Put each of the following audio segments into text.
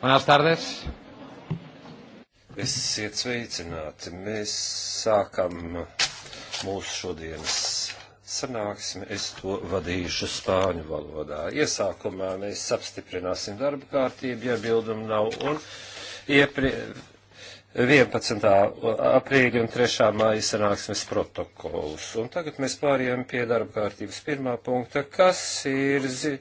Buenas tardes. Esiet sveicināti. Mēs sākam mūsu šodienas sanāksmi. Es to vadīšu spāņu valodā. Iesākumā mēs apstiprināsim darba kārtību, ja bildumu nav. Un iepri... 11. aprīļa un 3. māja sanāksmes protokols. Un tagad mēs pārējām pie darba kārtības pirmā punkta, kas ir. Zi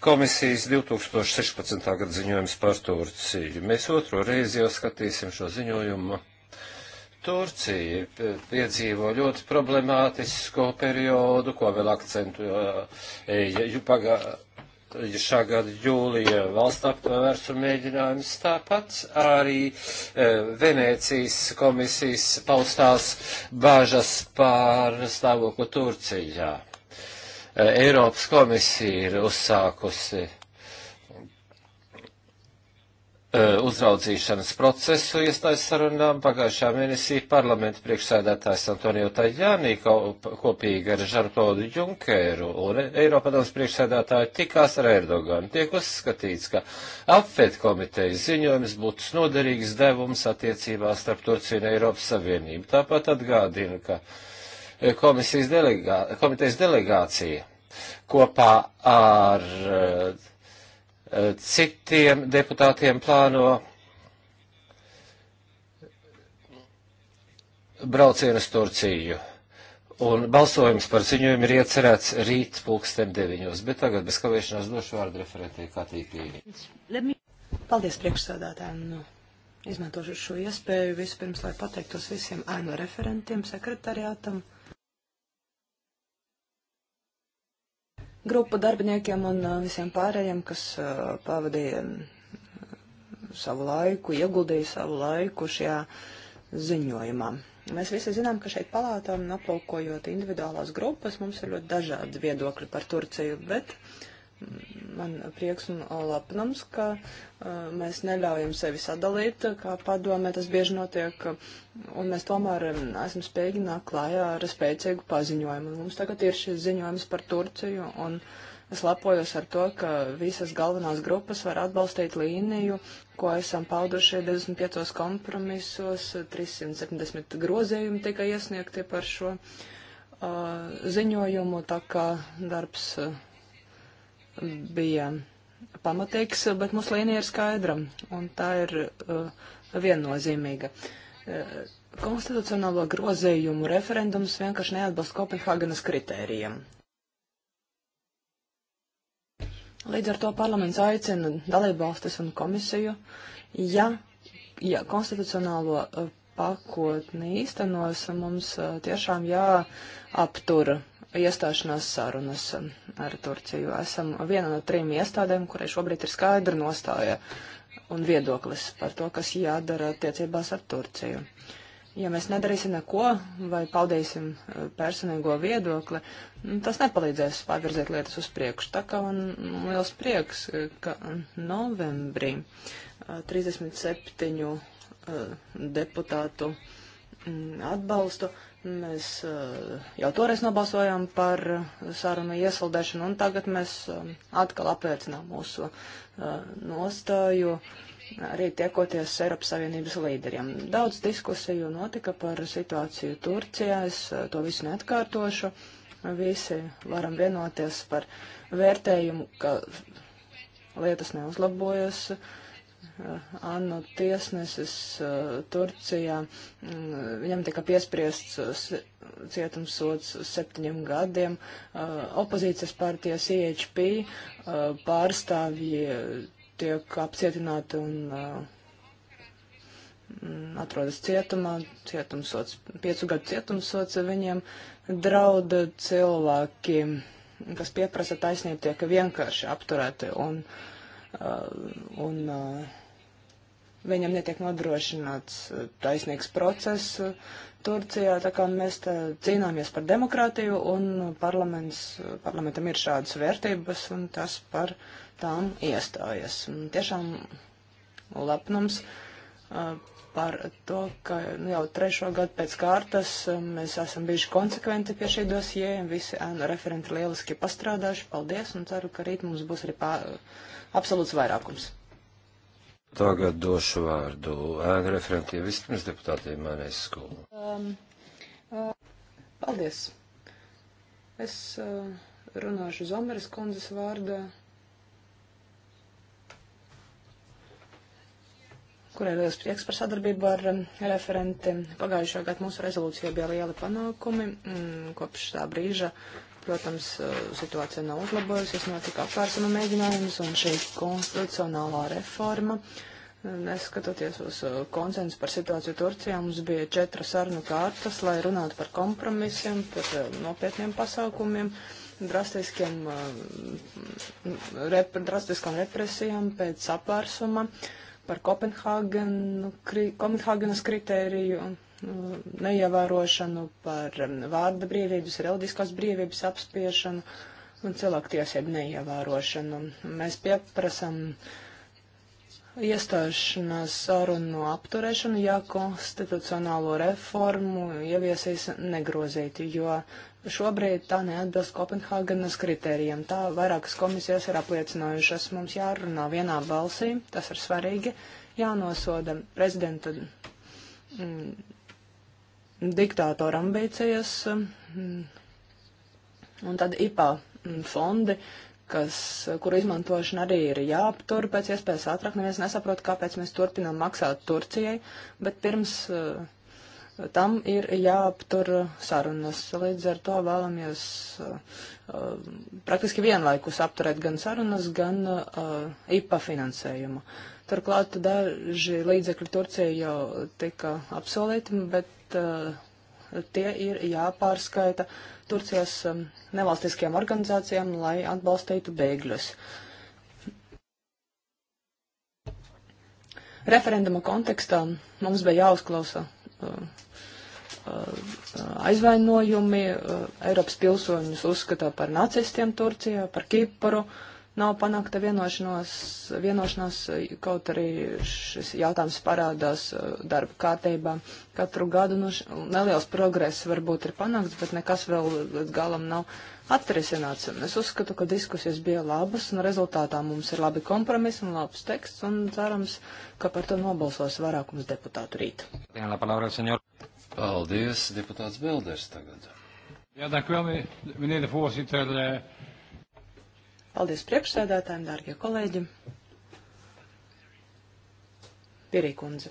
komisijas 2016. gada ziņojums par Turciju. Mēs otro reizi jau skatīsim šo ziņojumu. Turcija piedzīvo ļoti problemātisko periodu, ko vēl akcentuēja pagājušā gada jūlija valsts aptvērsuma mēģinājums. Tāpat arī e, Venēcijas komisijas paustās bāžas par stāvokli Turcijā. Eh, Eiropas komisija ir uzsākusi eh, uzraudzīšanas procesu iestājas sarunām. Pagājušā mēnesī parlamenta priekšsēdētājs Antonio Tajānī kopīgi ar Žarklodu Junkeru un Eiropadoms priekšsēdētāju tikās ar Erdoganu. Tiek uzskatīts, ka apfed komitejas ziņojums būtu noderīgs devums attiecībās starp Turciju un Eiropas Savienību. Tāpat atgādina, ka komisijas delegā, komitejas delegācija kopā ar eh, citiem deputātiem plāno braucienu uz Turciju. Un balsojums par ziņojumu ir iecerēts rīt pulksten deviņos, bet tagad bez kavēšanās došu vārdu referentē Katītīni. Paldies priekšsādātājiem. Nu, uh, izmantošu šo iespēju vispirms, lai pateiktos visiem ainu referentiem, sekretariātam. grupu darbiniekiem un uh, visiem pārējiem, kas uh, pavadīja mm, savu laiku, ieguldīja savu laiku šajā ziņojumā. Mēs visi zinām, ka šeit palātām, aplūkojot individuālās grupas, mums ir ļoti dažādi viedokļi par Turciju, bet uh, man prieks un lepnums, ka uh, mēs neļaujam sevi sadalīt, uh, kā padomē tas bieži notiek, uh, un mēs tomēr um, esam spējīgi nākt klājā ar spēcīgu paziņojumu. Un mums tagad ir šis ziņojums par Turciju, un es lepojos ar to, ka visas galvenās grupas var atbalstīt līniju, ko esam pauduši 25 kompromisos, 370 grozījumi tika iesniegti par šo uh, ziņojumu, tā kā darbs. Uh, bija pamatīgs, bet mūsu līnija ir skaidra un tā ir uh, viennozīmīga. Uh, konstitucionālo grozējumu referendums vienkārši neatbalst Kopenhāgenas kritērijiem. Līdz ar to parlaments aicina dalībvalstis un komisiju, ja, ja konstitucionālo uh, pakotni īstenos, mums uh, tiešām jāaptura iestāšanās sarunas ar Turciju. Esam viena no trim iestādēm, kurai šobrīd ir skaidra nostāja un viedoklis par to, kas jādara attiecībās ar Turciju. Ja mēs nedarīsim neko vai paudīsim eh, personīgo viedokli, nu, tas nepalīdzēs pavirzēt lietas uz priekšu. Tā kā man liels prieks, eh, ka novembrī 37 eh, deputātu mm, atbalstu Mēs jau toreiz nobalsojām par sarunu iesaldēšanu, un tagad mēs atkal apliecinām mūsu nostāju arī tiekoties Eiropas Savienības līderiem. Daudz diskusiju notika par situāciju Turcijā, es to visu neatkārtošu. Visi varam vienoties par vērtējumu, ka lietas neuzlabojas. Uh, Eh, ANO tiesnesis eh, Turcijā. Mm, viņam tika piespriests eh, cietumsots septiņiem gadiem. Opozīcijas partijas IHP pārstāvji tiek apcietināti un mm, atrodas cietumā, cietumsots, piecu gadu cietumsots viņiem drauda cilvēki, kas pieprasa taisnību, tiek vienkārši apturēti un, un, un viņam netiek nodrošināts eh, taisnīgs process eh, Turcijā, tā kā mēs tā cīnāmies par demokrātiju un parlaments, parlamentam ir šādas vērtības un tas par tām iestājas. Un tiešām lepnums eh, par to, ka nu, jau trešo gadu pēc kārtas mēs esam bijuši konsekventi pie šī dosie, visi referenti lieliski pastrādājuši, paldies un ceru, ka rīt mums būs arī pā, absolūts vairākums. Tagad došu vārdu ēnu referentiem vispirms deputātiem Mēnēs skolu. Um, uh, paldies. Es uh, runāšu Zomeres kundzes vārdā, kurai liels prieks par sadarbību ar um, referenti. Pagājušā gada mūsu rezolūcijā bija lieli panākumi. Mm, kopš tā brīža uh, Protams, eh, situācija nav uzlabojusies, notika apvērsuma mēģinājums un šī konstitucionālā reforma. Eh, neskatoties uz eh, konsensu par situāciju Turcijā, mums bija četru sarunu kārtas, lai runātu par kompromisiem, par nopietniem pasākumiem, drastiskiem, rep, drastiskām represijām pēc apvērsuma, par Kopenhāgenas kritēriju neievērošanu, par um, vārda brīvības, reliģiskās brīvības apspiešanu un cilvēktiesību neievērošanu. Mēs pieprasam iestāšanās sarunu apturēšanu, ja konstitucionālo reformu ieviesīs negrozīti, jo šobrīd tā neatbilst Kopenhāgenas kritērijiem. Tā vairākas komisijas ir apliecinājušas. Mums jārunā vienā balsī, tas ir svarīgi, jānosoda prezidenta. Mm, diktātora ambīcijas, un tad IPA fondi, kas, kur izmantošana arī ir jāaptur pēc iespējas ātrāk. Neviens nesaprot, kāpēc mēs turpinām maksāt Turcijai, bet pirms eh, tam ir jāaptur sarunas. Līdz ar to vēlamies eh, praktiski vienlaikus apturēt gan sarunas, gan eh, IPA finansējumu. Turklāt daži līdzekļi Turcija jau tika apsolīti, bet bet eh, tie ir jāpārskaita Turcijas eh, nevalstiskajām organizācijām, lai atbalstītu bēgļus. Referenduma kontekstā mums bija jāuzklausa eh, aizvainojumi Eiropas pilsoņus uzskatā par nacistiem Turcijā, par Kiparu. Uh, nav panākta vienošanos, vienošanās, kaut arī šis jautājums parādās uh, darba kārtībā katru gadu. Nu, neliels progress varbūt ir panākts, bet nekas vēl līdz galam nav atrisināts. Es uzskatu, ka diskusijas bija labas, un rezultātā mums ir labi kompromisi un labs teksts, un cerams, ka par to nobalsos vairākums deputātu rīt. Paldies, deputāts Belders tagad. Ja, dank u wel, meneer de voorzitter. Uh... Paldies priekšsēdētājiem, dārgie kolēģi. Pierī kundze.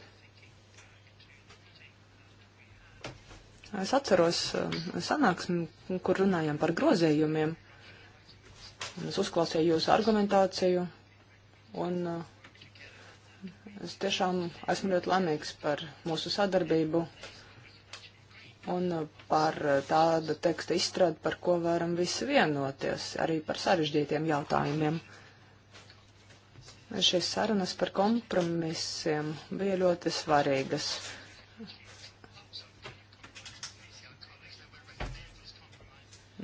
Es atceros um, sanāksmi, kur runājām par grozējumiem. Es uzklausīju jūsu argumentāciju un uh, es tiešām esmu ļoti laimīgs par mūsu sadarbību un par tādu tekstu izstrādi, par ko varam visi vienoties, arī par sarežģītiem jautājumiem. Šīs sarunas par kompromisiem bija ļoti svarīgas.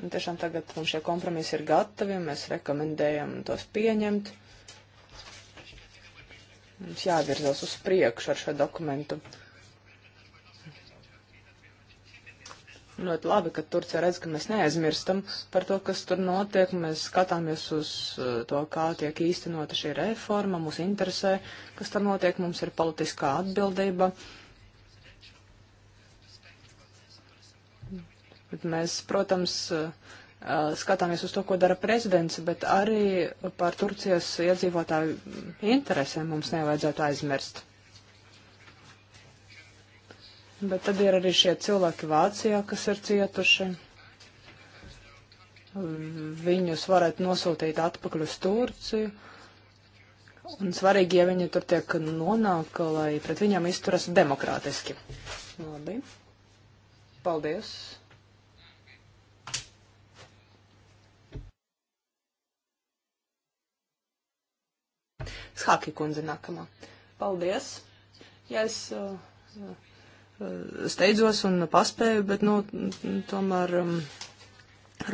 Un tiešām tagad mums šie kompromisi ir gatavi, mēs rekomendējam tos pieņemt. Mums jāvirzās uz priekšu ar šo dokumentu. Uh, Ļoti labi, ka Turcija redz, ka mēs neaizmirstam par to, kas tur notiek. Mēs skatāmies uz eh, to, kā tiek īstenota šī reforma, mūs interesē, kas tur notiek, mums ir politiskā atbildība. Mēs, protams, eh, skatāmies uz to, ko dara prezidents, bet arī par Turcijas iedzīvotāju interesēm mums nevajadzētu aizmirst. Bet tad ir arī šie cilvēki Vācijā, kas ir cietuši. Viņus varētu nosūtīt atpakaļ uz Turciju. Un svarīgi, ja viņi tur tiek nonāk, lai pret viņiem izturas demokrātiski. Labi. Paldies. Schaki kundze nākamā. Paldies. Ja es, uh, Eh, steidzos un paspēju, bet, nu, tomēr um,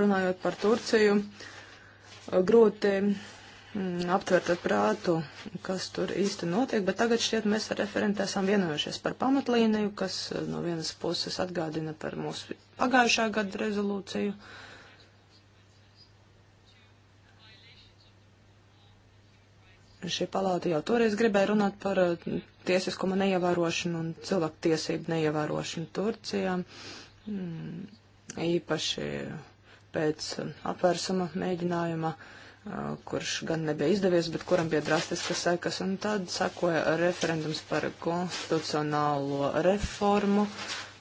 runājot par Turciju, eh, grūti mm, aptvert ar prātu, kas tur īsti notiek, bet tagad šķiet mēs ar referentu esam vienojušies par pamatlīniju, kas eh, no vienas puses atgādina par mūsu pagājušā gada rezolūciju. Uh, šī palāta jau toreiz gribēja runāt par uh, tiesiskuma neievērošanu un cilvēku tiesību neievērošanu Turcijā, mm, īpaši pēc uh, apvērsuma mēģinājuma, uh, kurš gan nebija izdevies, bet kuram bija drastiskas sekas. Un tad sekoja referendums par konstitucionālo reformu,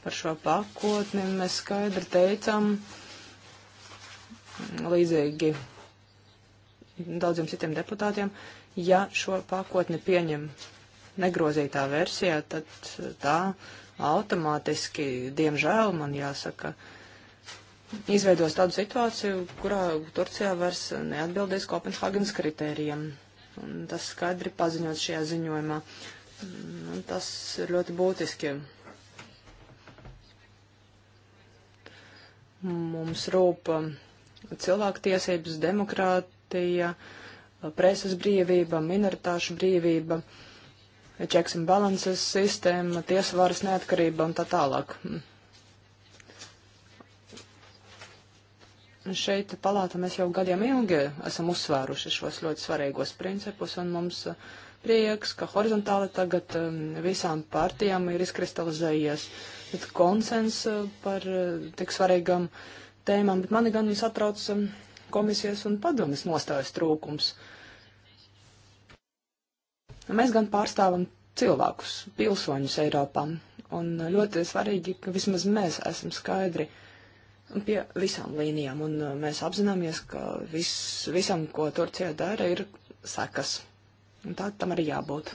par šo pakotni. Mēs skaidri teicam, mm, līdzīgi daudziem citiem deputātiem, uh, Ja šo pakotni pieņem negrozītā versijā, tad tā automātiski, diemžēl, man jāsaka, izveidos tādu situāciju, kurā Turcijā vairs neatbildēs Kopenhāgenes kritērijiem. Un tas skaidri paziņots šajā ziņojumā. Un tas ir ļoti būtiski. Mums rūp cilvēktiesības, demokrātija. Uh, preses brīvība, minoritāšu brīvība, checks and balances sistēma, tiesvaras neatkarība un tā tālāk. Šeit palāta mēs jau gadiem ilgi esam uzsvēruši šos ļoti svarīgos principus, un mums uh, prieks, ka horizontāli tagad um, visām partijām ir izkristalizējies konsens uh, par uh, tik svarīgam tēmām, bet mani gan satrauc um, komisijas un padomis nostājas trūkums. Mēs gan pārstāvam cilvēkus, pilsoņus Eiropā, un ļoti svarīgi, ka vismaz mēs esam skaidri pie visām līnijām, un mēs apzināmies, ka vis, visam, ko Turcija dara, ir sekas. Un tā tam arī jābūt.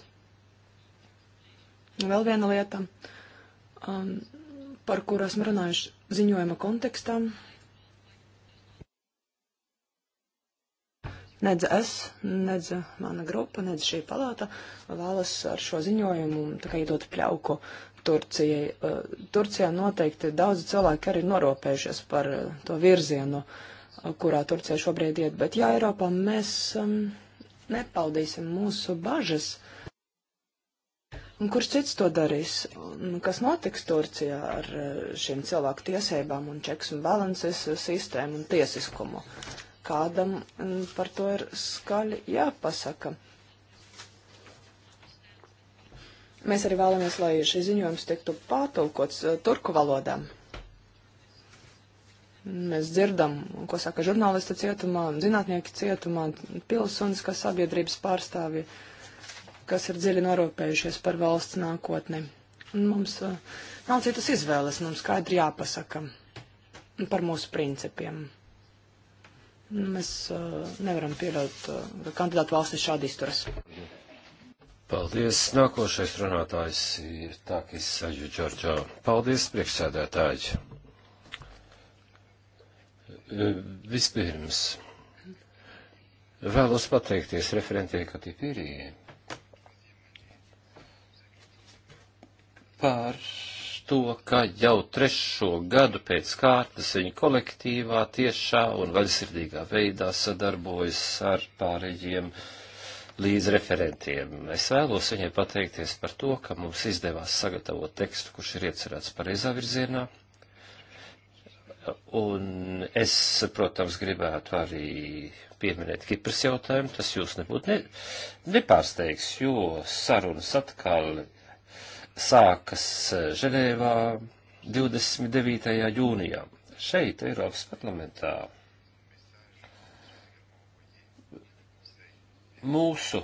Un vēl viena lieta, um, par kuru esmu runājuši ziņojuma kontekstam, Nedz es, nedz mana grupa, nedz šī palāta vēlas ar šo ziņojumu tikai dot pļauku Turcijai. Eh, Turcijā noteikti daudzi cilvēki arī noropējušies par eh, to virzienu, eh, kurā Turcija šobrīd iet, bet ja Eiropā mēs um, ehm, nepaldīsim mūsu bažas, Un kurš cits to darīs? Un kas notiks Turcijā ar šiem cilvēku tiesībām un checks un balances sistēmu un tiesiskumu? kādam mm, par to ir skaļi jāpasaka. Mēs arī vēlamies, lai šis ziņojums tiktu pārtulkots eh, turku valodā. Mēs dzirdam, ko saka žurnālisti cietumā, zinātnieki cietumā, pilsoniskās sabiedrības pārstāvji, kas ir dziļi norūpējušies par valsts nākotni. Un mums eh, nav citas izvēles, mums skaidri jāpasaka par mūsu principiem. Mēs uh, nevaram pieļaut, uh, ka kandidātu valstis šādi izturas. Paldies. Nākošais runātājs ir Tākis Saģu Džordžā. Paldies, priekšsēdētāji. Vispirms vēlos pateikties referentē Katipīrijai par to, ka jau trešo gadu pēc kārtas viņa kolektīvā tiešā un vaļsirdīgā veidā sadarbojas ar pārējiem līdz referentiem. Es vēlos viņai pateikties par to, ka mums izdevās sagatavot tekstu, kurš ir iecerēts pareizā virzienā. Un es, protams, gribētu arī pieminēt Kipras jautājumu, tas jūs nebūtu ne, nepārsteigs, jo sarunas atkal sākas eh, Ženēvā 29. jūnijā. Šeit, Eiropas parlamentā, mūsu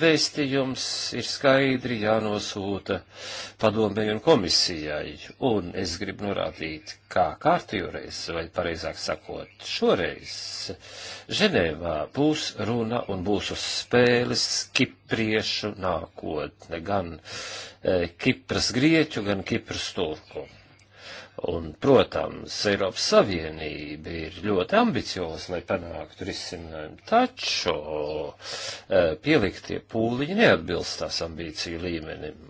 vēstījums ir skaidri jānosūta padomēju un komisijai, un es gribu norādīt, kā kārtījoreiz, vai pareizāk sakot, šoreiz Ženēvā būs runa un būs uz spēles Kipriešu nākotne, gan e, Kipras grieķu, gan Kipras turku. Un, protams, Eiropas Savienība ir ļoti ambicioza, lai panāktu risinājumu, taču eh, pieliktie pūliņi neatbilst tās ambīciju līmenim.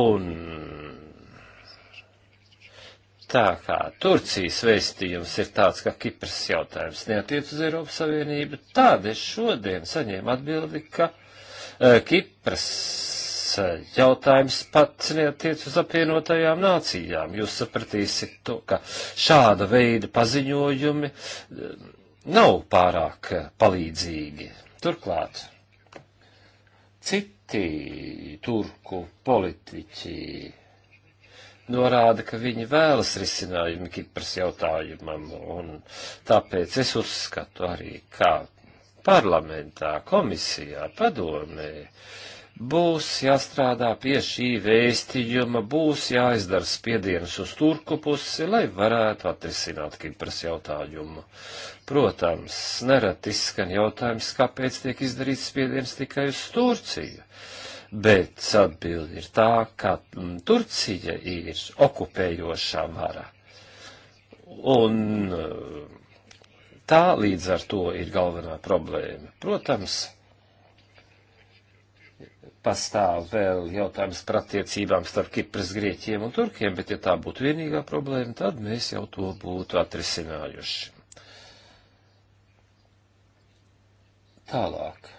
Un tā kā Turcijas vēstījums ir tāds, ka Kipras jautājums neatiec uz Eiropas Savienību, tad es šodien saņēmu atbildi, ka uh, Kipras jautājums pat neatiec uz apvienotajām nācijām. Jūs sapratīsiet to, ka šāda veida paziņojumi eh, nav pārāk palīdzīgi. Turklāt citi turku politiķi norāda, ka viņi vēlas risinājumu Kipras jautājumam, un tāpēc es uzskatu arī, kā parlamentā, komisijā, padomē, Būs jāstrādā pie šī vēstījuma, būs jāizdara spiediens uz turku pusi, lai varētu atrisināt Kipras jautājumu. Protams, nerad izskan jautājums, kāpēc tiek izdarīts spiediens tikai uz Turciju, bet atbildi ir tā, ka mm, Turcija ir okupējošā vara. Un mm, tā līdz ar to ir galvenā problēma. Protams, pastāv vēl jautājums par attiecībām starp Kipras grieķiem un turkiem, bet ja tā būtu vienīgā problēma, tad mēs jau to būtu atrisinājuši. Tālāk.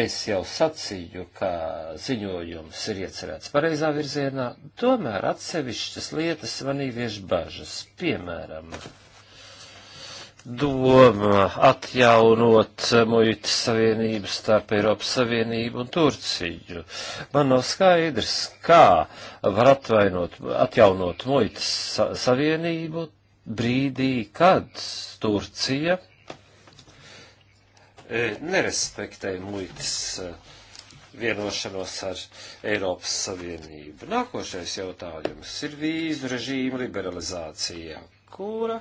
Es jau sacīju, ka ziņojums ir iecerēts pareizā virzienā, tomēr atsevišķas lietas manī vieš bažas, piemēram, doma atjaunot muitas savienību starp Eiropas Savienību un Turciju. Man nav skaidrs, kā var atvainot, atjaunot muitas savienību brīdī, kad Turcija e, nerespektē muitas e, vienošanos ar Eiropas Savienību. Nākošais jautājums ir vīzu režīma liberalizācija, kura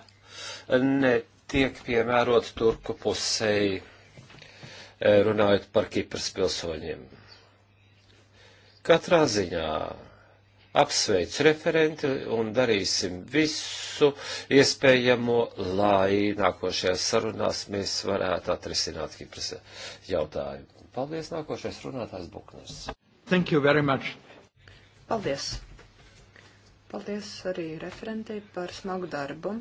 ne tiek piemērota turku pusēji, e, runājot par Kipras pilsoņiem. Katrā ziņā apsveicu referenti un darīsim visu iespējamo, lai nākošajās sarunās mēs varētu atrisināt Kipras jautājumu. Paldies, nākošais runātājs Bukners. Thank you very much. Paldies. Paldies arī referentei par smagu darbu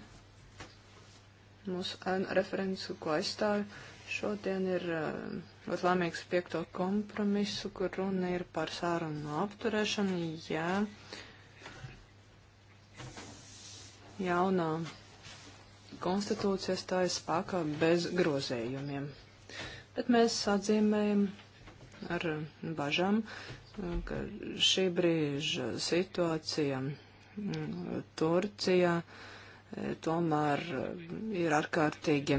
mūsu referents, ko aizstāju. Šodien ir eh, ļoti laimīgs piekto kompromisu, kur runa ir par sārunu apturēšanu. Jā, jaunā konstitūcija stājas spēkā bez grozējumiem. Bet mēs atzīmējam ar bažām, eh, ka šī brīža situācija mm, Turcijā. Uh, tomēr eh, ir ārkārtīgi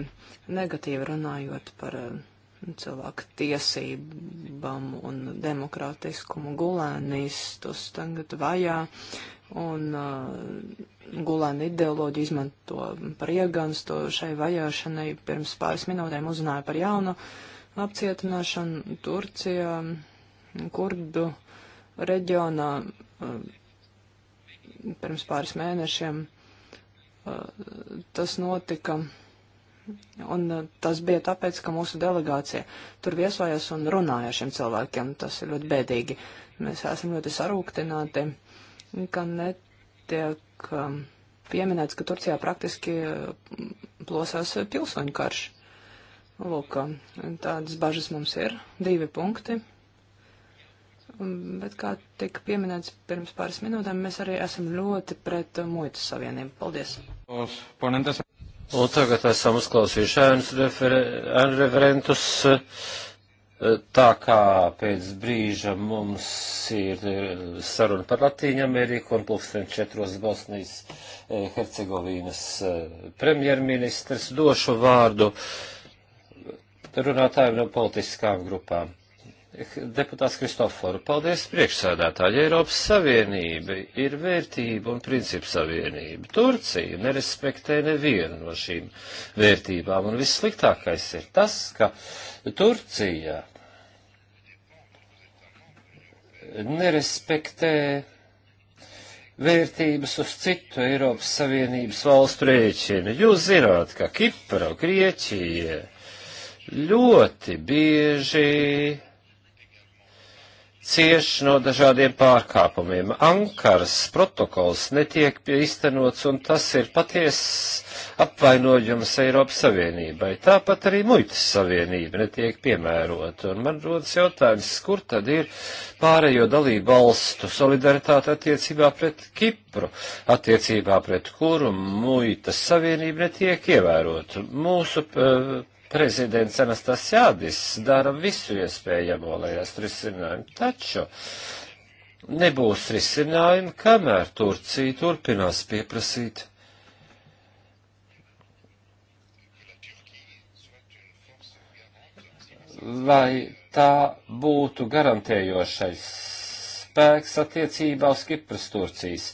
negatīvi runājot par eh, cilvēku tiesībām un demokrātiskumu gulēnistus tagad vajā un uh, gulēna ideoloģija izmanto par iegānstu šai vajāšanai. Pirms pāris minūtēm uzzināju par jaunu apcietināšanu Turcijā, kurdu reģionā uh, pirms pāris mēnešiem tas notika. Un uh, tas bija tāpēc, ka mūsu delegācija tur viesojas un runāja šiem cilvēkiem. Tas ir ļoti bēdīgi. Mēs esam ļoti sarūktināti, ka netiek um, pieminēts, ka Turcijā praktiski uh, plosās uh, pilsoņu karš. Lūk, um, tādas bažas mums ir. Divi punkti um, bet kā tika pieminēts pirms pāris minūtēm, mēs arī esam ļoti pret muitas savienību. Paldies! Un tagad esam uzklausījuši ēnas referentus. Tā kā pēc brīža mums ir saruna par Latīņu Ameriku un pulksten četros Bosnijas eh, Hercegovīnas eh, premjerministrs došu vārdu runātājiem no politiskām grupām. Deputāts Kristoforu, paldies priekšsēdētāji. Eiropas Savienība ir vērtība un principu savienība. Turcija nerespektē nevienu no šīm vērtībām, un vissliktākais ir tas, ka Turcija nerespektē vērtības uz citu Eiropas Savienības valstu rēķinu. Jūs zināt, ka Kipra, Grieķija ļoti bieži cieš no dažādiem pārkāpumiem. Ankaras protokols netiek īstenots, un tas ir patiesas apvainojums Eiropas Savienībai. Tāpat arī muitas savienība netiek piemērota. Un man rodas jautājums, kur tad ir pārējo dalību valstu solidaritāte attiecībā pret Kipru, attiecībā pret kuru muitas savienība netiek ievērota. Mūsu uh, prezidents Anastasjādis dara visu iespējamo, lai rastu risinājumu, taču nebūs risinājumu, kamēr Turcija turpinās pieprasīt. Lai tā būtu garantējošais spēks attiecībā uz Kipras Turcijas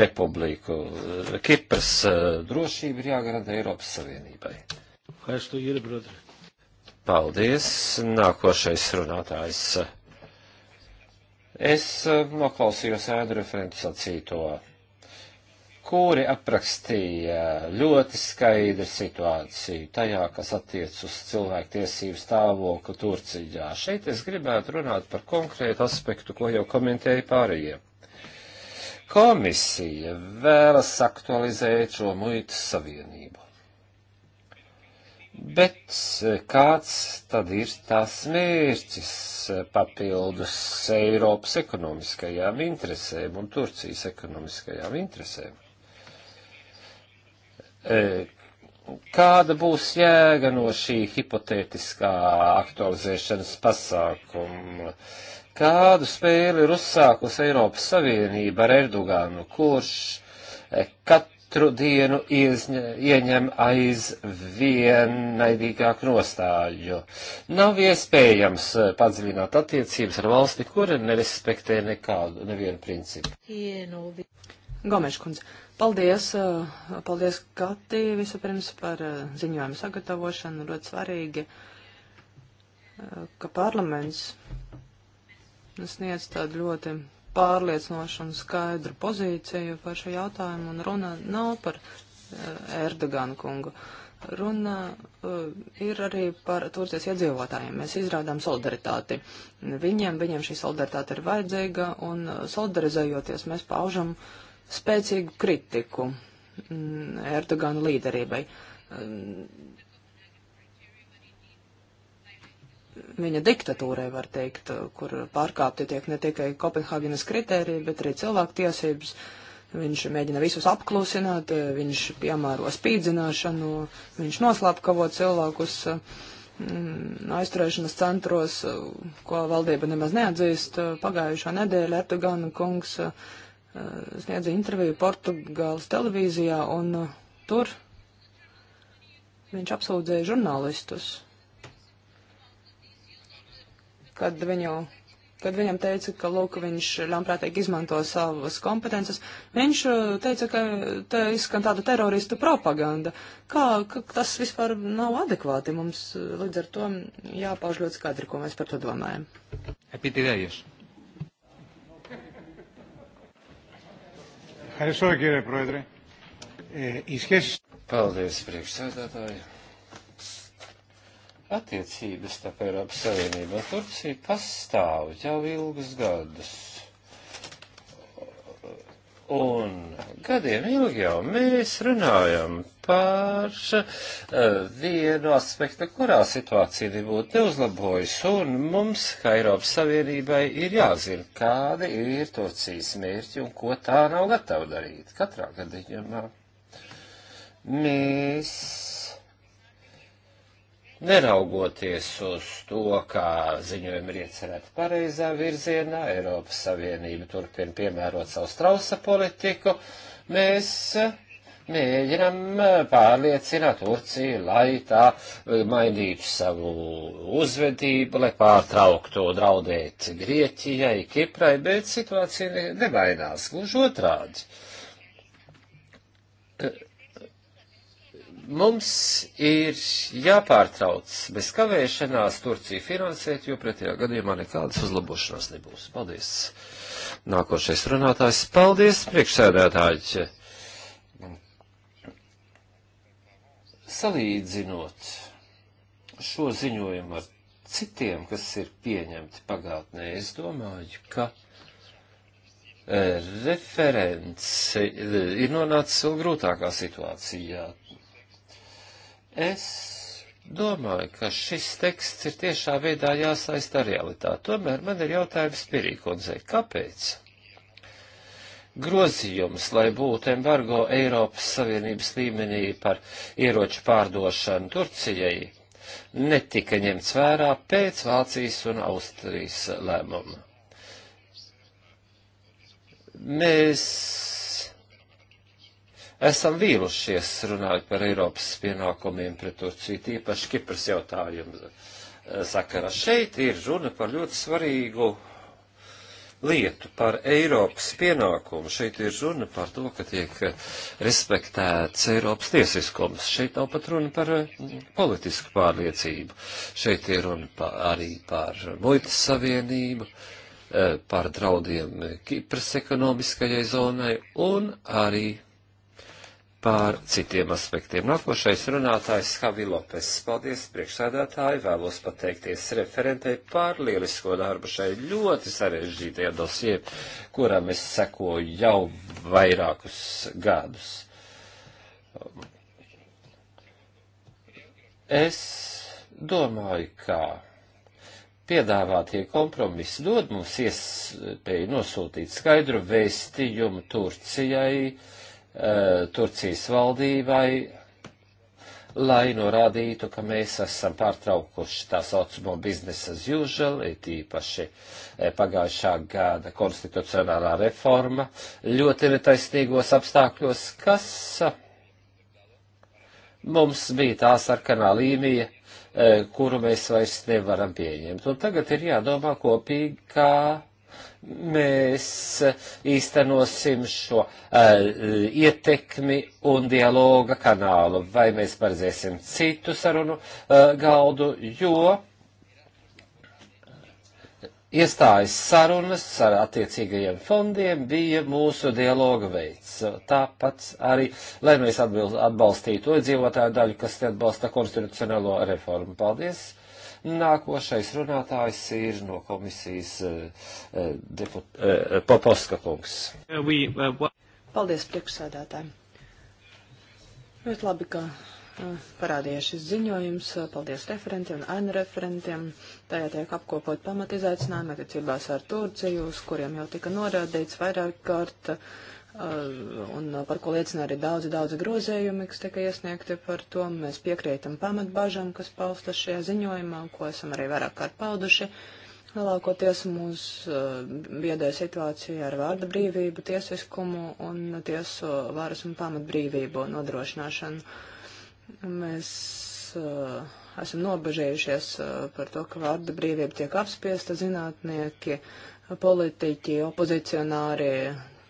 republiku. Kipras eh, drošība ir jāgarantē Eiropas Savienībai. Ευχαριστώ κύριε Πρόεδρε. Paldies. Nākošais runātājs. Es eh, noklausījos ēdu referentu sacīto, kuri aprakstīja ļoti skaidru situāciju tajā, kas attiec uz cilvēktiesību stāvokli Turcijā. Šeit es gribētu runāt par konkrētu aspektu, ko jau komentēja pārējie. Komisija vēlas aktualizēt šo muitas savienību Bet eh, kāds tad ir tās mērķis eh, papildus Eiropas ekonomiskajām interesēm un Turcijas ekonomiskajām interesēm? Eh, kāda būs jēga no šī hipotētiskā aktualizēšanas pasākuma? Kādu spēli ir uzsākusi Eiropas Savienība ar Erdoganu, kurš katru katru dienu iezņa, ieņem aizvien naidīgāku nostāju. Nav iespējams eh, padziļināt attiecības ar valsti, kura nerespektē nekādu, nevienu principu. Gomeškundze, paldies, eh, paldies Kati vispirms par eh, ziņojumu sagatavošanu, ļoti svarīgi, ka parlaments sniedz tādu ļoti pārliecinošu un skaidru pozīciju par šo jautājumu, un runa nav par eh, Erdoganu kungu. Runa uh, ir arī par Turcijas iedzīvotājiem. Mēs izrādām solidaritāti. Viņiem, viņiem šī solidaritāte ir vajadzīga, un eh, solidarizējoties mēs paužam spēcīgu kritiku mm, Erdoganu līderībai. Mm, viņa diktatūrai, var teikt, kur pārkāpti tiek ne tikai Kopenhāgenes kritērija, bet arī cilvēktiesības. Viņš mēģina visus apklusināt, viņš piemēro spīdzināšanu, viņš noslapkavo cilvēkus mm, aizturēšanas centros, ko valdība nemaz neatzīst. Pagājušā nedēļa Ertugana kungs eh, sniedza interviju Portugāles televīzijā, un eh, tur viņš apsūdzēja žurnālistus kad, viņu, kad viņam teica, ka lūk, viņš ļaunprātīgi izmanto savas kompetences, viņš uh, teica, ka te izskan tāda teroristu propaganda. Kā tas vispār nav adekvāti? Mums uh, līdz ar to jāpauž ļoti skaidri, ko mēs par to domājam. Epitidējus. Ευχαριστώ κύριε Πρόεδρε. Ε, οι σχέσεις... Paldies, priekšsēdētāji attiecības starp Eiropas Savienību un Turciju pastāv jau ilgus gadus. Un gadiem ilgi jau mēs runājam par eh, vienu aspektu, kurā situācija nebūtu neuzlabojas, un mums, kā Eiropas Savienībai, ir jāzina, kādi ir Turcijas mērķi un ko tā nav gatava darīt. Katrā gadījumā mēs Neraugoties uz to, kā ziņojumi ir iecerēti pareizā virzienā, Eiropas Savienība turpina piemērot savu strausa politiku, mēs mēģinam pārliecināt Turciju, lai tā mainītu savu uzvedību, lai pārtrauktu draudēt Grieķijai, Kiprai, bet situācija nemainās, gluži otrādi. Mums ir jāpārtrauc bez kavēšanās Turciju finansēt, jo pretējā gadījumā nekādas uzlabošanās nebūs. Paldies. Nākošais runātājs. Paldies, priekšsēdētāji. Salīdzinot šo ziņojumu ar citiem, kas ir pieņemti pagātnē, es domāju, ka eh, referents eh, ir nonācis vēl grūtākā situācijā. Es domāju, ka šis teksts ir tiešā veidā jāsaista ar realitāti. Tomēr man ir jautājums Pirīkundzei, kāpēc? Grozījums, lai būtu embargo Eiropas Savienības līmenī par ieroču pārdošanu Turcijai, netika ņemts vērā pēc Vācijas un Austrijas lēmuma. Mēs esam vīlušies runājot par Eiropas pienākumiem pret Turciju, tīpaši Kipras jautājumu eh, sakarā. Šeit ir runa par ļoti svarīgu lietu, par Eiropas pienākumu. Šeit ir runa par to, ka tiek respektēts Eiropas tiesiskums. Šeit nav pat runa par eh, politisku pārliecību. Šeit ir runa par, arī par muitas savienību eh, par draudiem Kipras ekonomiskajai zonai un arī pār citiem aspektiem. Nākošais runātājs Havi Lopes. Paldies, priekšsēdētāji, vēlos pateikties referentei par lielisko darbu šai ļoti sarežģītajā dosie, kurām es sekoju jau vairākus gadus. Es domāju, ka piedāvātie kompromisi dod mums iespēju nosūtīt skaidru vēstījumu Turcijai, Eh, Turcijas valdībai, lai norādītu, ka mēs esam pārtraukuši tā saucamo biznesa as usual, it īpaši eh, pagājušā gada konstitucionālā reforma, ļoti netaisnīgos apstākļos, kas eh, mums bija tā sarkanā līnija, kuru mēs vairs nevaram pieņemt. Un tagad ir jādomā kopīgi, kā mēs īstenosim šo uh, ietekmi un dialoga kanālu, vai mēs paredzēsim citu sarunu uh, galdu, jo iestājas sarunas ar attiecīgajiem fondiem bija mūsu dialoga veids. Tāpat arī, lai mēs atbalstītu to iedzīvotāju daļu, kas atbalsta konstitucionālo reformu. Paldies! Nākošais runātājs ir no komisijas eh, eh, deput, eh, Poposka kungs. Uh, uh, paldies priekšsēdētājiem. Ļoti labi, ka uh, parādījās šis ziņojums. Paldies referentiem un ēnu referentiem. Tajā tiek apkopot pamatizaicinājumi attiecībās ar Turciju, uz kuriem jau tika norādīts vairāk kārt. Uh, Eh, un eh, par ko liecina arī daudzi, daudzi grozējumi, kas tika iesniegti par to. Mēs piekrītam pamatbažam, kas paustas šajā ziņojumā, ko esam arī vairāk kārt pauduši. Lielākoties mūs eh, biedē situācija ar vārda brīvību, tiesiskumu un tiesu varas un pamatbrīvību nodrošināšanu. Mēs uh, esam nobežējušies uh, par to, ka vārda brīvība tiek apspiesta zinātnieki, politiķi, opozicionāri,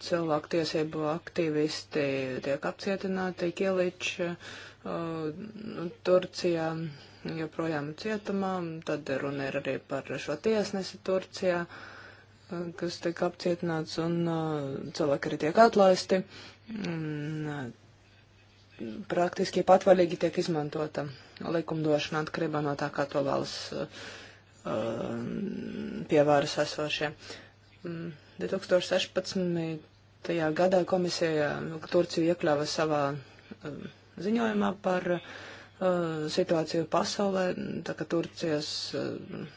cilvēktiesību aktīvisti tiek apcietināti, Ielič uh, nu, Turcijā joprojām cietumā, tad runa ir arī par šo tiesnesi Turcijā, uh, kas tiek apcietināts un uh, cilvēki arī tiek atlaisti. Un, uh, praktiski patvaļīgi tiek izmantota likumdošana atkarībā no tā, kā to vēlas uh, pie varas esošie. Um, 2016. gadā komisija nu, Turciju iekļāva savā um, ziņojumā par uh, situāciju pasaulē, tā ka Turcijas, uh,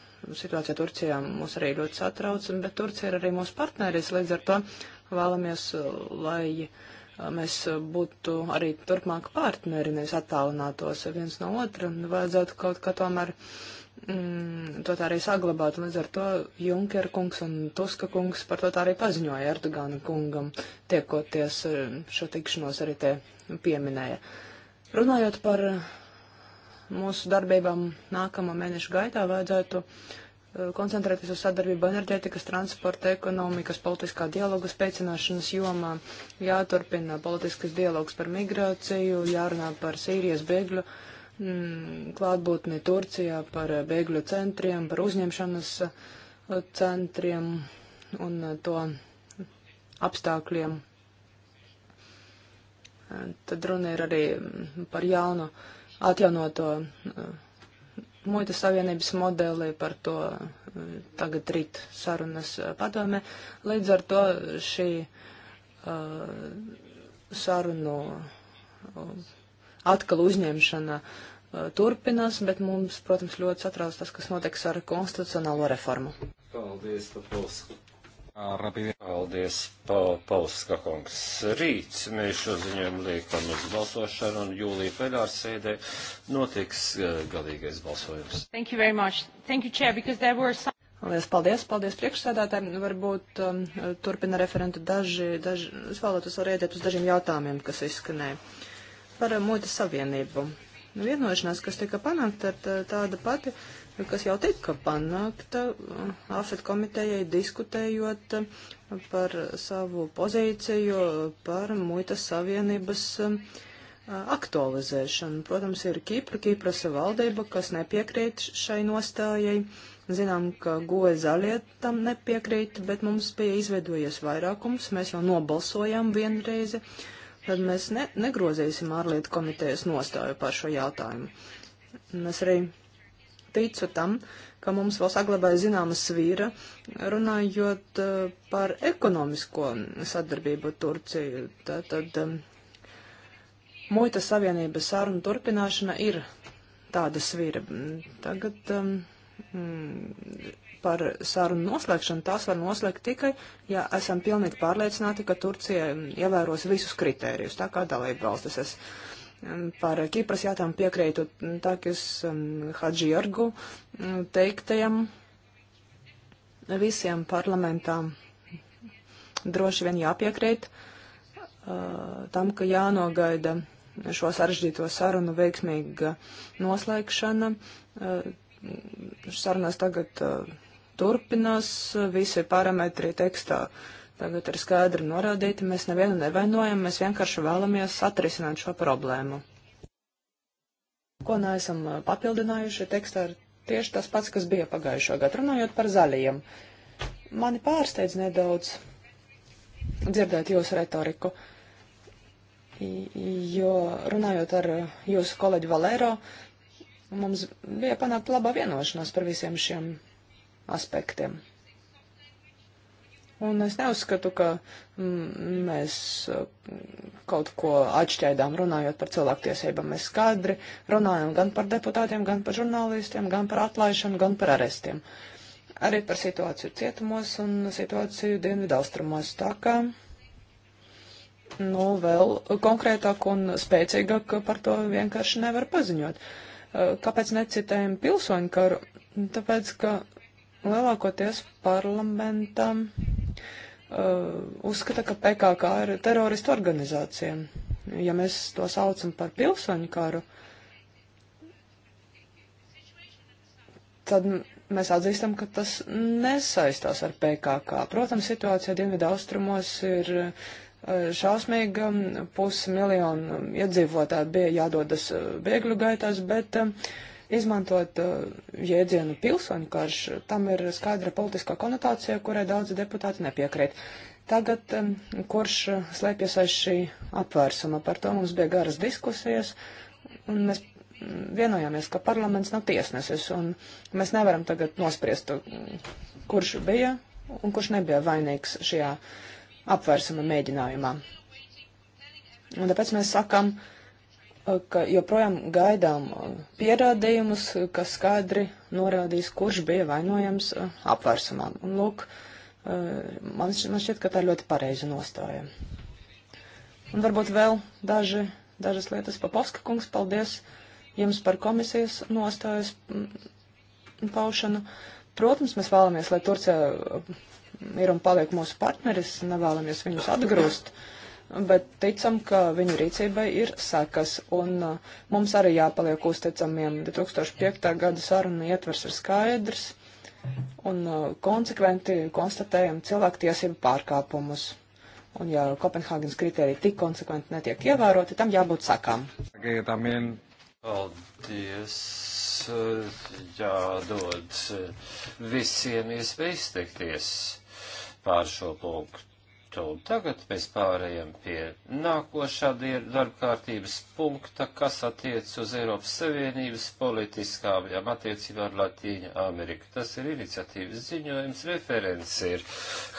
situācija Turcijā mūs arī ļoti satrauc, bet Turcija ir arī mūsu partneris, līdz ar to vēlamies, uh, lai uh, mēs būtu arī turpmāk partneri, nevis attālinātos viens no otra, vajadzētu kaut kā tomēr. Uh, mm, to tā arī saglabāt. Līdz ar to Junker kungs un Tuska kungs par to tā arī paziņoja Erdogana kungam, tiekoties eh, šo tikšanos arī te pieminēja. Runājot par eh, mūsu darbībām nākamā mēneša gaitā, vajadzētu eh, koncentrēties uz sadarbību enerģētikas, transporta, ekonomikas, politiskā dialoga spēcināšanas jomā, jāturpina politiskas dialogs par migrāciju, jārunā par Sīrijas bēgļu uh, Mm, klātbūtni Turcijā, par eh, bēgļu centriem, par uzņemšanas eh, centriem un eh, to apstākļiem. Tad runa ir arī mm, par jaunu atjaunoto muitas savienības modeli, par to tagad rīt sarunas padomē. Līdz ar to šī uh, sarunu atkal uzņemšana uh, Uh, turpinās, bet mums, protams, ļoti satrauc tas, kas notiks ar konstitucionālo reformu. Paldies, Papuls. Rapidīgi. Paldies, pa, Pauska kungs. Rīt mēs šo ziņojumu liekam uz balsošanu un jūlija plenārs sēdē notiks uh, galīgais balsojums. Thank you very much. Thank you, Chair, because there were some... Lielas paldies, paldies priekšsēdētājiem. Varbūt um, turpina referentu daži, daži, es vēlētos arī iet uz dažiem jautājumiem, kas izskanēja par uh, muitas savienību. Nu, vienošanās, kas tika panākta, ir eh, tāda pati, kas jau tika panākta eh, AFET komitejai diskutējot eh, par savu pozīciju par muitas savienības aktualizēšanu. Protams, ir Kipra, Kipras valdība, kas nepiekrīt šai nostājai. Zinām, ka goja zaļie tam nepiekrīt, bet mums bija izveidojies vairākums, mēs jau nobalsojām vienreizi. Uh, tad mēs ne, negrozīsim ārlietu komitejas nostāju par šo jautājumu. Un es arī ticu tam, ka mums vēl saglabāja zināma svīra, runājot eh, par ekonomisko sadarbību Turciju. Tātad um, eh, muitas savienības saruna turpināšana ir tāda svīra. Tagad um, par sarunu noslēgšanu, tās var noslēgt tikai, ja esam pilnīgi pārliecināti, ka Turcija mm, ievēros visus kritērijus, tā kā dalība valstis. Es mm, par Kipras jātām piekrītu mm, Takis Hadžiorgu teiktajam visiem parlamentām. Droši vien jāpiekrīt uh, tam, ka jānogaida šo sarežģīto sarunu veiksmīga noslēgšana uh, sarunās tagad uh, turpinās, visi parametri tekstā tagad ir skaidri norādīti, mēs nevienu nevainojam, mēs vienkārši vēlamies atrisināt šo problēmu. Ko neesam eh, papildinājuši tekstā ir tieši tas pats, kas bija pagājušo gadu, runājot par zaļajiem. Mani pārsteidz nedaudz dzirdēt jūsu retoriku, jo runājot ar eh, jūsu kolēģi Valero, mums bija panākt labā vienošanās par visiem šiem aspektiem. Un es neuzskatu, ka mm, mēs mm, kaut ko atšķaidām runājot par cilvēktiesībām. Mēs skaidri runājam gan par deputātiem, gan par žurnālistiem, gan par atlaišanu, gan par arestiem. Arī par situāciju cietumos un situāciju dienvidaustrumos. Tā kā nu, vēl konkrētāk un spēcīgāk par to vienkārši nevar paziņot. Kāpēc necitējam pilsoņu karu? Tāpēc, ka lielākoties parlamentam uh, uzskata, ka PKK ir teroristu organizācija. Ja mēs to saucam par pilsoņu karu, tad mēs atzīstam, ka tas nesaistās ar PKK. Protams, situācija Dienvidu austrumos ir uh, šausmīga, pusi miljonu iedzīvotāji bija jādodas uh, bēgļu gaitās, bet uh, Izmantot uh, jēdzienu pilsoņu karš, tam ir skaidra politiskā konotācija, kurai daudzi deputāti nepiekrīt. Tagad um, kurš uh, slēpjas aiz šī apvērsuma, par to mums bija garas diskusijas, un mēs mm, vienojāmies, ka parlaments nav tiesnesis, un mēs nevaram tagad nospriest, mm, kurš bija un kurš nebija vainīgs šajā apvērsuma mēģinājumā. Un tāpēc mēs sakam, uh, ka joprojām gaidām uh, pierādījumus, kas skaidri norādīs, kurš bija vainojams uh, apvērsumā. Un, lūk, uh, man, šķiet, man šķiet, ka tā ir ļoti pareiza nostāja. Un varbūt vēl daži, dažas lietas. Papaska kungs, paldies jums par komisijas nostājas mm, paušanu. Protams, mēs vēlamies, lai Turcija ir un paliek mūsu partneris, nevēlamies viņus atgrūst. Uh, bet ticam, ka viņu rīcībai ir sekas, un uh, mums arī jāpaliek uzticamiem. 2005. gada saruna ietvers ir skaidrs, un uh, konsekventi konstatējam cilvēktiesību pārkāpumus. Un ja Kopenhāgenes kriteriji tik konsekventi netiek ievēroti, tam jābūt sakām. Paldies! Eh, jādod eh, visiem iespēja izteikties pār šo punktu punktu. Un tagad mēs pārējām pie nākošā darba kārtības punkta, kas attiec uz Eiropas Savienības politiskām attiecībām ar Latīņu Ameriku. Tas ir iniciatīvas ziņojums, referents ir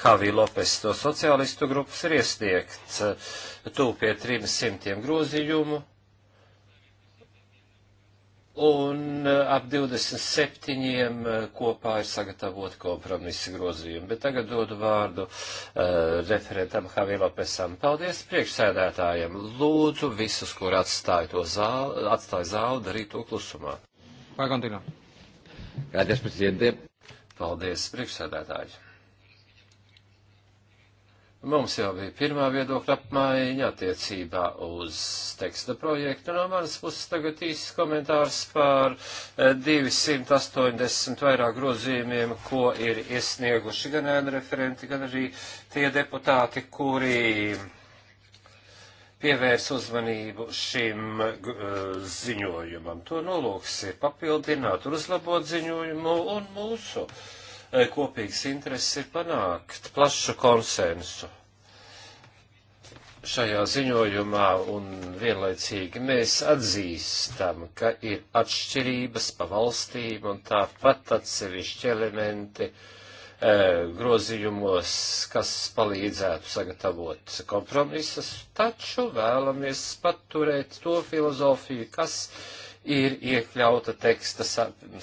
Havī Lopes no sociālistu grupas ir iesniegts uh, tūpie 300 grozījumu un eh, ap 27 eh, kopā ir sagatavot kompromisa grozījumi. Bet tagad dodu vārdu uh, referentam Havilo Pesam. Paldies priekšsēdētājiem. Lūdzu visus, kur atstāja, to zāli, atstāja zāli, darīt to klusumā. Vai kontinā? Paldies, prezidente. Paldies, priekšsēdētāji. Mums jau bija pirmā viedokļa apmaiņa attiecībā uz teksta projektu. No manas puses tagad īsts komentārs par 280 eh, vairāk grozījumiem, ko ir iesnieguši gan referenti, gan arī tie deputāti, kuri pievērs uzmanību šim uh, ziņojumam. To nolūks ir papildināt un uzlabot ziņojumu un mūsu. Uh, kopīgs intereses ir panākt plašu konsensu šajā ziņojumā, un vienlaicīgi mēs atzīstam, ka ir atšķirības pa valstīm un tāpat atsevišķi elementi e, grozījumos, kas palīdzētu sagatavot kompromisus, taču vēlamies paturēt to filozofiju, kas e, ir iekļauta teksta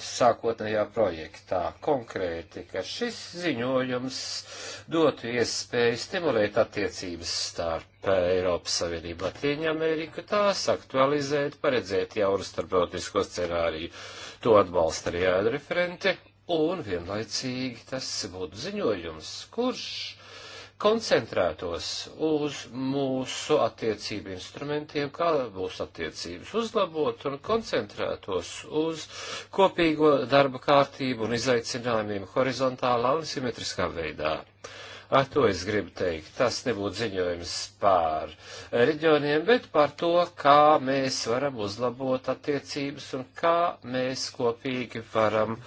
sākotnējā projektā. Konkrēti, ka šis ziņojums dotu iespēju stimulēt attiecības starp Eiropas Savienību Latīņu Ameriku, tās aktualizēt, paredzēt jaunu starptautisko scenāriju. To atbalsta arī ēdreferenti, un vienlaicīgi tas būtu ziņojums, kurš koncentrētos uz mūsu attiecību instrumentiem, kā būs attiecības uzlabot un koncentrētos uz kopīgo darba kārtību un izaicinājumiem horizontālā un simetriskā veidā. Uh, Ar to es gribu teikt. Tas nebūtu ziņojums pār reģioniem, bet par to, kā mēs varam uzlabot attiecības un kā mēs kopīgi varam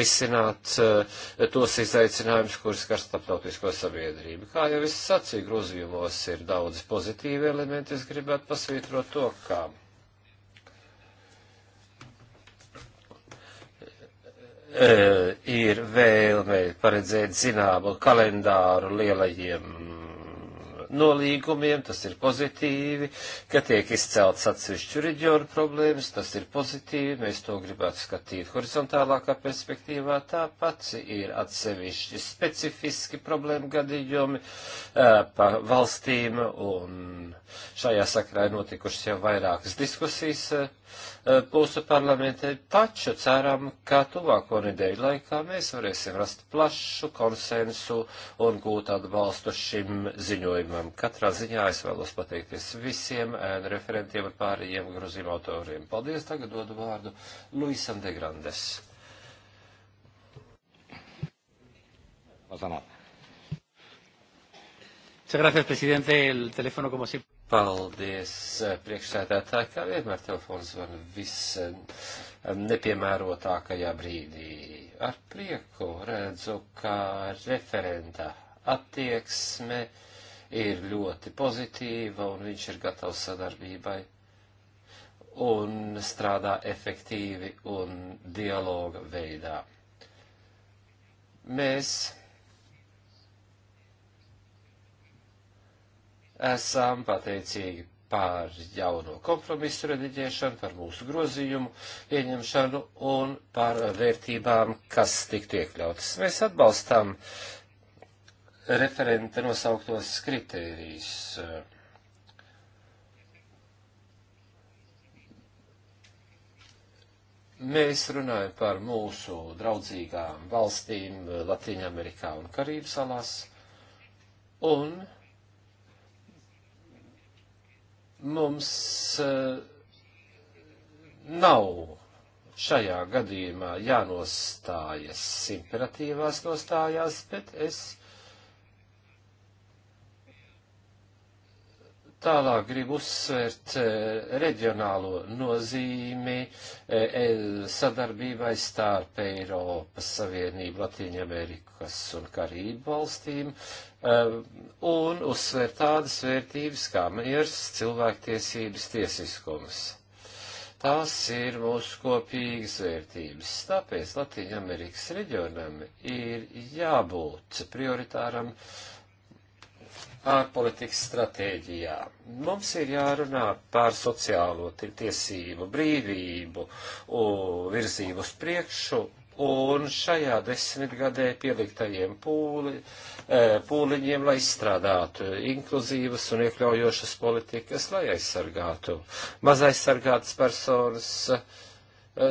risināt uh, tos izaicinājumus, kuras skar starptautisko sabiedrību. Kā jau es sacīju, grozījumos ir daudz pozitīvi elementi. Es gribētu pasvītrot to, kā. Ka Eh, ir vēlme paredzēt zināmu kalendāru lielajiem nolīgumiem, tas ir pozitīvi, ka tiek izcelts atsevišķu reģionu problēmas, tas ir pozitīvi, mēs to gribētu skatīt horizontālākā perspektīvā, tāpat ir atsevišķi specifiski problēma gadījumi eh, pa valstīm, un šajā sakrā ir notikušas jau vairākas diskusijas eh, Eh, mūsu parlamentē, taču ceram, ka tuvāko nedēļu laikā mēs varēsim rast plašu konsensu un gūt atbalstu šim ziņojumam. Katrā ziņā es vēlos pateikties visiem referentiem un pārējiem grozījuma autoriem. Paldies, tagad dodu vārdu Luisam de Grandes. señor presidente el teléfono como siempre. Paldies, eh, priekšsēdētāji, kā vienmēr telefons zvan viss eh, nepiemērotākajā brīdī. Ar prieku redzu, ka referenta attieksme ir ļoti pozitīva un viņš ir gatavs sadarbībai un strādā efektīvi un dialoga veidā. Mēs esam pateicīgi par jauno kompromisu rediģēšanu, par mūsu grozījumu ieņemšanu un par vērtībām, kas tiktu iekļautas. Mēs atbalstam referenta nosauktos kritērijus. Mēs runājam par mūsu draudzīgām valstīm Latīņamerikā un Karību salās, un mums eh, nav šajā gadījumā jānostājas imperatīvās nostājās, bet es Tālāk gribu uzsvērt eh, reģionālo nozīmi eh, eh, sadarbībai starp Eiropas Savienību, Latīņamerikas un Karību valstīm un uzsvērt tādas vērtības kā miers, cilvēktiesības, tiesiskums. Tās ir mūsu kopīgas vērtības, tāpēc Latīņamerikas reģionam ir jābūt prioritāram uh, ārpolitikas stratēģijā. Mums ir jārunā par sociālo tiesību, brīvību, virzību uz priekšu, un šajā desmitgadē pieliktajiem pūli, e, pūliņiem, lai izstrādātu inkluzīvas un iekļaujošas politikas, lai aizsargātu mazaizsargātas personas e, e,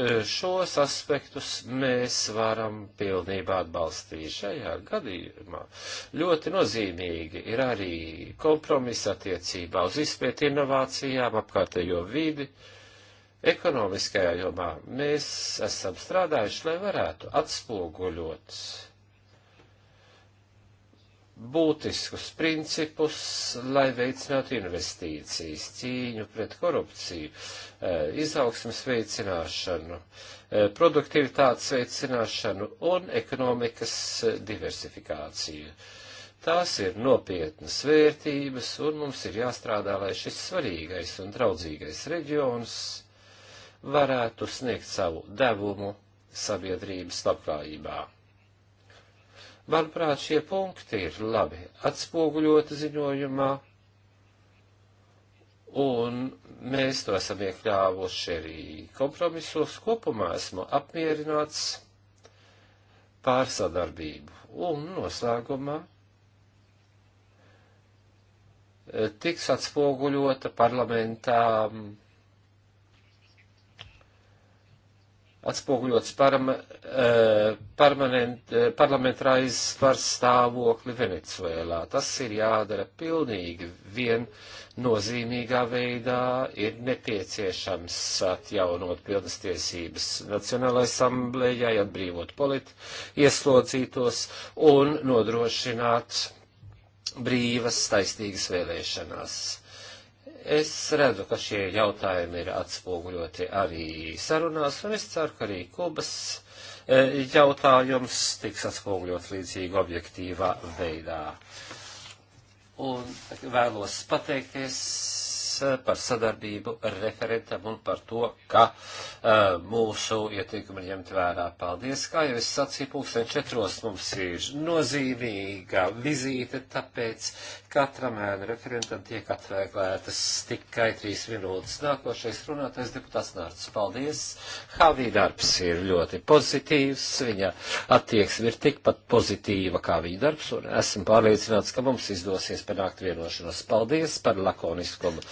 E, šos aspektus mēs varam pilnībā atbalstīt. Šajā gadījumā ļoti nozīmīgi ir arī kompromisa attiecībā uz izpēt inovācijām, apkārtējo vidi, ekonomiskajā jomā. Mēs esam strādājuši, lai varētu atspoguļot būtiskus principus, lai veicinātu investīcijas, cīņu pret korupciju, eh, izaugsmas veicināšanu, eh, produktivitātes veicināšanu un ekonomikas eh, diversifikāciju. Tās ir nopietnas vērtības, un mums ir jāstrādā, lai šis svarīgais un draudzīgais reģions varētu sniegt savu devumu sabiedrības labklājībā. Manuprāt, šie punkti ir labi atspoguļoti ziņojumā, un mēs to esam iekļāvuši arī kompromisos. Kopumā esmu apmierināts pār sadarbību. Un noslēgumā eh, tiks atspoguļota parlamentā atspoguļots parma, eh, eh, parlamentārais par stāvokli Venecuēlā. Tas ir jādara pilnīgi vien nozīmīgā veidā, ir nepieciešams atjaunot pilnas tiesības Nacionālajai asamblējai, atbrīvot politi, ieslodzītos un nodrošināt brīvas, taistīgas vēlēšanās Es redzu, ka šie jautājumi ir atspoguļoti arī sarunās, un es ceru, ka arī Kubas e, jautājums tiks atspoguļots līdzīgi objektīvā veidā. Un vēlos pateikties e, par sadarbību referentam un par to, ka uh, mūsu ieteikumi ir ņemti vērā. Paldies, kā jau es sacīju, pulksten četros mums ir nozīmīga vizīte, tāpēc Katram ēnu referentam tiek atvēlētas tikai trīs minūtes. Nākošais runātais deputāts Nārts. Paldies! Havī darbs ir ļoti pozitīvs, viņa attieksme ir tikpat pozitīva kā viņa darbs, un esmu pārliecināts, ka mums izdosies panākt vienošanos. Paldies par lakoniskumu.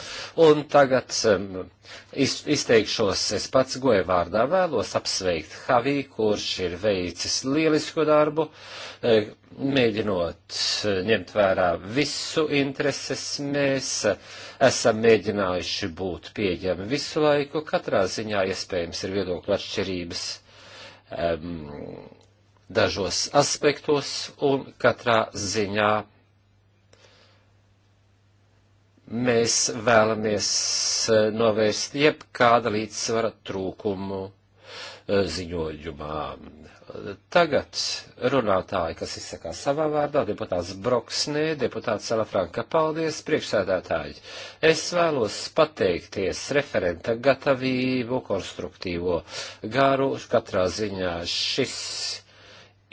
Un tagad um, iz, izteikšos es pats goja vārdā vēlos apsveikt Havī, kurš ir veicis lielisku darbu. E, mēģinot eh, ņemt vērā visu intereses, mēs eh, esam mēģinājuši būt pieejami visu laiku. Katrā ziņā iespējams ir viedokļu atšķirības um, dažos aspektos un katrā ziņā mēs vēlamies eh, novērst jebkāda līdzsvara trūkumu ziņojumā tagad runātāji, kas izsakās savā vārdā, deputāts Broksnē, deputāts Salafranka, paldies, priekšsēdētāji. Es vēlos pateikties referenta gatavību, konstruktīvo garu, katrā ziņā šis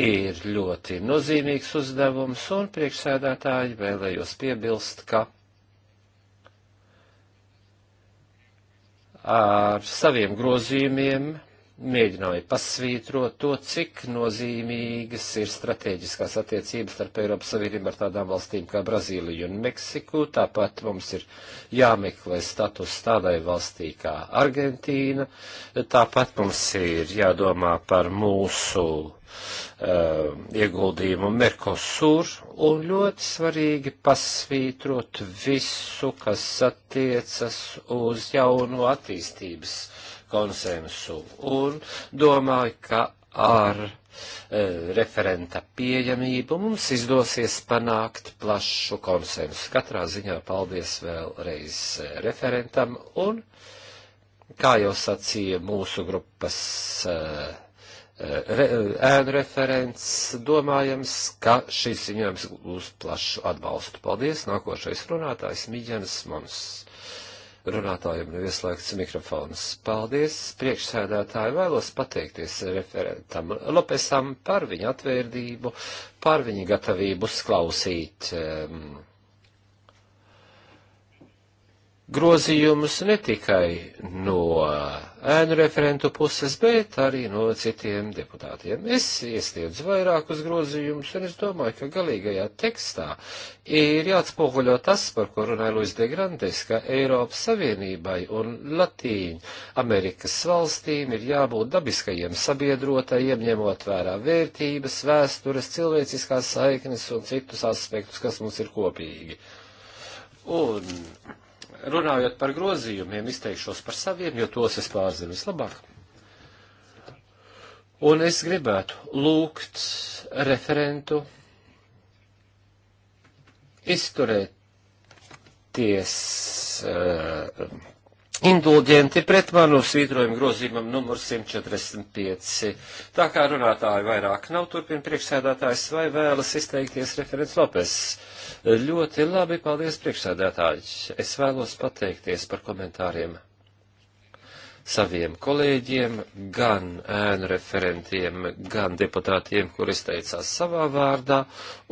ir ļoti nozīmīgs uzdevums, un priekšsēdētāji vēlējos piebilst, ka ar saviem grozījumiem mēģināja pasvītrot to, cik nozīmīgas ir strateģiskās attiecības starp Eiropas Savienību ar tādām valstīm kā Brazīliju un Meksiku. Tāpat mums ir jāmeklē status tādai valstī kā Argentīna. Tāpat mums ir jādomā par mūsu uh, ieguldījumu Merkosur un ļoti svarīgi pasvītrot visu, kas attiecas uz jauno attīstības konsensu un domāju, ka ar e, referenta pieejamību mums izdosies panākt plašu konsensu. Katrā ziņā paldies vēlreiz e, referentam un, kā jau sacīja mūsu grupas e, e Re, ēnu referents domājams, ka šis ziņojums būs plašu atbalstu. Paldies, nākošais runātājs Miģenes Mons runātājiem nav ieslēgts mikrofons. Paldies, priekšsēdētāji, vēlos pateikties referentam Lopesam par viņa atvērdību, par viņa gatavību uzklausīt. Um, grozījumus ne tikai no ēnu referentu puses, bet arī no citiem deputātiem. Es iestiedzu vairākus grozījumus, un es domāju, ka galīgajā tekstā ir jāatspoguļo tas, par ko runāja Luis de Grandes, ka Eiropas Savienībai un Latīņu Amerikas valstīm ir jābūt dabiskajiem sabiedrotajiem, ņemot vērā vērtības, vēstures, cilvēciskās saiknes un citus aspektus, kas mums ir kopīgi. Un runājot par grozījumiem, izteikšos par saviem, jo tos es pārzinu vislabāk. Un es gribētu lūgt referentu izturēties uh, indulģenti pret manu svītrojumu grozījumam numur 145. Tā kā runātāju vairāk nav turpina priekšsēdātājs vai vēlas izteikties referents Lopes. Uh, Ļoti labi, paldies priekšsēdētāji. Es vēlos pateikties par komentāriem saviem kolēģiem, gan ēnu referentiem, gan deputātiem, kuri izteicās savā vārdā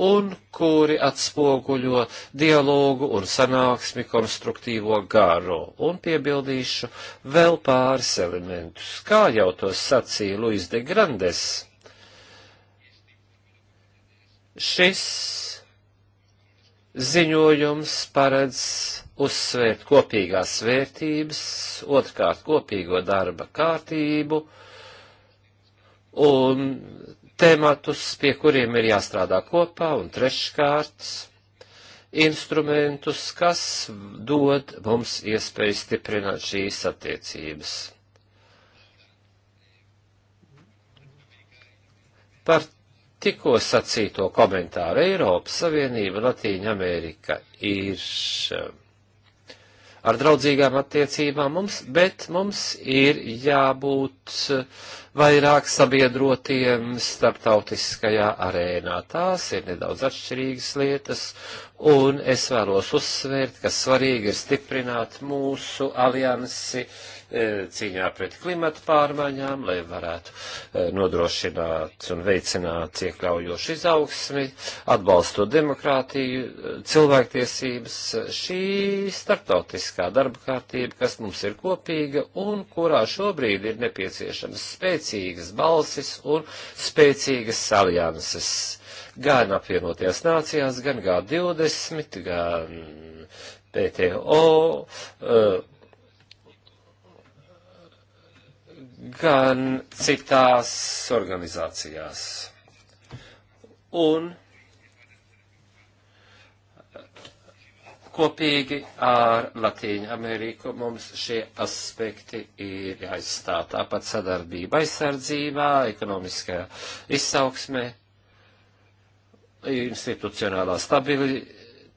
un kuri atspoguļo dialogu un sanāksmi konstruktīvo garu. Un piebildīšu vēl pāris elementus, kā jau to sacīja Luis de Grandes. Šis ziņojums paredz uzsvērt kopīgās vērtības, otrkārt kopīgo darba kārtību un tematus, pie kuriem ir jāstrādā kopā, un treškārt instrumentus, kas dod mums iespēju stiprināt šīs attiecības. Par tikko sacīto komentāru. Eiropas Savienība, Latīņa Amerika ir eh, ar draudzīgām attiecībām mums, bet mums ir jābūt eh, vairāk sabiedrotiem starptautiskajā arēnā. Tās ir nedaudz atšķirīgas lietas, un es vēlos uzsvērt, ka svarīgi ir stiprināt mūsu aliansi uh, E, cīņā pret klimata pārmaiņām, lai varētu e, nodrošināt un veicināt iekļaujošu izaugsmi, atbalstot demokrātiju, e, cilvēktiesības. Šī startautiskā darba kārtība, kas mums ir kopīga un kurā šobrīd ir nepieciešams spēcīgas balsis un spēcīgas alianses gan apvienoties nācijās, gan G20, gan PTO, gan citās organizācijās. Un kopīgi ar Latīņu Ameriku mums šie aspekti ir jāizstāv. Tāpat sadarbība aizsardzībā, ekonomiskajā izaugsmē, institucionālā stabili,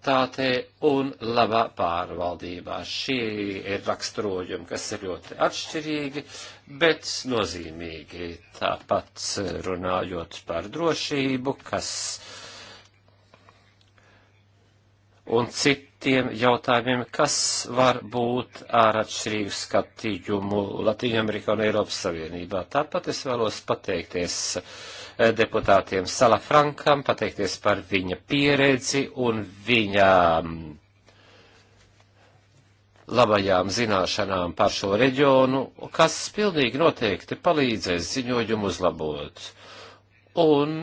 efektivitātē un labā pārvaldībā. Šie ir raksturojumi, kas ir ļoti atšķirīgi, bet nozīmīgi. Tāpat runājot par drošību, kas un citiem jautājumiem, kas var būt ar atšķirīgu skatījumu Latviju Amerikā un Eiropas Savienībā. Tāpat es vēlos pateikties deputātiem Salafrankam, pateikties par viņa pieredzi un viņa labajām zināšanām par šo reģionu, kas pilnīgi noteikti palīdzēs ziņojumu uzlabot. Un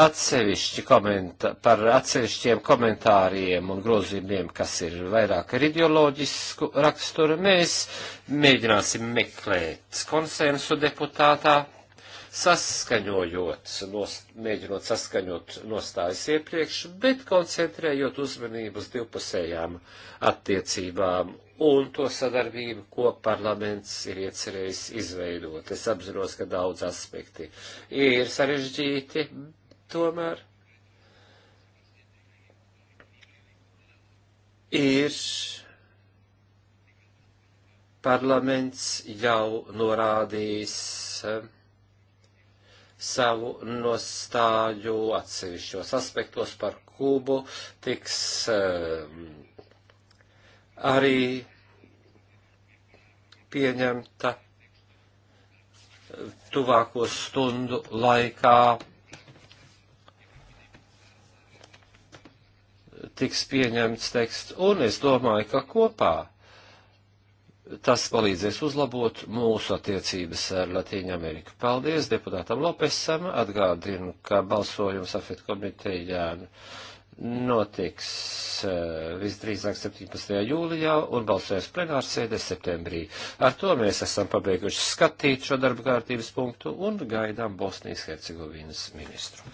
atsevišķi komentā, par atsevišķiem komentāriem un grozījumiem, kas ir vairāk ar ideoloģisku raksturu, mēs mēģināsim meklēt konsensu deputātā, saskaņojot, nos, mēģinot saskaņot nostājas iepriekš, bet koncentrējot uzmanību uz divpusējām attiecībām un to sadarbību, ko parlaments ir iecerējis izveidot. Es apzinos, ka daudz aspekti ir sarežģīti, tomēr ir parlaments jau norādījis eh, savu nostāju atsevišķos aspektos par Kubu, tiks eh, arī pieņemta tuvāko stundu laikā tiks pieņemts teksts, un es domāju, ka kopā tas palīdzēs uzlabot mūsu attiecības ar Latīņu Ameriku. Paldies deputātam Lopesam, atgādinu, ka balsojums afet komitejā notiks eh, visdrīzāk 17. jūlijā un balsojums plenārsēdē septembrī. Ar to mēs esam pabeiguši skatīt šo darba kārtības punktu un gaidām Bosnijas Hercegovinas ministru.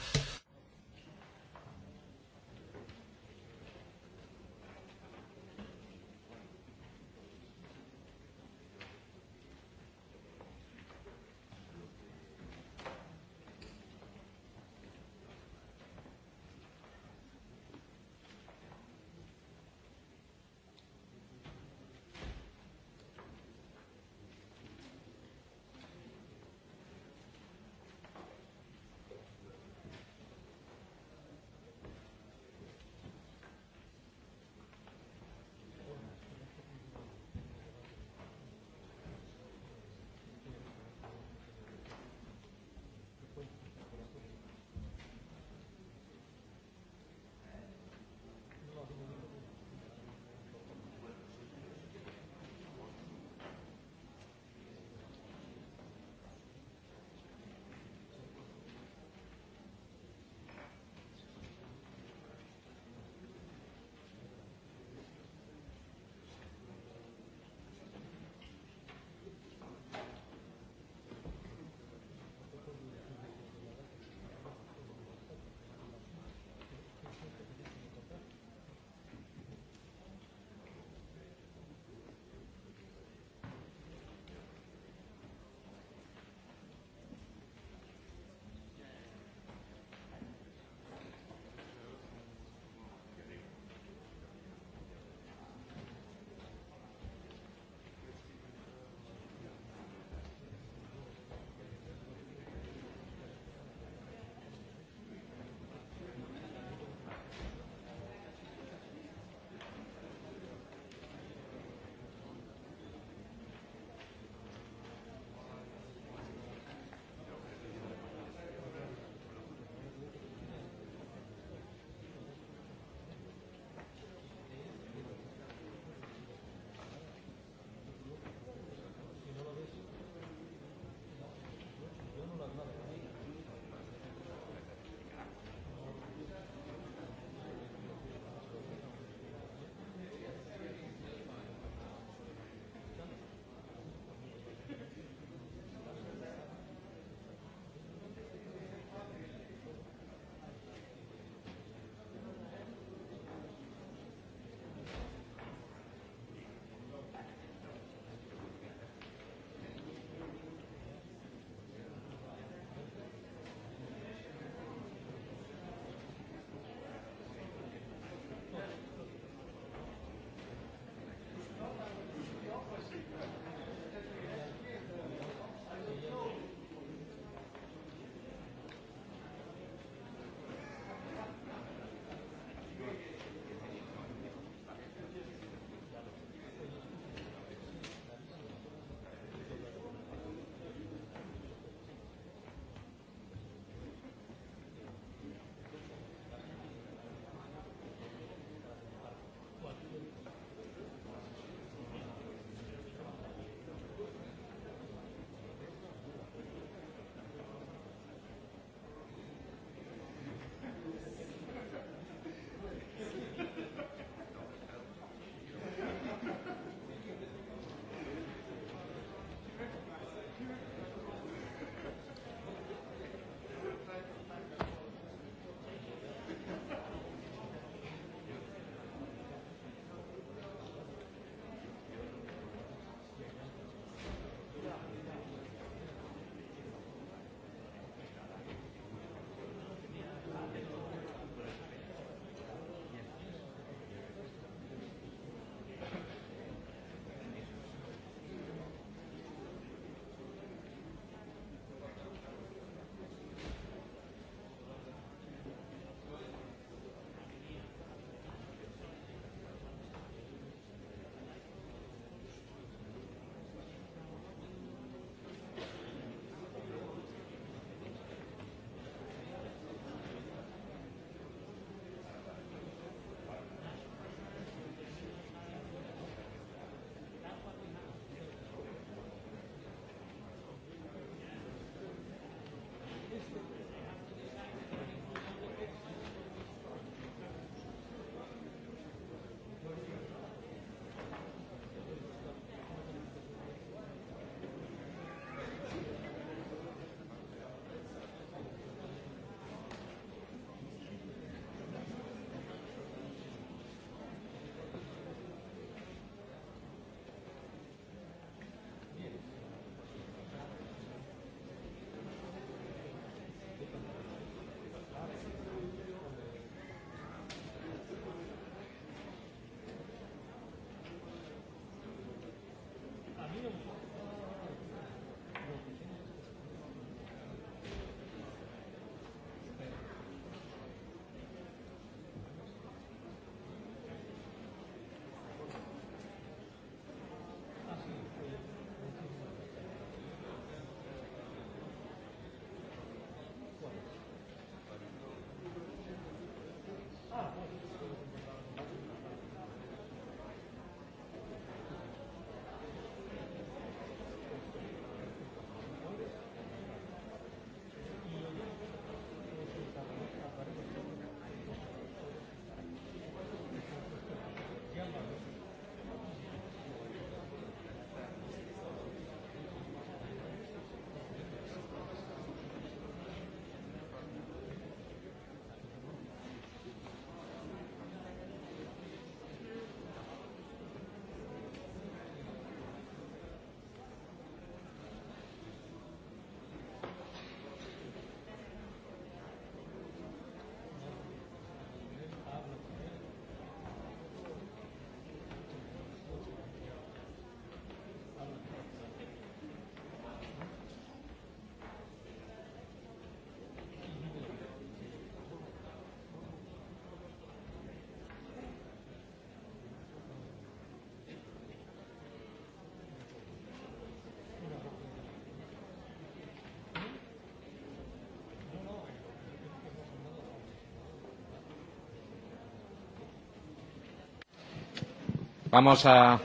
Vamos a,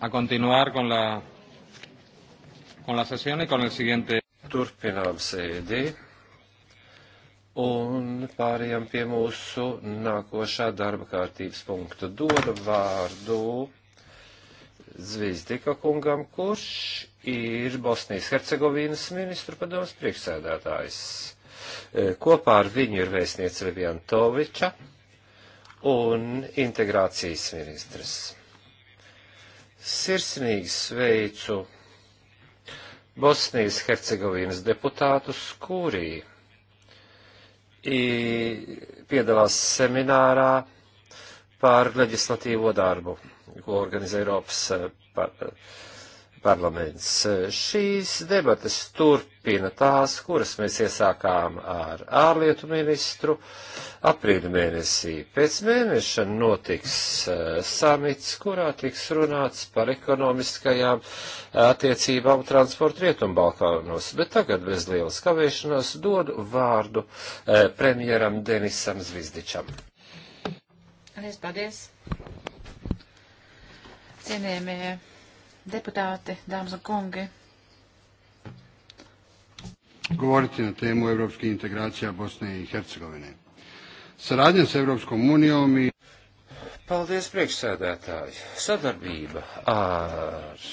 a continuar con la, con la sesión y con el siguiente. Turpinām sēdi un pārējām pie mūsu nākošā darba kārtības punkta. Dodu vārdu Zvizdika kungam, kurš ir Bosnijas Hercegovīnas ministru padomas priekšsēdētājs. Kopā ar viņu ir vēstniece Vivian Toviča un integrācijas ministrs. Sirsnīgi sveicu Bosnijas Hercegovinas deputātus, kuri piedalās seminārā par leģislatīvo darbu, ko organizē Eiropas eh, par, parlaments. Šīs debatas turpina tās, kuras mēs iesākām ar ārlietu ministru aprīļu mēnesī. Pēc mēneša notiks eh, samits, kurā tiks runāts par ekonomiskajām eh, attiecībām transportu Rietumbalkānos. Bet tagad bez lielas kavēšanās dodu vārdu eh, premjeram Denisam Zvizdičam. Paldies, paldies. Cienījamie deputāti, dāmas un kungi. Govoriti na temu evropskih integracija Bosne i Hercegovine. Saradnja s Evropskom unijom i... Paldies, priekšsēdētāji. Sadarbība ar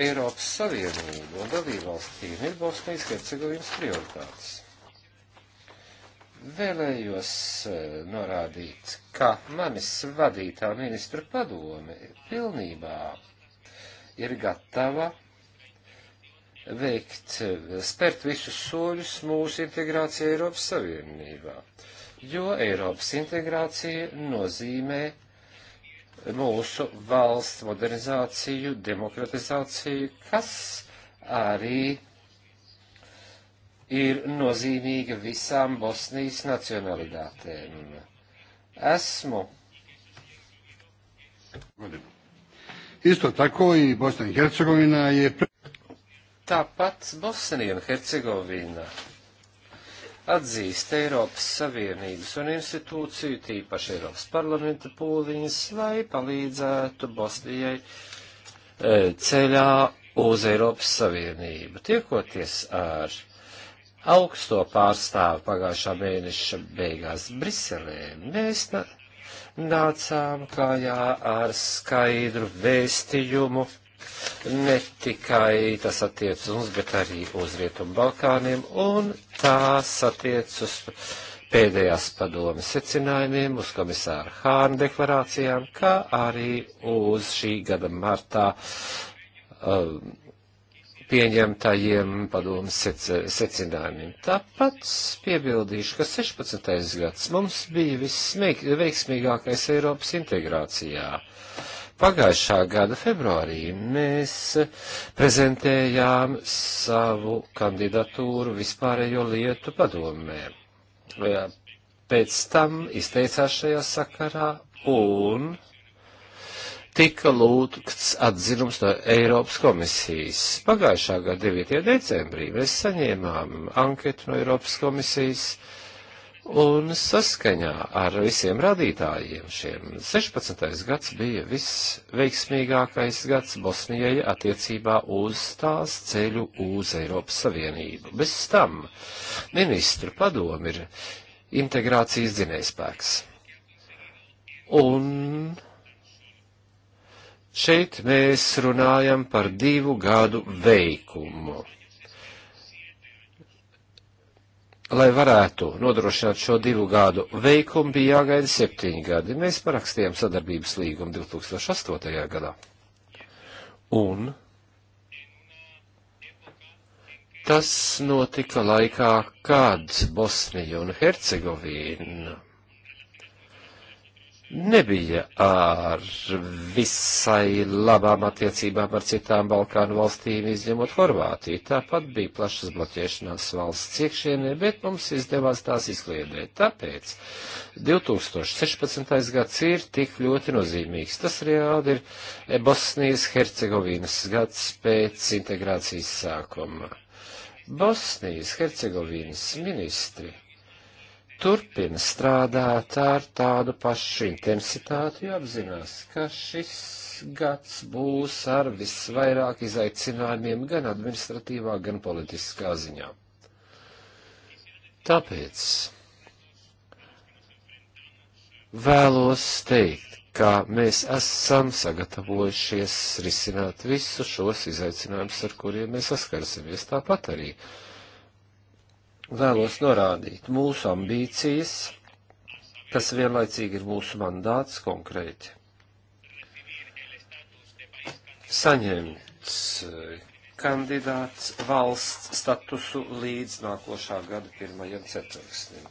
Eiropas Savienību un dalībvalstīm ir Bosnijas Hercegovinas prioritātes. Vēlējos eh, norādīt, ka manis vadītā ministra padome pilnībā ir gatava veikt, spērt visus soļus mūsu integrācijā Eiropas Savienībā, jo Eiropas integrācija nozīmē mūsu valsts modernizāciju, demokratizāciju, kas arī ir nozīmīga visām Bosnijas nacionalitātēm. Esmu. Godību. Isto tako i Bosna i Hercegovina je... Tāpat Bosnija un Hercegovina atzīst Eiropas Savienības un institūciju, tīpaši Eiropas parlamenta pūliņas, lai palīdzētu Bosnijai e, ceļā uz Eiropas Savienību. Tiekoties ar augsto pārstāvu pagājušā mēneša beigās Briselē, mēs. Ne nācām klajā ar skaidru vēstījumu. Ne tikai tas attiec uz, bet arī uz Rietumu Balkāniem, un tās attiec uz pēdējās padomas secinājumiem, uz komisāra Hāna deklarācijām, kā arī uz šī gada martā um, pieņemtajiem padomas sec, secinājumiem. Tāpat piebildīšu, ka 16. gads mums bija visveiksmīgākais Eiropas integrācijā. Pagājušā gada februārī mēs prezentējām savu kandidatūru vispārējo lietu padomē. Pēc tam izteicās šajā sakarā un tika lūgts atzinums no Eiropas komisijas. Pagājušā gada 9. decembrī mēs saņēmām anketu no Eiropas komisijas un saskaņā ar visiem radītājiem šiem 16. gads bija visveiksmīgākais gads Bosnijai attiecībā uz tās ceļu uz Eiropas Savienību. Bez tam ministru padomi ir integrācijas dzinējspēks. Un Šeit mēs runājam par divu gadu veikumu. Lai varētu nodrošināt šo divu gadu veikumu, bija jāgaida septiņi gadi. Mēs parakstījām sadarbības līgumu 2008. gadā. Un tas notika laikā, kad Bosnija un Hercegovina nebija ar visai labām attiecībām ar citām Balkānu valstīm, izņemot Horvātiju. Tāpat bija plašas bloķēšanās valsts iekšienē, bet mums izdevās tās izkliedēt. Tāpēc 2016. gads ir tik ļoti nozīmīgs. Tas reāli ir Bosnijas Hercegovinas gads pēc integrācijas sākuma. Bosnijas Hercegovinas ministri turpina strādāt ar tādu pašu intensitāti, jo apzinās, ka šis gads būs ar visvairāk izaicinājumiem gan administratīvā, gan politiskā ziņā. Tāpēc vēlos teikt, ka mēs esam sagatavojušies risināt visus šos izaicinājumus, ar kuriem mēs saskarsimies tāpat arī. Uh, vēlos norādīt mūsu ambīcijas, kas vienlaicīgi ir mūsu mandāts konkrēti. Saņemts eh, kandidāts valsts statusu līdz nākošā gada 1. ceturksnim.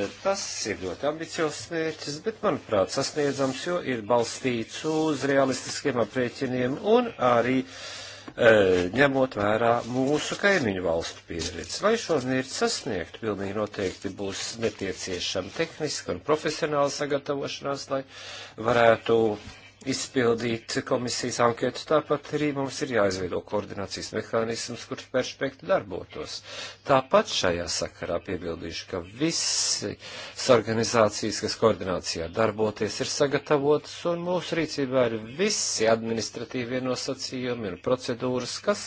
Eh, tas ir ļoti ambiciozs mērķis, bet, manuprāt, sasniedzams, jo ir balstīts uz realistiskiem aprēķiniem un arī uh, E, ņemot vērā mūsu kaimiņu valstu pieredzi. Lai šo mērķi sasniegtu, pilnīgi noteikti būs nepieciešama tehniska un profesionāla sagatavošanās, lai varētu izpildīt komisijas anketu. Tāpat arī mums ir jāizveido koordinācijas mehānisms, kurš perspektīvi darbotos. Tāpat šajā sakarā piebildīšu, ka visas organizācijas, kas koordinācijā darboties, ir sagatavotas un mūsu rīcībā ir visi administratīvie nosacījumi un procedūras, kas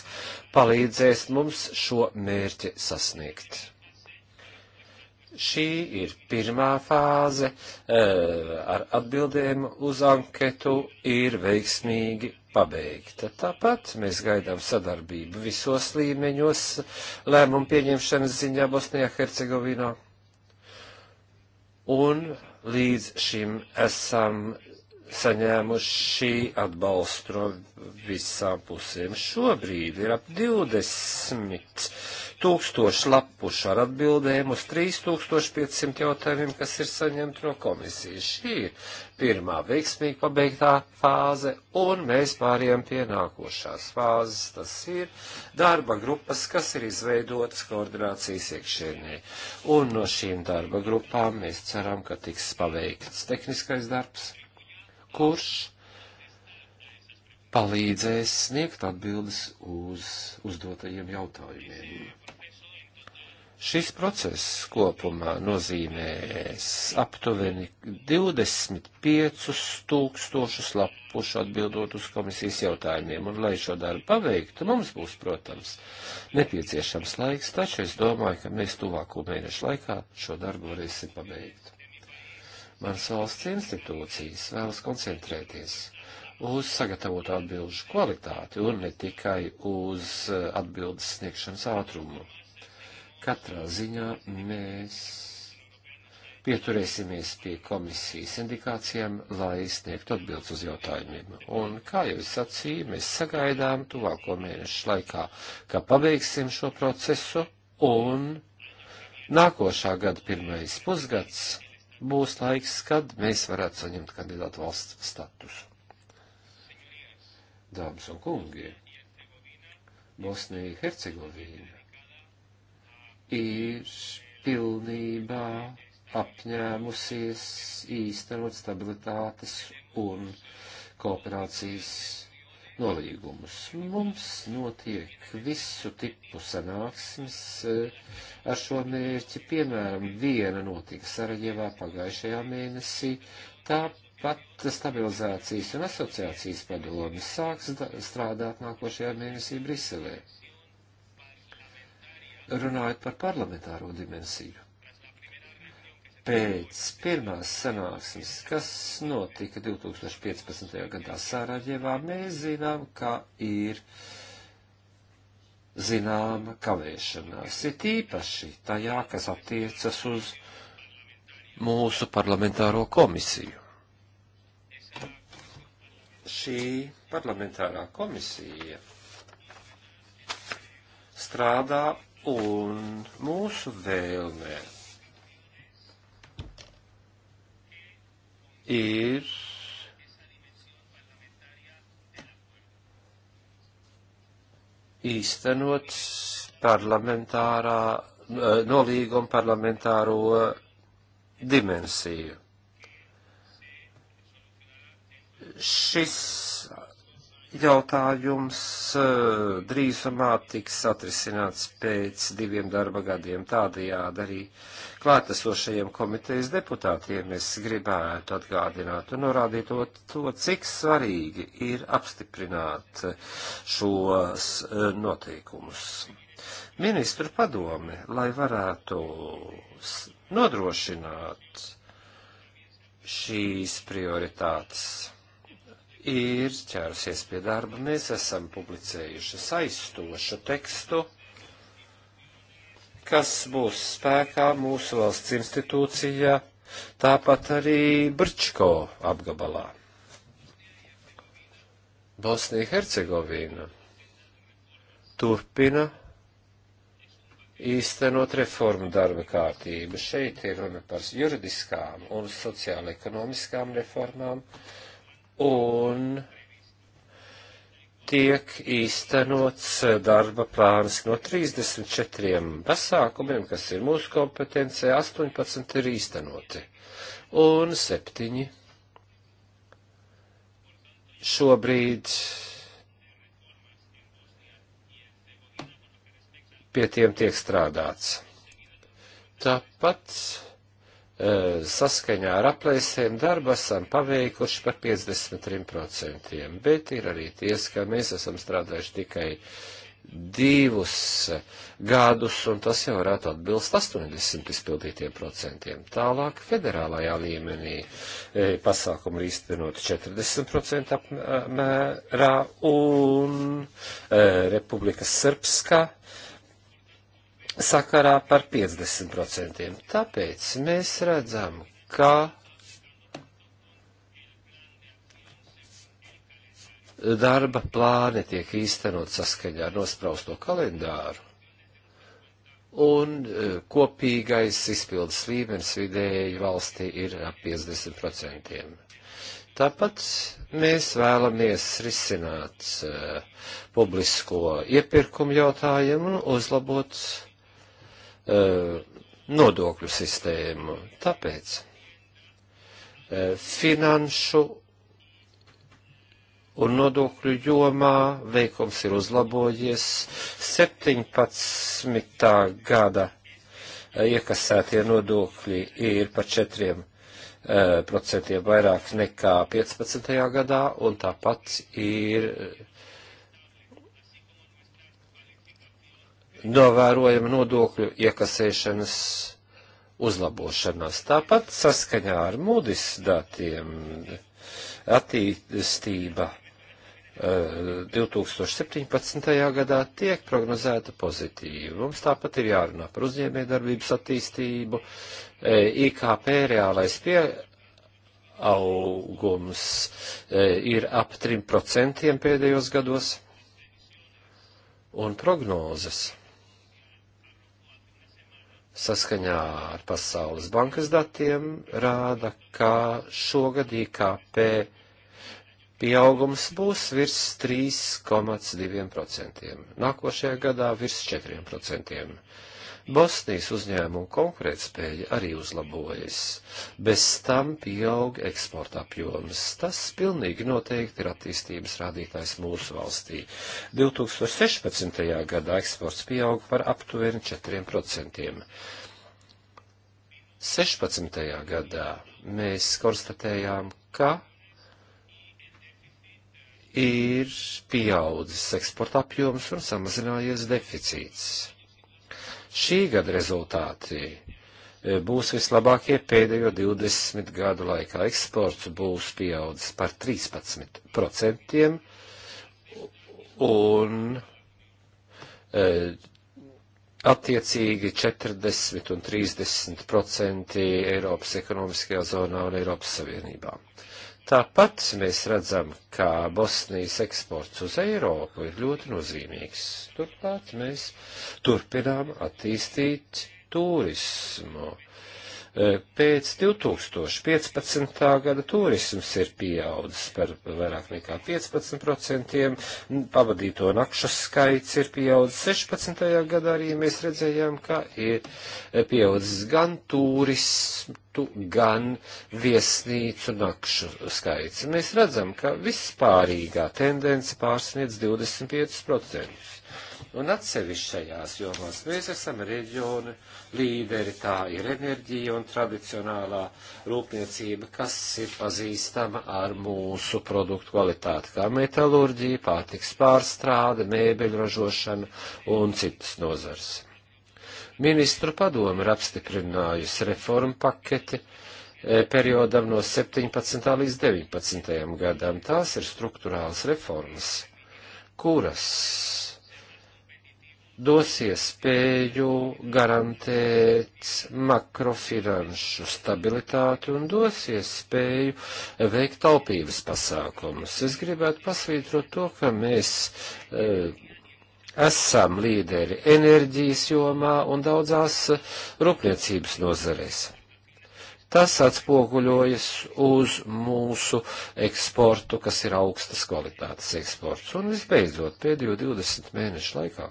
palīdzēs mums šo mērķi sasniegt. Šī ir pirmā fāze eh, ar atbildēm uz anketu ir veiksmīgi pabeigta. Tāpat mēs gaidām sadarbību visos līmeņos lēmumu pieņemšanas ziņā Bosnijā, Hercegovinā. Un līdz šim esam saņēmuši atbalstu no visām pusēm. Šobrīd ir ap 20 tūkstoši lapušu ar atbildēm uz 3500 jautājumiem, kas ir saņemti no komisijas. Šī ir pirmā veiksmīgi pabeigtā fāze, un mēs pāriem pie nākošās fāzes. Tas ir darba grupas, kas ir izveidotas koordinācijas iekšēnē. Un no šīm darba grupām mēs ceram, ka tiks paveikts tehniskais darbs kurš palīdzēs sniegt atbildes uz uzdotajiem jautājumiem. Šis process kopumā nozīmēs aptuveni 25 tūkstošus lapušu atbildot uz komisijas jautājumiem, un lai šo darbu paveiktu, mums būs, protams, nepieciešams laiks, taču es domāju, ka mēs tuvāko mēnešu laikā šo darbu varēsim pabeigt. Manas valsts institūcijas vēlas koncentrēties uz sagatavotu atbilžu kvalitāti un ne tikai uz eh, atbildes sniegšanas ātrumu. Katrā ziņā mēs pieturēsimies pie komisijas indikācijām, lai sniegtu atbildes uz jautājumiem. Un, kā jau es sacīju, mēs sagaidām tuvāko mēnešu laikā, ka pabeigsim šo procesu un nākošā gada pirmais pusgads būs laiks, kad mēs varētu saņemt kandidātu valsts statusu. Dāmas un kungi, Bosnija Hercegovina ir pilnībā apņēmusies īstenot stabilitātes un kooperācijas nolīgumus. Mums notiek visu tipu sanāksmes eh, ar šo mērķi. Piemēram, viena notika Sarajevā pagājušajā mēnesī. Tāpat stabilizācijas un asociācijas padomi sāks strādāt nākošajā mēnesī Briselē. Runājot par parlamentāro dimensiju pēc pirmās sanāksmes, kas notika 2015. gadā Sārajevā, mēs zinām, ka ir zināma kavēšanās, ir tīpaši tajā, kas attiecas uz mūsu parlamentāro komisiju. Šī parlamentārā komisija strādā un mūsu vēlmēm ir īstenot parlamentārā, eh, nolīguma parlamentāro dimensiju. Šis jautājums eh, drīzumā tiks atrisināts pēc diviem darba gadiem. Tādējādi arī klātesošajiem komitejas deputātiem es gribētu atgādināt un norādīt to, to cik svarīgi ir apstiprināt šos eh, noteikumus. Ministru padome, lai varētu nodrošināt šīs prioritātes ir ķērusies pie darba. Mēs esam publicējuši saistošu tekstu, kas būs spēkā mūsu valsts institūcijā, tāpat arī Brčko apgabalā. Bosnija Hercegovina turpina īstenot reformu darba kārtību. Šeit ir runa par juridiskām un sociāla ekonomiskām reformām, uh, un tiek īstenots darba plāns no 34 pasākumiem, kas ir mūsu kompetencija, 18 ir īstenoti un 7 šobrīd pie tiem tiek strādāts. Tāpat Eh, saskaņā ar aplēsēm darbu esam paveikuši par 53%, bet ir arī ties, ka mēs esam strādājuši tikai divus gadus, un tas jau varētu atbilst 80 izpildītiem procentiem. Tālāk federālajā līmenī eh, pasākumu ir īstenot 40% apmērā, un eh, Republikas Srpska sakarā par 50%. Tāpēc mēs redzam, ka darba plāni tiek īstenot saskaņā ar nosprausto kalendāru, un e, kopīgais izpildes līmenis vidēji valstī ir ap 50%. Tāpat mēs vēlamies risināt uh, publisko iepirkumu jautājumu un uzlabot uh, Uh, nodokļu sistēmu. Tāpēc uh, finanšu un nodokļu jomā veikums ir uzlabojies 17. gada uh, iekasētie nodokļi ir par 4 procentiem vairāk nekā 15. gadā, un tāpat ir novērojama nodokļu iekasēšanas uzlabošanās. Tāpat saskaņā ar mūdis datiem attīstība 2017. Eh, gadā tiek prognozēta pozitīvi. Mums tāpat ir jārunā par uzņēmējdarbības attīstību, eh, IKP reālais pieaugums eh, ir ap 3% pēdējos gados, un prognozes saskaņā ar Pasaules bankas datiem rāda, ka šogad IKP pieaugums būs virs 3,2%, nākošajā gadā virs 4%. Bosnijas uzņēmumu konkurētspēja arī uzlabojas. Bez tam pieaug eksporta apjoms. Tas pilnīgi noteikti ir attīstības rādītājs mūsu valstī. 2016. gadā eksports pieauga par aptuveni 4%. 16. gadā mēs konstatējām, ka ir pieaudzis eksporta apjoms un samazinājies deficīts šī gada rezultāti e, būs vislabākie pēdējo 20 gadu laikā. Eksports būs pieaudzis par 13%, un e, attiecīgi 40 un 30% Eiropas ekonomiskajā zonā un Eiropas Savienībā. E, Tāpat mēs redzam, ka Bosnijas eksports uz Eiropu ir ļoti nozīmīgs. Turklāt mēs turpinām attīstīt turismu. Uh, E, pēc 2015. gada turisms ir pieaudzis par vairāk nekā 15%, pavadīto nakšu skaits ir pieaudzis 16. gadā arī mēs redzējām, ka ir pieaudzis gan turistu, gan viesnīcu nakšu skaits. Mēs redzam, ka vispārīgā tendence pārsniedz 25%. Un atsevišķajās jomās mēs esam reģionu līderi, tā ir enerģija un tradicionālā rūpniecība, kas ir pazīstama ar mūsu produktu kvalitāti, kā metalurģija, pārtiks pārstrāde, mēbeļu ražošana un citas nozars. Ministru padomu ir apstiprinājusi reformu paketi, e, periodam no 17. līdz 19. gadam. Tās ir struktūrāls reformas, kuras dos iespēju garantēt makrofinanšu stabilitāti un dos iespēju veikt taupības pasākumus. Es gribētu pasvītrot to, ka mēs e, esam līderi enerģijas jomā un daudzās rūpniecības nozarēs. Tas atspoguļojas uz mūsu eksportu, kas ir augstas kvalitātes eksports. Un visbeidzot, pēdējo 20 mēnešu laikā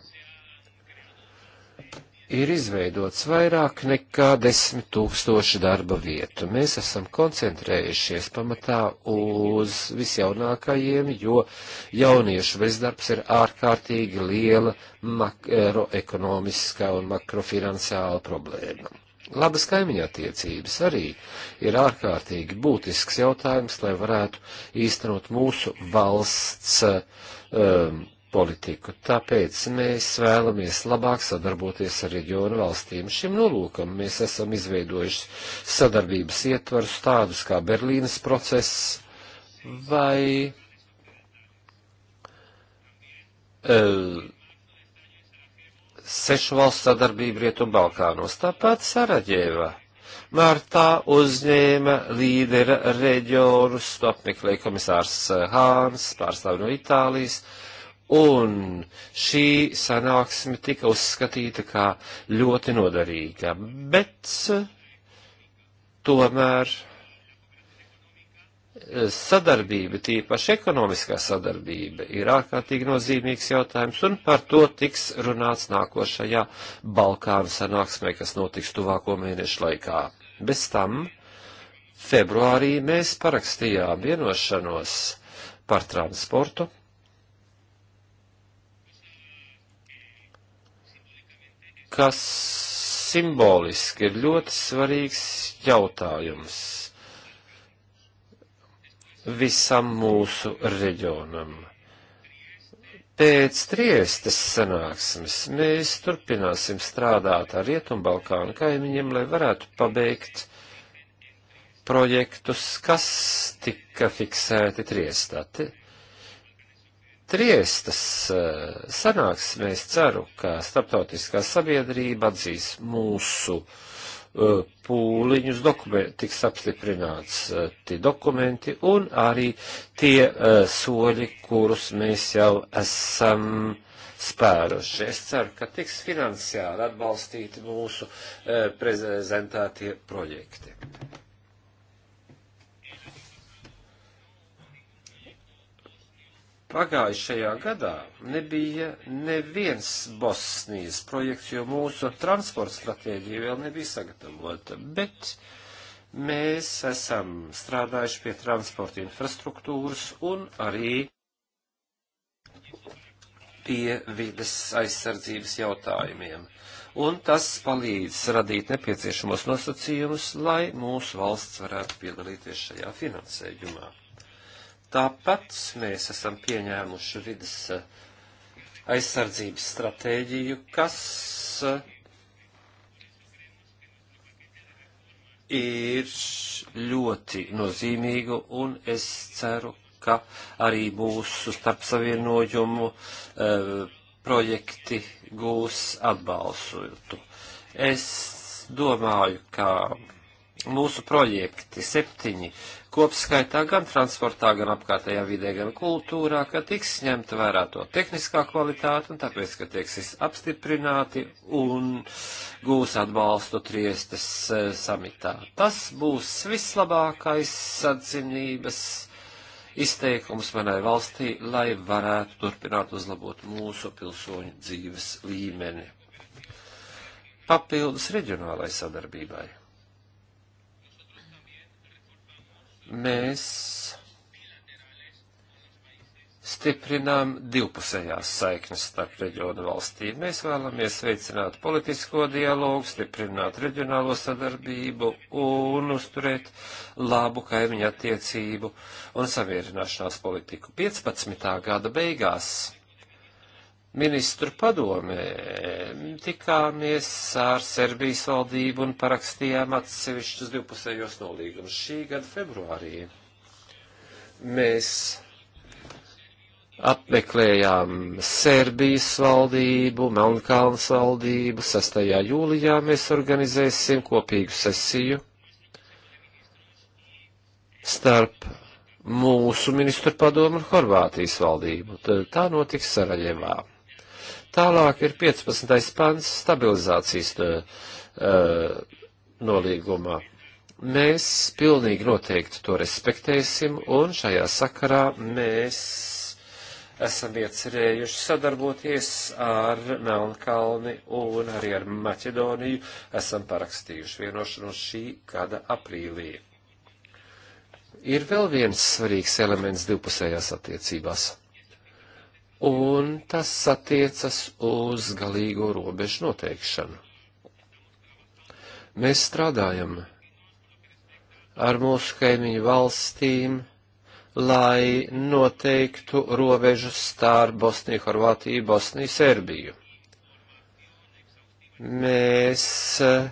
ir izveidots vairāk nekā desmit tūkstoši darba vietu. Mēs esam koncentrējušies pamatā uz visjaunākajiem, jo jauniešu bezdarbs ir ārkārtīgi liela makroekonomiskā un makrofinansāla problēma. Labas kaimiņa attiecības arī ir ārkārtīgi būtisks jautājums, lai varētu īstenot mūsu valsts um, politiku. Tāpēc mēs vēlamies labāk sadarboties ar reģionu valstīm. Šim nolūkam mēs esam izveidojuši sadarbības ietvarus tādus kā Berlīnas process vai. Uh, sešu valstu sadarbību Rietumbalkānos, tāpat Saraģēvā. Martā uzņēma līdera reģionus, apmeklēja komisārs Hāns, pārstāvi no Itālijas, uh, un šī sanāksme tika uzskatīta kā ļoti noderīga, bet eh, tomēr eh, sadarbība, tīpaši ekonomiskā sadarbība, ir ārkārtīgi nozīmīgs jautājums, un par to tiks runāts nākošajā Balkānu sanāksmē, kas notiks tuvāko mēnešu laikā. Bez tam februārī mēs parakstījām vienošanos par transportu kas simboliski ir ļoti svarīgs jautājums visam mūsu reģionam. Pēc triestes sanāksmes mēs turpināsim strādāt ar Rietumbalkānu kaimiņiem, lai varētu pabeigt projektus, kas tika fiksēti triestati. Triestas eh, sanāksmēs ceru, ka starptautiskā sabiedrība atzīs mūsu eh, pūliņus, dokumenti, tiks apstiprināts eh, tie dokumenti un arī tie uh, soļi, kurus mēs jau esam spēruši. Es ceru, ka tiks finansiāli atbalstīti mūsu uh, prezentētie projekti. Pagājušajā gadā nebija neviens Bosnijas projekts, jo mūsu transporta stratēģija vēl nebija sagatavota, bet mēs esam strādājuši pie transporta infrastruktūras un arī pie vides aizsardzības jautājumiem, un tas palīdz radīt nepieciešamos nosacījumus, lai mūsu valsts varētu piedalīties šajā finansējumā. Tāpat mēs esam pieņēmuši vidas eh, aizsardzības stratēģiju, kas eh, ir ļoti nozīmīga, un es ceru, ka arī mūsu starpsavienojumu uh, projekti gūs atbalstu. Es domāju, ka mūsu projekti, septiņi, kopskaitā gan transportā, gan apkārtējā vidē, gan kultūrā, ka tiks ņemta vērā to tehniskā kvalitāte un tāpēc, ka tiks apstiprināti un gūs atbalstu triestes eh, samitā. Tas būs vislabākais sadzinības izteikums manai valstī, lai varētu turpināt uzlabot mūsu pilsoņu dzīves līmeni. Papildus reģionālai sadarbībai. mēs stiprinām divpusējās saiknes starp reģionu valstīm. Mēs vēlamies veicināt politisko dialogu, stiprināt reģionālo sadarbību un uzturēt labu kaimiņu attiecību un samierināšanās politiku. 15. gada beigās ministru padomē tikāmies ar Serbijas valdību un parakstījām atsevišķus divpusējos nolīgumus šī gada februārī. Mēs apmeklējām Serbijas valdību, Melnkalnas valdību, 6. jūlijā mēs organizēsim kopīgu sesiju starp mūsu ministru padomu un Horvātijas valdību. Tā notiks Sarajevā. Tālāk ir 15. pants stabilizācijas uh, uh, nolīgumā. Mēs pilnīgi noteikti to respektēsim, un šajā sakarā mēs esam iecerējuši sadarboties ar Melnkalni un arī ar Maķedoniju. Esam parakstījuši vienošanos šī gada aprīlī. Ir vēl viens svarīgs elements divpusējās attiecībās un tas attiecas uz galīgo robežu noteikšanu. Mēs strādājam ar mūsu kaimiņu valstīm, lai noteiktu robežu starp Bosniju, Horvātiju, Bosniju, Serbiju. Mēs uh,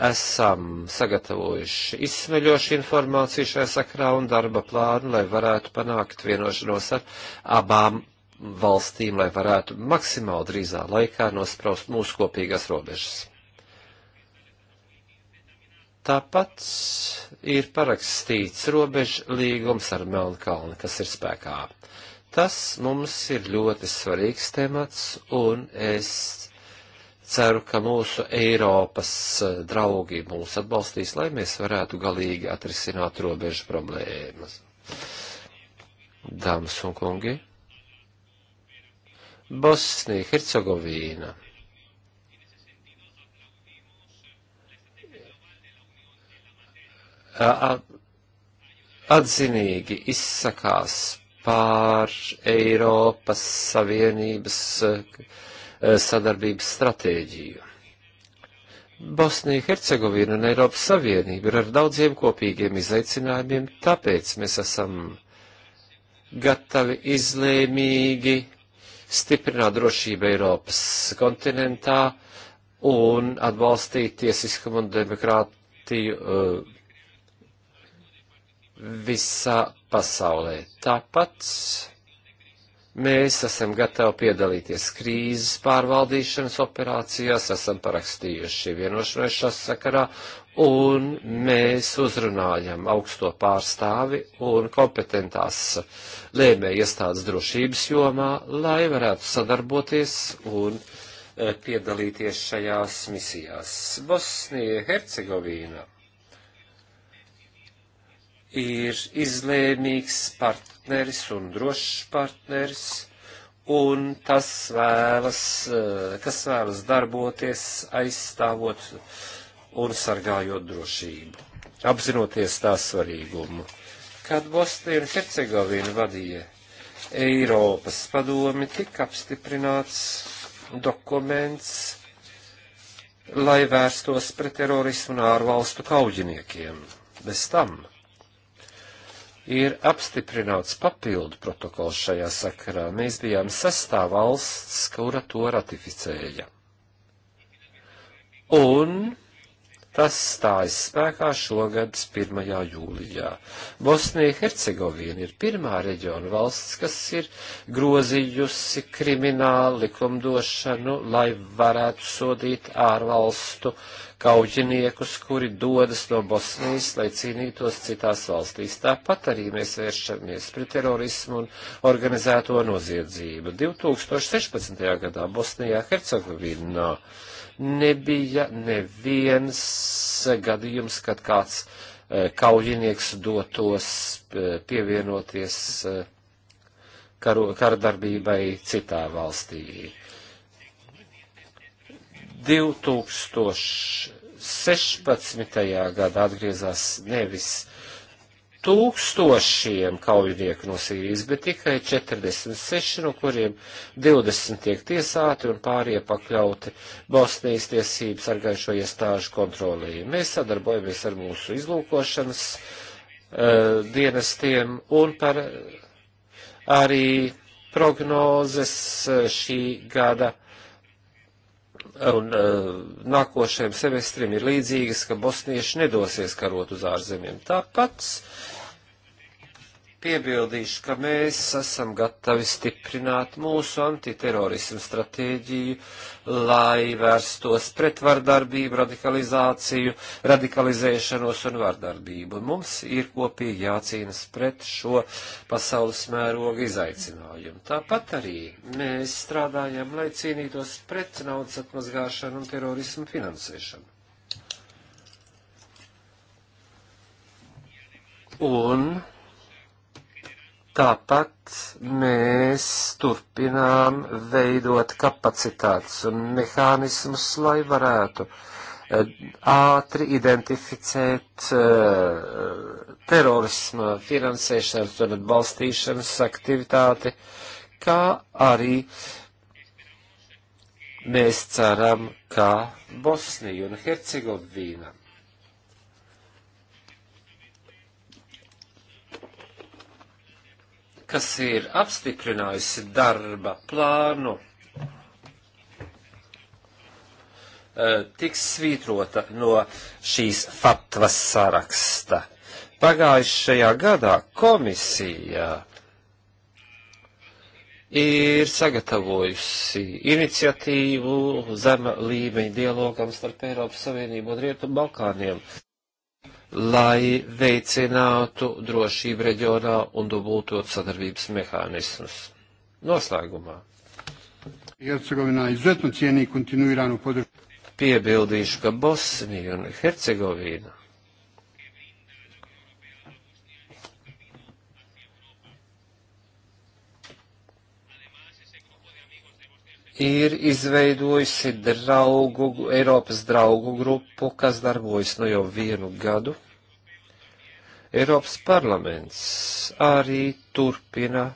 esam sagatavojuši izsmeļošu informāciju šajā sakrā un darba plānu, lai varētu panākt vienošanos ar abām valstīm, lai varētu maksimāli drīzā laikā nospraust mūsu kopīgās robežas. Tāpat ir parakstīts robežu līgums ar Melnkalni, kas ir spēkā. Tas mums ir ļoti svarīgs temats, un es ceru, ka mūsu Eiropas eh, draugi mūs atbalstīs, lai mēs varētu galīgi atrisināt robežu problēmas. Dāmas un kungi, Bosnija, Hercegovīna. Atzinīgi izsakās pār Eiropas Savienības uh, Eh, sadarbības stratēģiju. Bosnija, Hercegovina un Eiropas Savienība ir ar daudziem kopīgiem izaicinājumiem, tāpēc mēs esam gatavi izlēmīgi stiprināt drošību Eiropas kontinentā un atbalstīt tiesiskumu un demokrātiju uh, visā pasaulē. Tāpat Mēs esam gatavi piedalīties krīzes pārvaldīšanas operācijās, esam parakstījuši vienošanos šās sakarā, un mēs uzrunājam augsto pārstāvi un kompetentās lēmēja iestādes drošības jomā, lai varētu sadarboties un eh, piedalīties šajās misijās. Bosnija, Hercegovīna ir izlēmīgs partneris un drošs partneris, un tas vēlas, eh, kas vēlas darboties, aizstāvot un sargājot drošību, apzinoties tā svarīgumu. Kad Bosnija un Hercegovina vadīja Eiropas padomi, tika apstiprināts dokuments, lai vērstos pret terorismu un ārvalstu kauģiniekiem. Bez tam ir apstiprināts papildu protokols šajā sakarā. Mēs bijām sestā valsts, kura to ratificēja. Un Tas stājas spēkā šogad 1. jūlijā. Bosnija Hercegovina ir pirmā reģiona valsts, kas ir grozījusi kriminālu likumdošanu, lai varētu sodīt ārvalstu kaujiniekus, kuri dodas no Bosnijas, lai cīnītos citās valstīs. Tāpat arī mēs vēršamies pret terorismu un organizēto noziedzību. 2016. gadā Bosnijā Hercegovinā nebija neviens gadījums, kad kāds e, kaujinieks dotos e, pievienoties e, karadarbībai citā valstī. 2016. gadā atgriezās nevis uh, tūkstošiem kaujinieku no Sīrijas, bet tikai 46, no kuriem 20 tiek tiesāti un pārējie pakļauti Bosnijas tiesības sargājušo iestāžu kontrolī. Mēs sadarbojamies ar mūsu izlūkošanas uh, dienestiem un par eh, arī prognozes eh, šī gada un uh, nākošajam semestrim ir līdzīgas, ka bosnieši nedosies karot uz ārzemēm. Tāpat Piebildīšu, ka mēs esam gatavi stiprināt mūsu antiterorismu stratēģiju, lai vērstos pret vardarbību, radikalizāciju, radikalizēšanos un vardarbību. Mums ir kopīgi jācīnas pret šo pasaules mēroga izaicinājumu. Tāpat arī mēs strādājam, lai cīnītos pret naudas atmazgāšanu un terorismu finansēšanu. Un Tāpat mēs turpinām veidot kapacitātes un mehānismus, lai varētu eh, ātri identificēt eh, terorisma finansēšanas un atbalstīšanas aktivitāti, kā arī mēs ceram, ka Bosnija un Hercegovīna kas ir apstiprinājusi darba plānu, e, tiks svītrota no šīs fatvas saraksta. Pagājušajā gadā komisija ir sagatavojusi iniciatīvu zema līmeņa dialogam starp Eiropas Savienību un Rietu Balkāniem lai veicinātu drošību reģionā un dubultot sadarbības mehānismus. Noslēgumā. Piebildīšu, ka Bosnija un Hercegovina ir izveidojusi draugu, Eiropas draugu grupu, kas darbojas nu jau vienu gadu. Eiropas parlaments arī turpina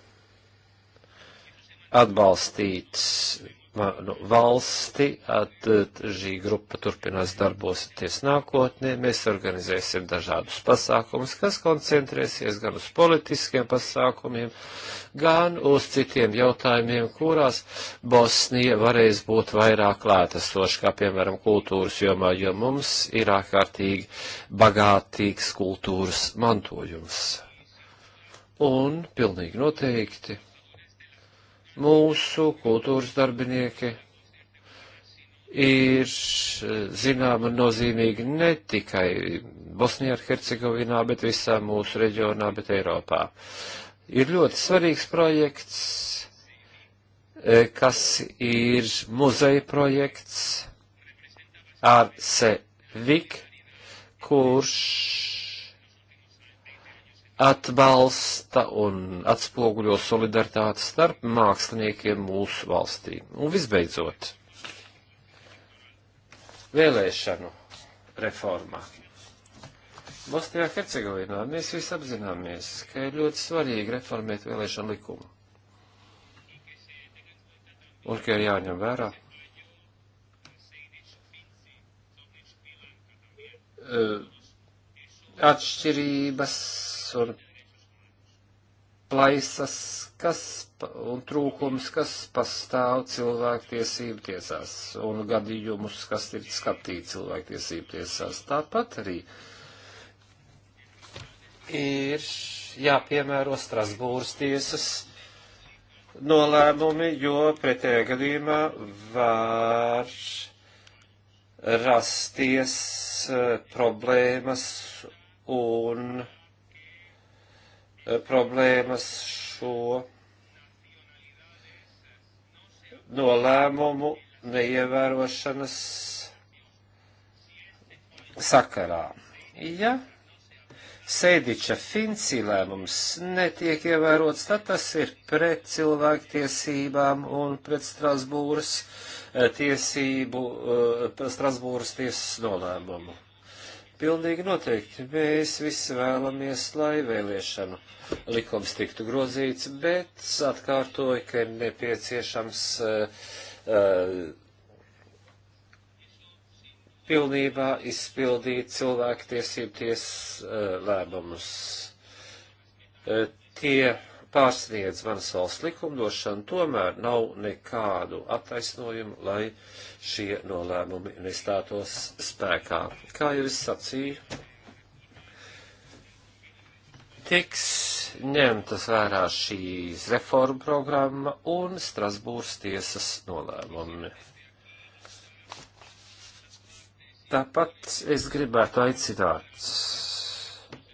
atbalstīt manu valsti, tad šī grupa turpinās darbosities nākotnē. Mēs organizēsim dažādus pasākumus, kas koncentrēsies gan uz politiskiem pasākumiem, gan uz citiem jautājumiem, kurās Bosnija varēs būt vairāk klātesoša, kā piemēram kultūras jomā, jo mums ir ārkārtīgi bagātīgs kultūras mantojums. Un pilnīgi noteikti mūsu kultūras darbinieki ir eh, zināma nozīmīgi ne tikai Bosnijā ar Hercegovinā, bet visā mūsu reģionā, bet Eiropā. Ir ļoti svarīgs projekts, eh, kas ir muzeja projekts ar Sevik, kurš atbalsta un atspoguļo solidaritāti starp māksliniekiem mūsu valstī. Un visbeidzot, vēlēšanu reformā. Bosnijā Hercegovinā mēs visi apzināmies, ka ir ļoti svarīgi reformēt vēlēšanu likumu. Un ka ir jāņem vērā. Eh, atšķirības un plaisas, kas un trūkums, kas pastāv cilvēktiesību tiesās un gadījumus, kas ir skatīti cilvēktiesību tiesās. Tāpat arī ir jāpiemēro Strasbūras tiesas nolēmumi, jo pretējā gadījumā var rasties eh, problēmas un Eh, problēmas šo nolēmumu neievērošanas sakarā. Ja Sēdiča Finci lēmums netiek ievērots, tad tas ir pret cilvēktiesībām un pret Strasbūras eh, tiesību, eh, Strasbūras tiesas nolēmumu. Pilnīgi noteikti. Mēs visi vēlamies, lai vēlēšanu likums tiktu grozīts, bet atkārtoju, ka ir nepieciešams uh, uh, pilnībā izpildīt cilvēku tiesību tiesas uh, eh, lēmumus. Uh, tie pārsniedz manas valsts likumdošanu, tomēr nav nekādu attaisnojumu, lai šie nolēmumi nestātos spēkā. Kā jau es sacīju, tiks ņemtas vērā šīs reforma programma un Strasbūras tiesas nolēmumi. Tāpat es gribētu aicināt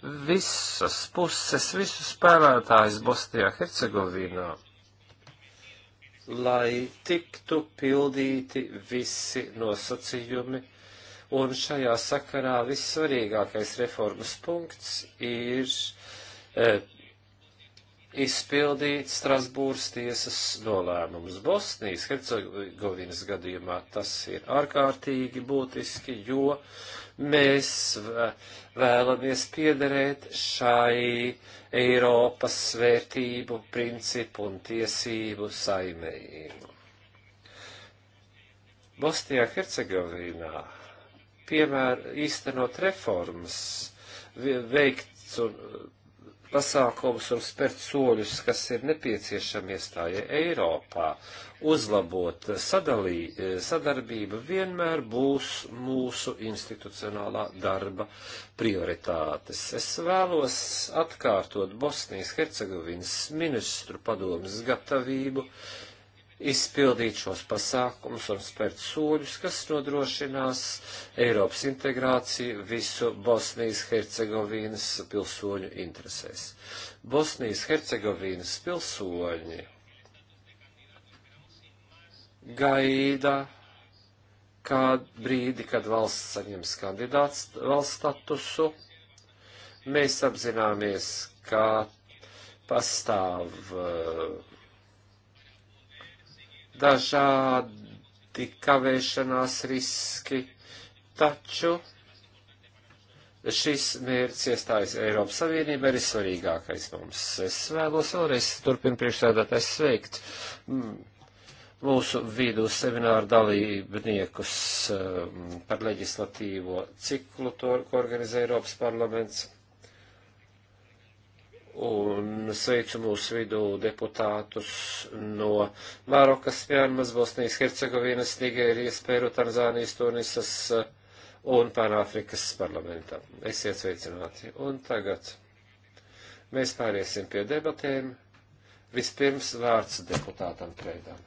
visas puses, visus spēlētājus Bosnijā, Hercegovīnā, lai tiktu pildīti visi nosacījumi, un šajā sakarā vissvarīgākais reformas punkts ir e, izpildīt Strasbūras tiesas nolēmumus. Bosnijas Hercegovinas gadījumā tas ir ārkārtīgi būtiski, jo Mēs vēlamies piederēt šai Eiropas vērtību, principu un tiesību saimēji. Bosnijā, Hercegovinā, piemēr, īstenot reformas, veikt un pasākums un spērt soļus, kas ir nepieciešami iestājai Eiropā, uzlabot sadalī, e, sadarbību vienmēr būs mūsu institucionālā darba prioritātes. Es vēlos atkārtot Bosnijas Hercegovinas ministru padomas gatavību izpildīt šos pasākumus un spērt soļus, kas nodrošinās Eiropas integrāciju visu Bosnijas Hercegovīnas pilsoņu interesēs. Bosnijas Hercegovīnas pilsoņi gaida kādu brīdi, kad valsts saņems kandidāts valsts statusu. Mēs apzināmies, ka pastāv uh, dažādi kavēšanās riski, taču šis mērķis iestājas Eiropas Savienībā ir svarīgākais mums. Es vēlos vēlreiz turpin priekšsēdētājs sveikt mm, mūsu vidū semināru dalībniekus mm, par leģislatīvo ciklu, to, ko organizē Eiropas parlaments un sveicu mūsu vidū deputātus no Marokas, Mjārmas, Bosnijas, Hercegovinas, Nigērijas, Peru, Tanzānijas, Tunisas eh, un Panāfrikas parlamentā. Esiet sveicināti. Un tagad mēs pāriesim pie debatēm. Vispirms vārds deputātam Treidam.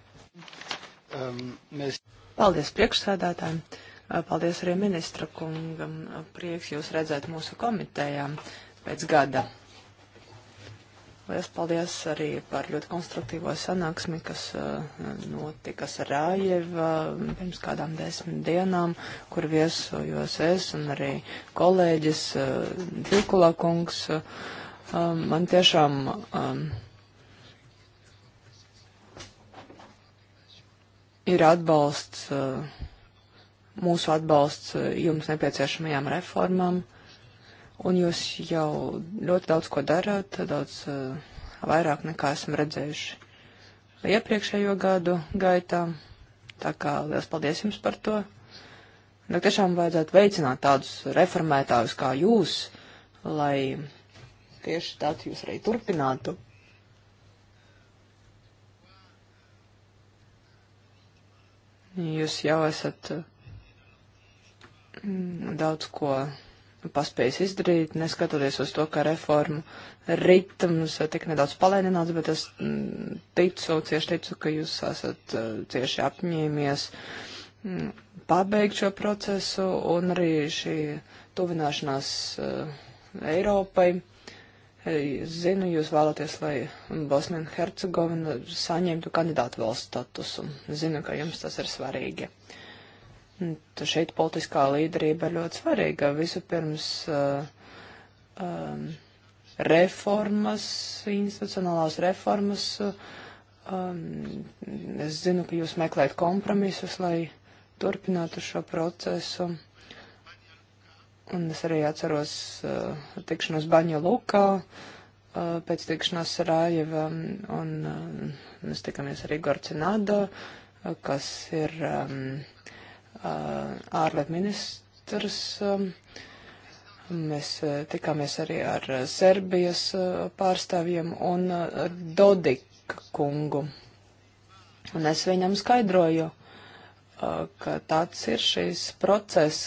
Um, mēs... Paldies priekšsēdētājiem. Uh, paldies arī ministra kungam. Prieks jūs redzēt mūsu komitejām pēc gada. Lielas paldies arī par ļoti konstruktīvo sanāksmi, kas eh, notika Sarājeva mm, pirms kādām desmit dienām, kur viesojos es un arī kolēģis Tilkulā eh, kungs. Um, man tiešām um, ir atbalsts, eh, mūsu atbalsts jums nepieciešamajām reformām. Un jūs jau ļoti daudz ko darāt, daudz uh, vairāk nekā esam redzējuši iepriekšējo gadu gaitā. Tā kā liels paldies jums par to. Nu, tiešām vajadzētu veicināt tādus reformētājus kā jūs, lai tieši tāds jūs arī turpinātu. Jūs jau esat mm, daudz ko paspējis izdarīt, neskatoties uz to, ka reformu ritms tik nedaudz palēnināts, bet es mm, ticu, cieši ticu, ka jūs esat eh, cieši apņēmies mm, pabeigt šo procesu un arī šī tuvināšanās eh, Eiropai. Es eh, zinu, jūs vēlaties, lai Bosnija un Hercegovina saņemtu kandidātu valsts statusu. Zinu, ka jums tas ir svarīgi. Uh, Tu šeit politiskā līderība ir ļoti svarīga. Visupirms uh, um, reformas, institucionālās reformas. Um, es zinu, ka jūs meklējat kompromisus, lai turpinātu šo procesu. Un es arī atceros uh, tikšanos Baņa Lukā. Uh, pēc tikšanās ar Ājevu, un um, mēs tikāmies arī Gorcinado, uh, kas ir um, ārlietu ministrs. Mēs tikāmies arī ar Serbijas pārstāvjiem un Dodika kungu. Un es viņam skaidroju, ka tāds ir šīs process,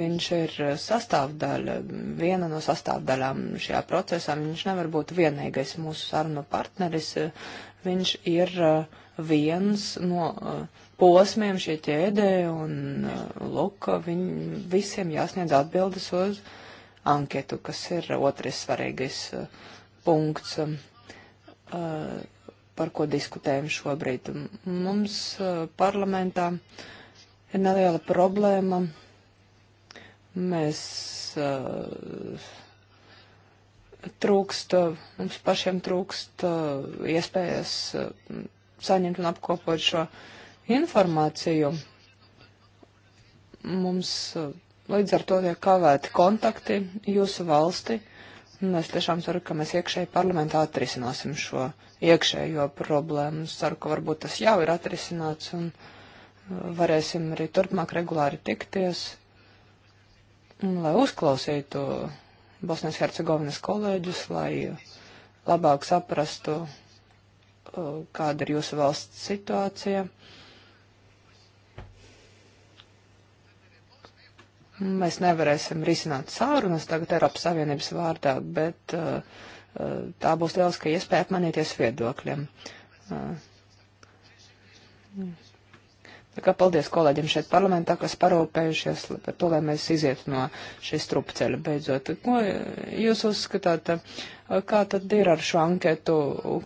viņš ir sastāvdaļa, viena no sastāvdaļām šajā procesā, viņš nevar būt vienīgais mūsu sarunu partneris, viņš ir viens no posmiem šie ķēdē, un uh, lūk, viņ, visiem jāsniedz atbildes uz anketu, kas ir otrs svarīgais uh, punkts, um, uh, par ko diskutējam šobrīd. Mums parlamentā ir neliela problēma. Mēs trūkst, mums pašiem trūkst iespējas saņemt un apkopot šo uh, informāciju. Mums uh, līdz ar to tiek kavēti kontakti jūsu valsti. Un es tiešām ceru, ka mēs iekšēji parlamentā atrisināsim šo iekšējo problēmu. Es ceru, ka varbūt tas jau ir atrisināts un uh, varēsim arī turpmāk regulāri tikties, un, lai uzklausītu Bosnijas Hercegovinas kolēģus, lai labāk saprastu, uh, kāda ir jūsu valsts situācija. Uh, Mēs nevarēsim risināt sārunas tagad Eiropas Savienības vārdā, bet uh, uh tā būs lieliska iespēja apmainīties viedokļiem. Uh, tā kā paldies kolēģiem šeit parlamentā, kas parūpējušies par to, lai mēs izietu no šīs trupceļa beidzot. Ko jūs uzskatāt, uh, kā tad ir ar šo anketu,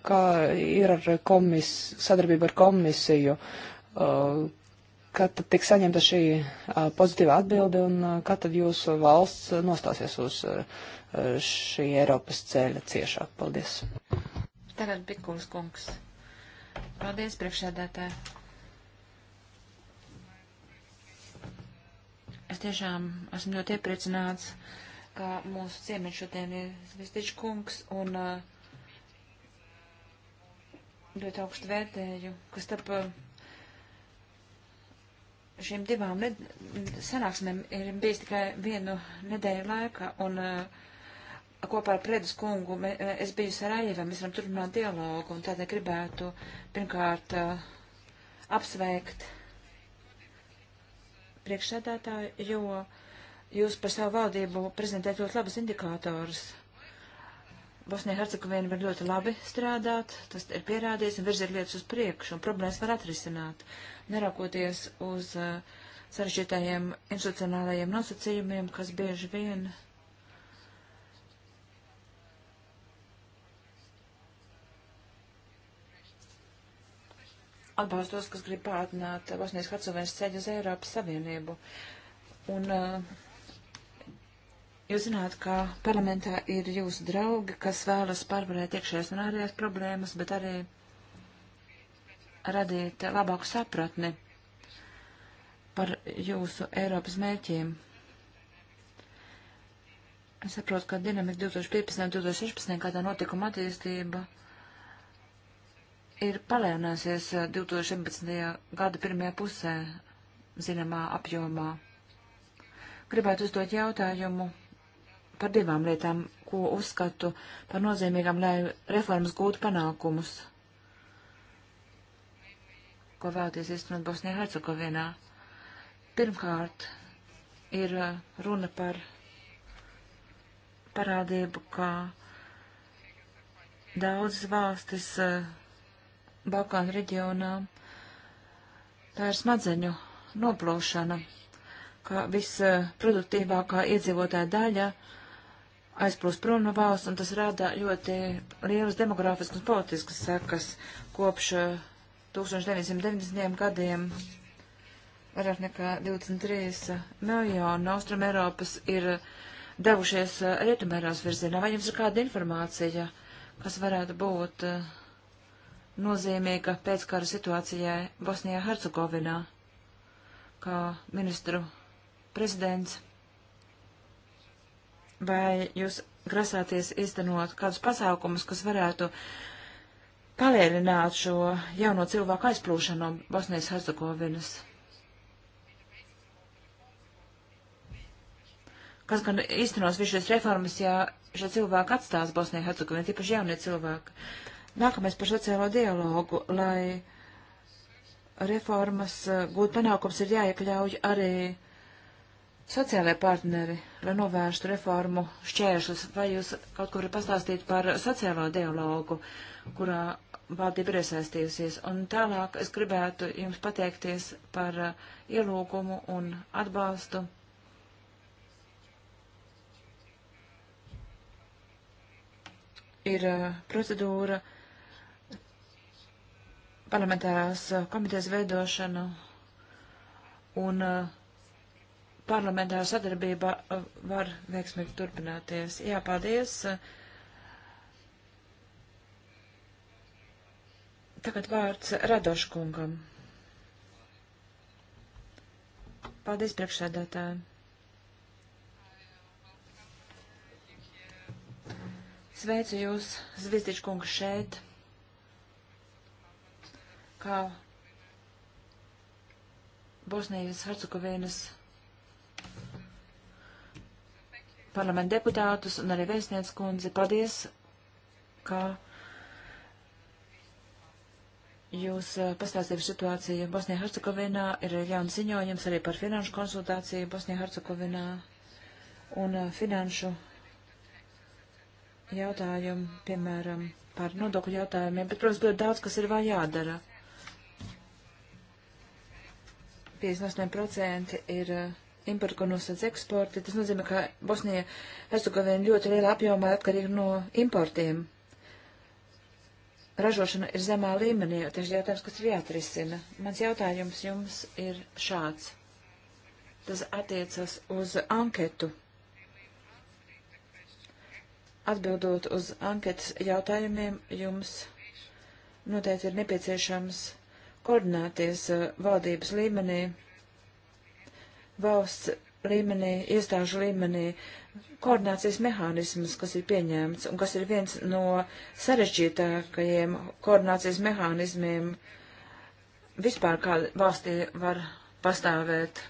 kā ir ar komis, sadarbību ar komisiju, kad tad tiks saņemta šī pozitīva atbilde un kad tad jūsu valsts nostāsies uz šī Eiropas ceļa ciešāk? Paldies. Tagad Bikungs kungs. Paldies, priekšsēdētāji. Es tiešām esmu ļoti iepriecināts, ka mūsu ciemiņš šodien ir Zvistiņš kungs un ļoti augstu vērtēju, ka starp uh, šīm divām sanāksmēm ir bijis tikai vienu nedēļu laika, un uh, kopā ar Predus kungu me, uh, es biju Sarajevā, mēs varam turpināt dialogu, un tādēļ gribētu pirmkārt uh, apsveikt priekšsēdētāju, jo jūs par savu valdību prezentējat ļoti labus indikātors. Uh, Bosnija Hercegovina var ļoti labi strādāt, tas ir pierādījis un virzīt lietas uz priekšu, un problēmas var atrisināt, neraukoties uz uh, sarežģītajiem institucionālajiem nosacījumiem, kas bieži vien atbalstos, kas grib pātrināt Bosnijas Hercegovinas ceļu uz Eiropas Savienību. Un uh, Jūs zināt, ka parlamentā ir jūsu draugi, kas vēlas pārvarēt iekšējās un ārējās problēmas, bet arī radīt labāku sapratni par jūsu Eiropas mērķiem. Es saprotu, ka dinamika 2015. un 2016. gadā notikuma attīstība ir palielināsies 2011. Eh, gada pirmajā pusē zināmā apjomā. Gribētu uzdot jautājumu par divām lietām, ko uzskatu par nozīmīgām, lai reformas gūtu panākumus, ko vēlties īstenot Bosnijā Hercegovinā. Pirmkārt, ir uh, runa par parādību, ka daudzas valstis uh, Balkānu reģionā tā ir smadzeņu noplūšana, ka visproduktīvākā uh, iedzīvotāja daļa uh, aizplūst prom no valsts, un tas rada ļoti lielas demogrāfiskas un politiskas sekas kopš 1990. Eh, gadiem. Vairāk nekā 23 eh, miljonu Austrum Eiropas ir eh, devušies rietumērās virzienā. Vai jums ir kāda informācija, kas varētu būt nozīmīga pēckara situācijai Bosnijā Hercegovinā, kā ministru prezidents? vai jūs grasāties iztenot kādus pasākumus, kas varētu palēnināt šo jauno cilvēku aizplūšanu no Bosnijas Hercegovinas? Kas gan īstenos visu šīs reformas, ja šie cilvēki atstās Bosniju Hercegovinu, tīpaši jaunie cilvēki? Nākamais par sociālo dialogu, lai reformas eh, gūt panākums ir jāiekļauj arī Sociālajie partneri, lai novērstu reformu šķēršus, vai jūs kaut kur pastāstīt par sociālo dialogu, kurā valdība ir iesaistījusies. Un tālāk es gribētu jums pateikties par uh, ielūgumu un atbalstu. Ir uh, procedūra parlamentārās uh, komitejas veidošana un uh, parlamentārā sadarbība uh, var veiksmīgi turpināties. Jā, paldies. Tagad vārds Radoškungam. Paldies priekšsēdētājiem. Sveicu jūs, Zvizdiņš kungs, šeit. Kā Bosnijas Hercegovinas parlamentu deputātus un arī vēstniec kundzi. Paldies, ka jūs eh, pastāstījāt situāciju Bosnijā Hercegovinā. Ir jauns ziņojums arī par finanšu konsultāciju Bosnijā Hercegovinā un eh, finanšu jautājumu, piemēram, par nodokļu jautājumiem, bet, protams, ļoti daudz, kas ir vēl jādara. 58% ir uh, importu, ko nosacīs eksporti. Tas nozīmē, ka Bosnija Hercegovina ļoti lielā apjomā atkarīga no importiem. Ražošana ir zemā līmenī, jo tieši jautājums, kas ir jāatrisina. Mans jautājums jums ir šāds. Tas attiecas uz anketu. Atbildot uz anketas jautājumiem, jums noteikti ir nepieciešams koordinēties eh, valdības līmenī valsts līmenī, iestāžu līmenī koordinācijas mehānisms, kas ir pieņēmts un kas ir viens no sarežģītākajiem koordinācijas mehānismiem vispār, kā valstī var pastāvēt.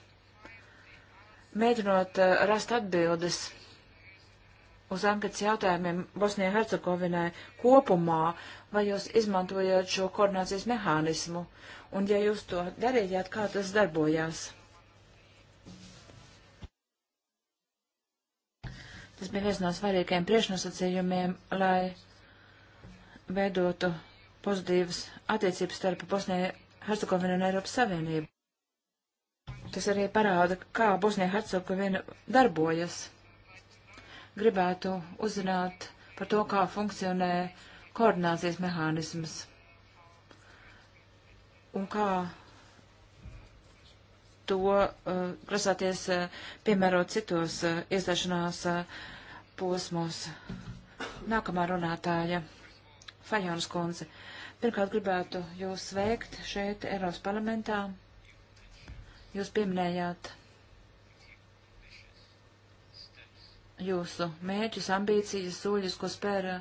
Mēģinot eh, rast atbildes uz anketas jautājumiem Bosnijai Hercegovinai kopumā, vai jūs izmantojāt šo koordinācijas mehānismu, un ja jūs to darījāt, kā tas darbojās? Tas bija viens no svarīgiem priešnosacījumiem, lai veidotu pozitīvas attiecības starp Bosniju, Hercegovinu un Eiropas Savienību. Tas arī parāda, kā Bosnija Hercegovina darbojas. Gribētu uzzināt par to, kā funkcionē koordinācijas mehānisms un kā to uh, grasāties uh, piemērot citos uh, iestāšanās uh, posmos. Nākamā runātāja - Fajons Kunze. Pirmkārt, gribētu jūs sveikt šeit Eiropas parlamentā. Jūs pieminējāt jūsu mērķus, ambīcijas, soļus, ko spēra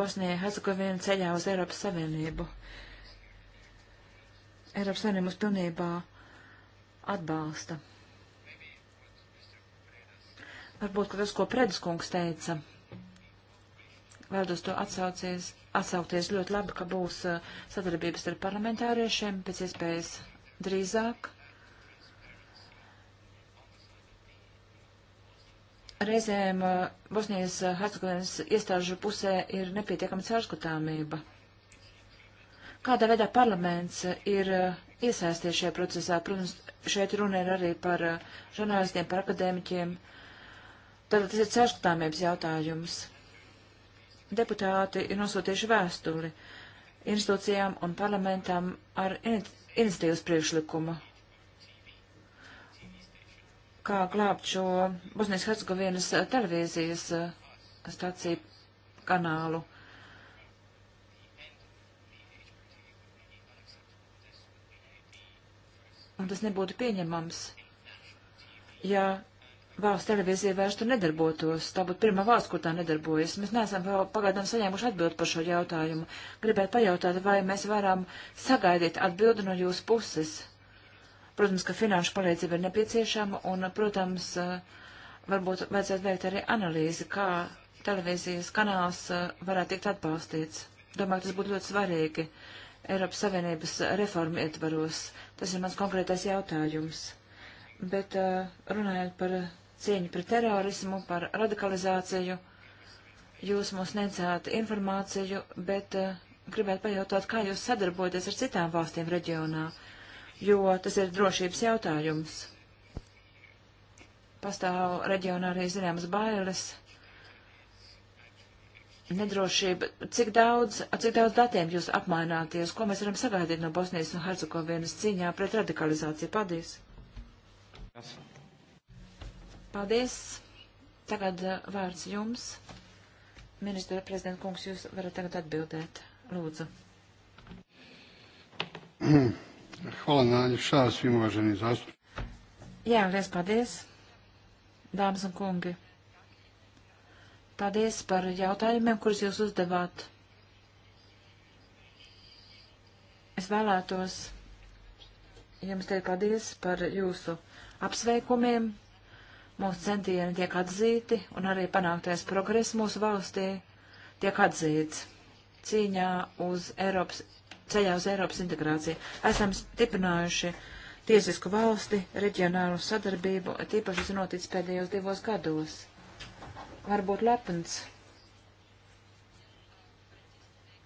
Bosnijai Hercegovina ceļā uz Eiropas Savienību. Eiropas Savienība mums pilnībā atbalsta. Varbūt, ka tas, ko Preduskungs teica, vēlos to atsaucies, atsaukties ļoti labi, ka būs eh, sadarbības ar parlamentāriešiem pēc iespējas drīzāk. Reizēm eh, Bosnijas eh, Hercegovinas iestāžu pusē ir nepietiekama caurskatāmība kādā veidā parlaments ir iesaistījies šajā procesā. Protams, šeit runa ir arī par eh, žurnālistiem, par akadēmiķiem. Tātad tas ir caurskatāmības jautājums. Deputāti ir nosūtījuši vēstuli institūcijām un parlamentam ar iniciatīvas priekšlikumu, kā glābt šo Bosnijas Hercegovinas televīzijas eh, staciju kanālu. un tas nebūtu pieņemams, ja valsts televīzija vairs tur nedarbotos. Tā būtu pirmā valsts, kur tā nedarbojas. Mēs neesam vēl pagaidām saņēmuši atbildi par šo jautājumu. Gribētu pajautāt, vai mēs varam sagaidīt atbildi no jūsu puses. Protams, ka finanšu palīdzība ir nepieciešama, un, protams, eh, varbūt vajadzētu veikt arī analīzi, kā televīzijas kanāls eh, varētu tikt atbalstīts. Domāju, tas būtu ļoti svarīgi. Uh, Eiropas Savienības reformu ietvaros. Tas ir mans konkrētais jautājums. Bet uh, runājot par cieņu pret terorismu, par radikalizāciju, jūs mums necāt informāciju, bet uh, gribētu pajautāt, kā jūs sadarbojaties ar citām valstīm reģionā, jo tas ir drošības jautājums. Pastāv reģionā arī zināmas bailes nedrošība, cik daudz, cik daudz datiem jūs apmaināties, ko mēs varam sagaidīt no Bosnijas un Hercegovinas cīņā pret radikalizāciju. Paldies! Yes. Paldies! Tagad uh, vārds jums. Ministra prezidenta kungs, jūs varat tagad atbildēt. Lūdzu. Hvala najljepša svim uvaženim zastupnicima. Jā, liels paldies, dāmas un kungi. Paldies par jautājumiem, kurus jūs uzdevāt. Es vēlētos jums teikt paldies par jūsu apsveikumiem. Mūsu centieni tiek atzīti un arī panāktais progress mūsu valstī tiek atzīts cīņā uz Eiropas, ceļā uz Eiropas integrāciju. Esam stiprinājuši tiesisku valsti, reģionālu sadarbību, tīpaši tas noticis pēdējos divos gados var būt lepns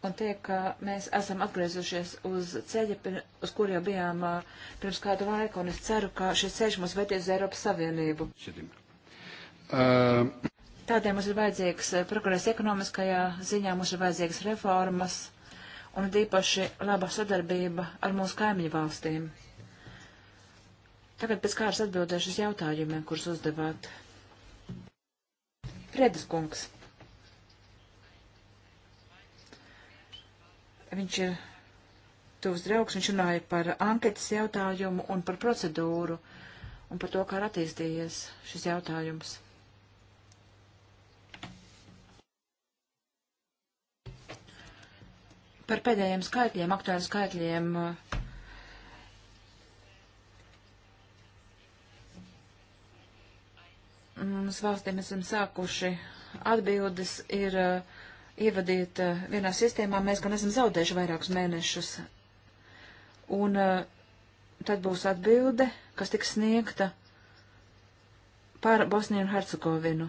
un teikt, ka mēs esam atgriezušies uz ceļa, uz kur jau bijām pirms kādu laiku, un es ceru, ka šis ceļš mums vedīs uz Eiropas Savienību. Uh. Tādēļ mums ir vajadzīgs progress ekonomiskajā ziņā, mums ir vajadzīgas reformas un īpaši laba sadarbība ar mūsu kaimiņu valstīm. Tagad pēc kāras atbildēšu uz jautājumiem, kurus uzdevāt. Priedas kungs. Viņš ir tuvs draugs, viņš runāja par anketas jautājumu un par procedūru un par to, kā ir attīstījies šis jautājums. Par pēdējiem skaitļiem, aktuāliem skaitļiem. Uh, mums valstīm esam sākuši atbildes ir uh, ievadīt uh, vienā sistēmā. Mēs gan esam zaudējuši vairākus mēnešus. Un uh, tad būs atbilde, kas tiks sniegta par Bosniju un Hercegovinu.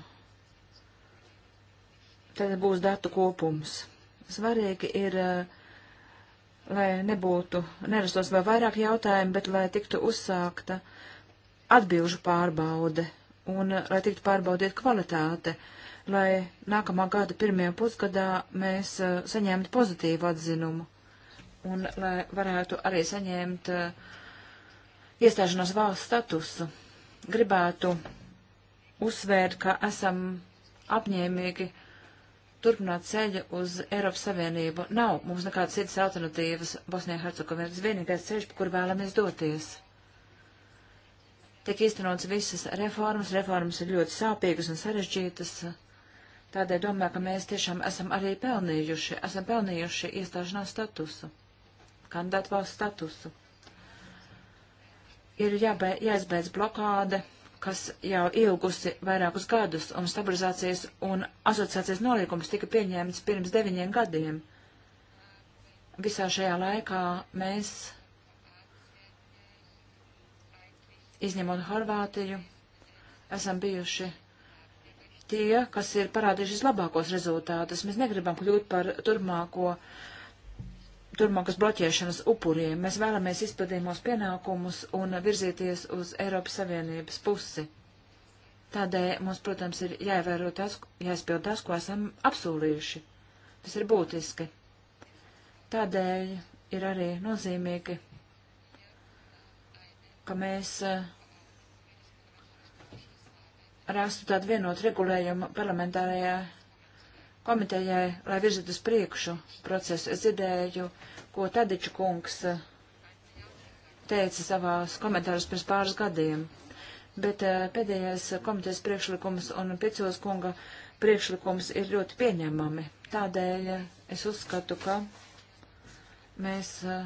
Tad būs datu kopums. Svarīgi ir, lai nebūtu, nerastos vēl vairāk jautājumu, bet lai tiktu uzsākta atbilžu pārbaude un eh, lai tiktu pārbaudīt kvalitāte, lai nākamā gada pirmajā pusgadā mēs uh, saņemtu pozitīvu atzinumu un lai varētu arī saņemt uh, iestāšanos valsts statusu. Gribētu uzsvērt, ka esam apņēmīgi turpināt ceļu uz Eiropas Savienību. Nav mums nekādas citas alternatīvas Bosnijā-Hercegovinā. Tas vienīgais ceļš, pa kur vēlamies doties tiek īstenots visas reformas. Reformas ir ļoti sāpīgas un sarežģītas. Tādēļ domāju, ka mēs tiešām esam arī pelnījuši, esam pelnījuši iestāšanās statusu, kandidātu valsts statusu. Ir jābē, jāizbeidz blokāde, kas jau ilgusi vairākus gadus, un stabilizācijas un asociācijas nolīgums tika pieņemts pirms deviņiem gadiem. Visā šajā laikā mēs izņemot Horvātiju, esam bijuši tie, kas ir parādījuši vislabākos rezultātus. Mēs negribam kļūt par turpmāko, turpmākas bloķēšanas upuriem. Mēs vēlamies izpildījumos pienākumus un virzīties uz Eiropas Savienības pusi. Tādēļ mums, protams, ir jāievēro tas, jāizpild tas, ko esam apsolījuši. Tas ir būtiski. Tādēļ ir arī nozīmīgi ka mēs eh, rastu tādu vienotu regulējumu parlamentārajā komitejai, lai virzītu uz priekšu procesu. Es dzirdēju, ko Tadiču kungs eh, teica savās komentārus pirms pāris gadiem, bet eh, pēdējais komitejas priekšlikums un Picos kunga priekšlikums ir ļoti pieņemami. Tādēļ es uzskatu, ka mēs uh,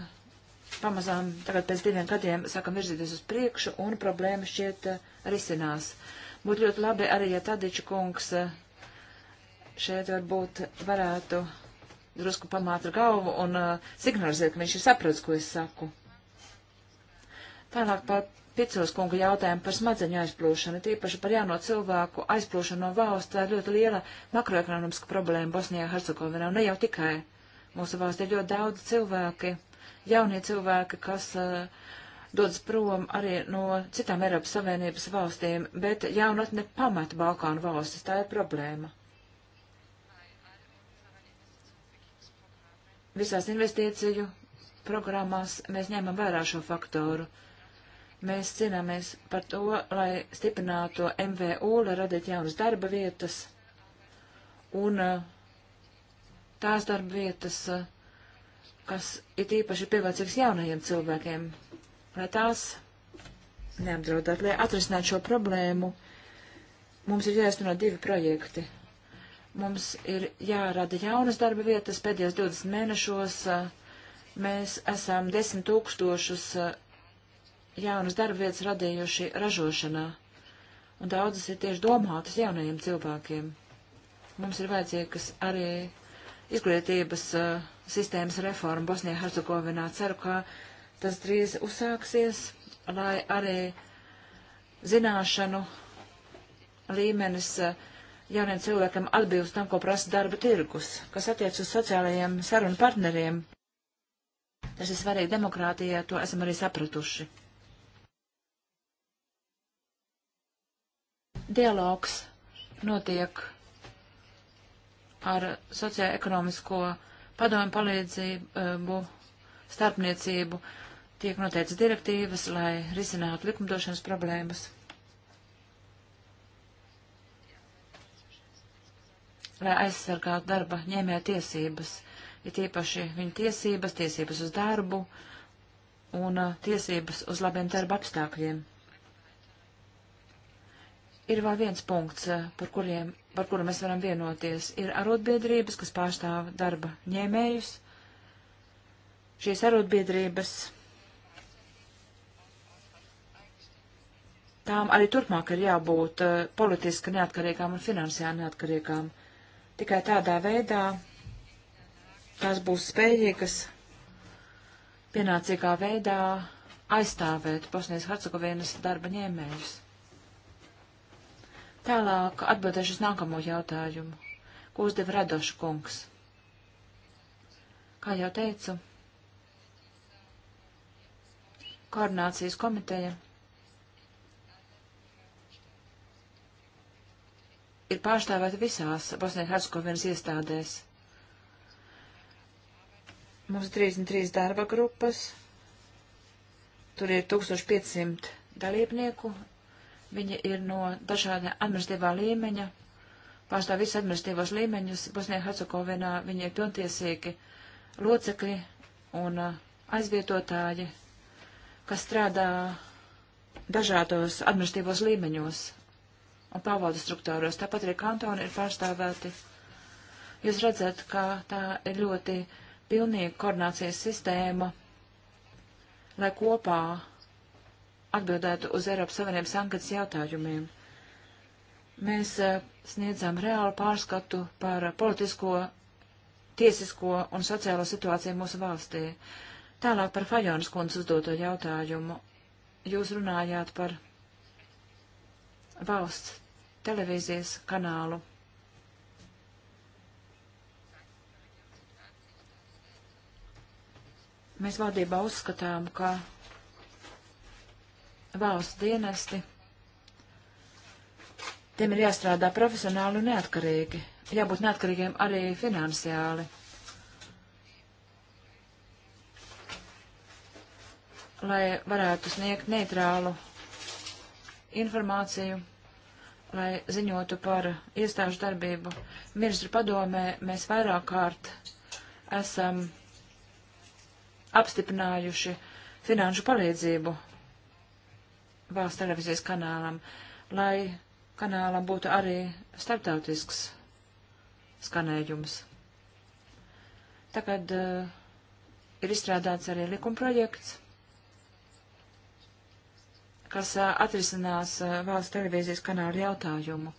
pamazām tagad pēc diviem gadiem sākam virzīties uz priekšu un problēma šķiet eh, risinās. Būtu ļoti labi arī, ja Tadiča kungs eh, šeit varbūt varētu drusku pamātra galvu un uh, signalizēt, ka viņš ir sapratis, ko es saku. Tālāk par Picos kunga jautājumu par smadzeņu aizplūšanu, tīpaši par jauno cilvēku aizplūšanu no valsts, tā ir ļoti liela makroekonomiska problēma Bosnijā, Hercegovinā, un ne jau tikai. Mūsu valstī ir ļoti daudz cilvēki, jaunie cilvēki, kas uh, dodas prom arī no citām Eiropas Savienības valstīm, bet jaunatne pamat Balkānu valstis, tā ir problēma. Visās investīciju programmās mēs ņemam vērā šo faktoru. Mēs cīnāmies par to, lai stiprinātu MVU, lai radītu jaunas darba vietas un eh, tās darba vietas, uh, kas ir īpaši pievilcīgs jaunajiem cilvēkiem, lai tās neapdraudētu, lai atrisinātu šo problēmu. Mums ir jāizturno divi projekti. Mums ir jārada jaunas darba vietas pēdējos 20 mēnešos. Mēs esam 10 tūkstošus eh, jaunas darba vietas radījuši ražošanā, un daudzas ir tieši domātas jaunajiem cilvēkiem. Mums ir vajadzīgas arī izglītības uh, sistēmas reformu Bosnijā-Hercegovinā. Ceru, ka tas drīz uzsāksies, lai arī zināšanu līmenis eh, jauniem cilvēkiem atbilst tam, ko prasa darba tirgus, kas attiec uz sociālajiem sarunu partneriem. Tas ir svarīgi demokrātijā, to esam arī sapratuši. Dialogs notiek ar sociāekonomisko ekonomisko padomu palīdzību, starpniecību, tiek noteikts direktīvas, lai risinātu likumdošanas problēmas. Lai aizsargātu darba ņēmē tiesības, ir tīpaši viņa tiesības, tiesības uz darbu un uh, tiesības uz labiem darba apstākļiem. Ir vēl viens punkts, eh, par, kuriem, par kuru mēs varam vienoties. Ir arotbiedrības, kas pārstāv darba ņēmējus. Šīs arotbiedrības. Tām arī turpmāk ir jābūt eh, politiski neatkarīgām un finansiāli neatkarīgām. Tikai tādā veidā tās būs spējīgas pienācīgā veidā aizstāvēt Bosnijas Hercegovinas darba ņēmējus. Tālāk atbildēšu uz nākamo jautājumu, ko uzdeva Radoša kungs. Kā jau teicu, koordinācijas komiteja ir pārstāvēta visās Bosnijas Hercegovinas iestādēs. Mums ir 33 darba grupas, tur ir 1500 dalībnieku, Viņa ir no dažāda administratīvā līmeņa, pārstāv visu administratīvos līmeņus. Bosnijā Hercegovinā viņa ir pilntiesīgi locekļi un uh, aizvietotāji, kas strādā dažādos administratīvos līmeņos un pārvaldu struktūros. Tāpat arī kantoni ir pārstāvēti. Jūs redzat, ka tā ir ļoti pilnīga koordinācijas sistēma, lai kopā atbildētu uz Eiropas Savienības anketas jautājumiem. Mēs eh, sniedzām reālu pārskatu par eh, politisko, tiesisko un sociālo situāciju mūsu valstī. Tālāk par Fajonas kundzes uzdoto jautājumu. Jūs runājāt par valsts televīzijas kanālu. Mēs valdībā uzskatām, ka valsts dienesti. Tiem ir jāstrādā profesionāli un neatkarīgi, jābūt neatkarīgiem arī finansiāli. Lai varētu sniegt neitrālu informāciju, lai ziņotu par iestāžu darbību. Ministru padomē mēs vairāk kārt esam apstiprinājuši finanšu palīdzību valsts televīzijas kanālam, lai kanālam būtu arī starptautisks skanējums. Tagad uh, ir izstrādāts arī likumprojekts, kas uh, atrisinās uh, valsts televīzijas kanāla jautājumu.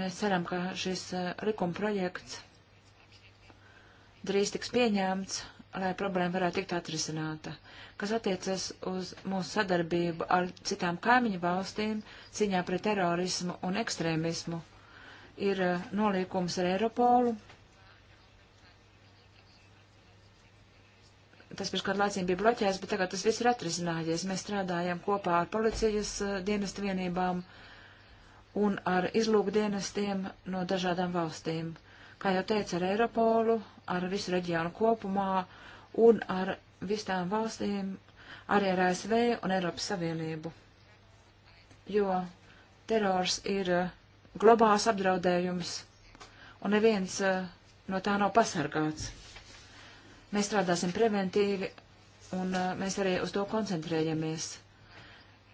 Mēs ceram, ka šis uh, likumprojekts drīz tiks pieņemts, lai problēma varētu tikt atrisināta. Uh, kas attiecas uz mūsu sadarbību ar citām kaimiņu valstīm cīņā pret terorismu un ekstrēmismu, ir eh, nolīkums ar Eiropolu. Tas pirms kādu laicību bija bloķēts, bet tagad tas viss ir atrisinājies. Mēs strādājam kopā ar policijas eh, dienestu vienībām un ar izlūkdienestiem no dažādām valstīm. Kā jau teicu, ar Eiropolu, ar visu reģionu kopumā un ar visām valstīm, arī ar ASV un Eiropas Savienību, jo terors ir eh, globāls apdraudējums, un neviens eh, no tā nav pasargāts. Mēs strādāsim preventīvi, un eh, mēs arī uz to koncentrējamies.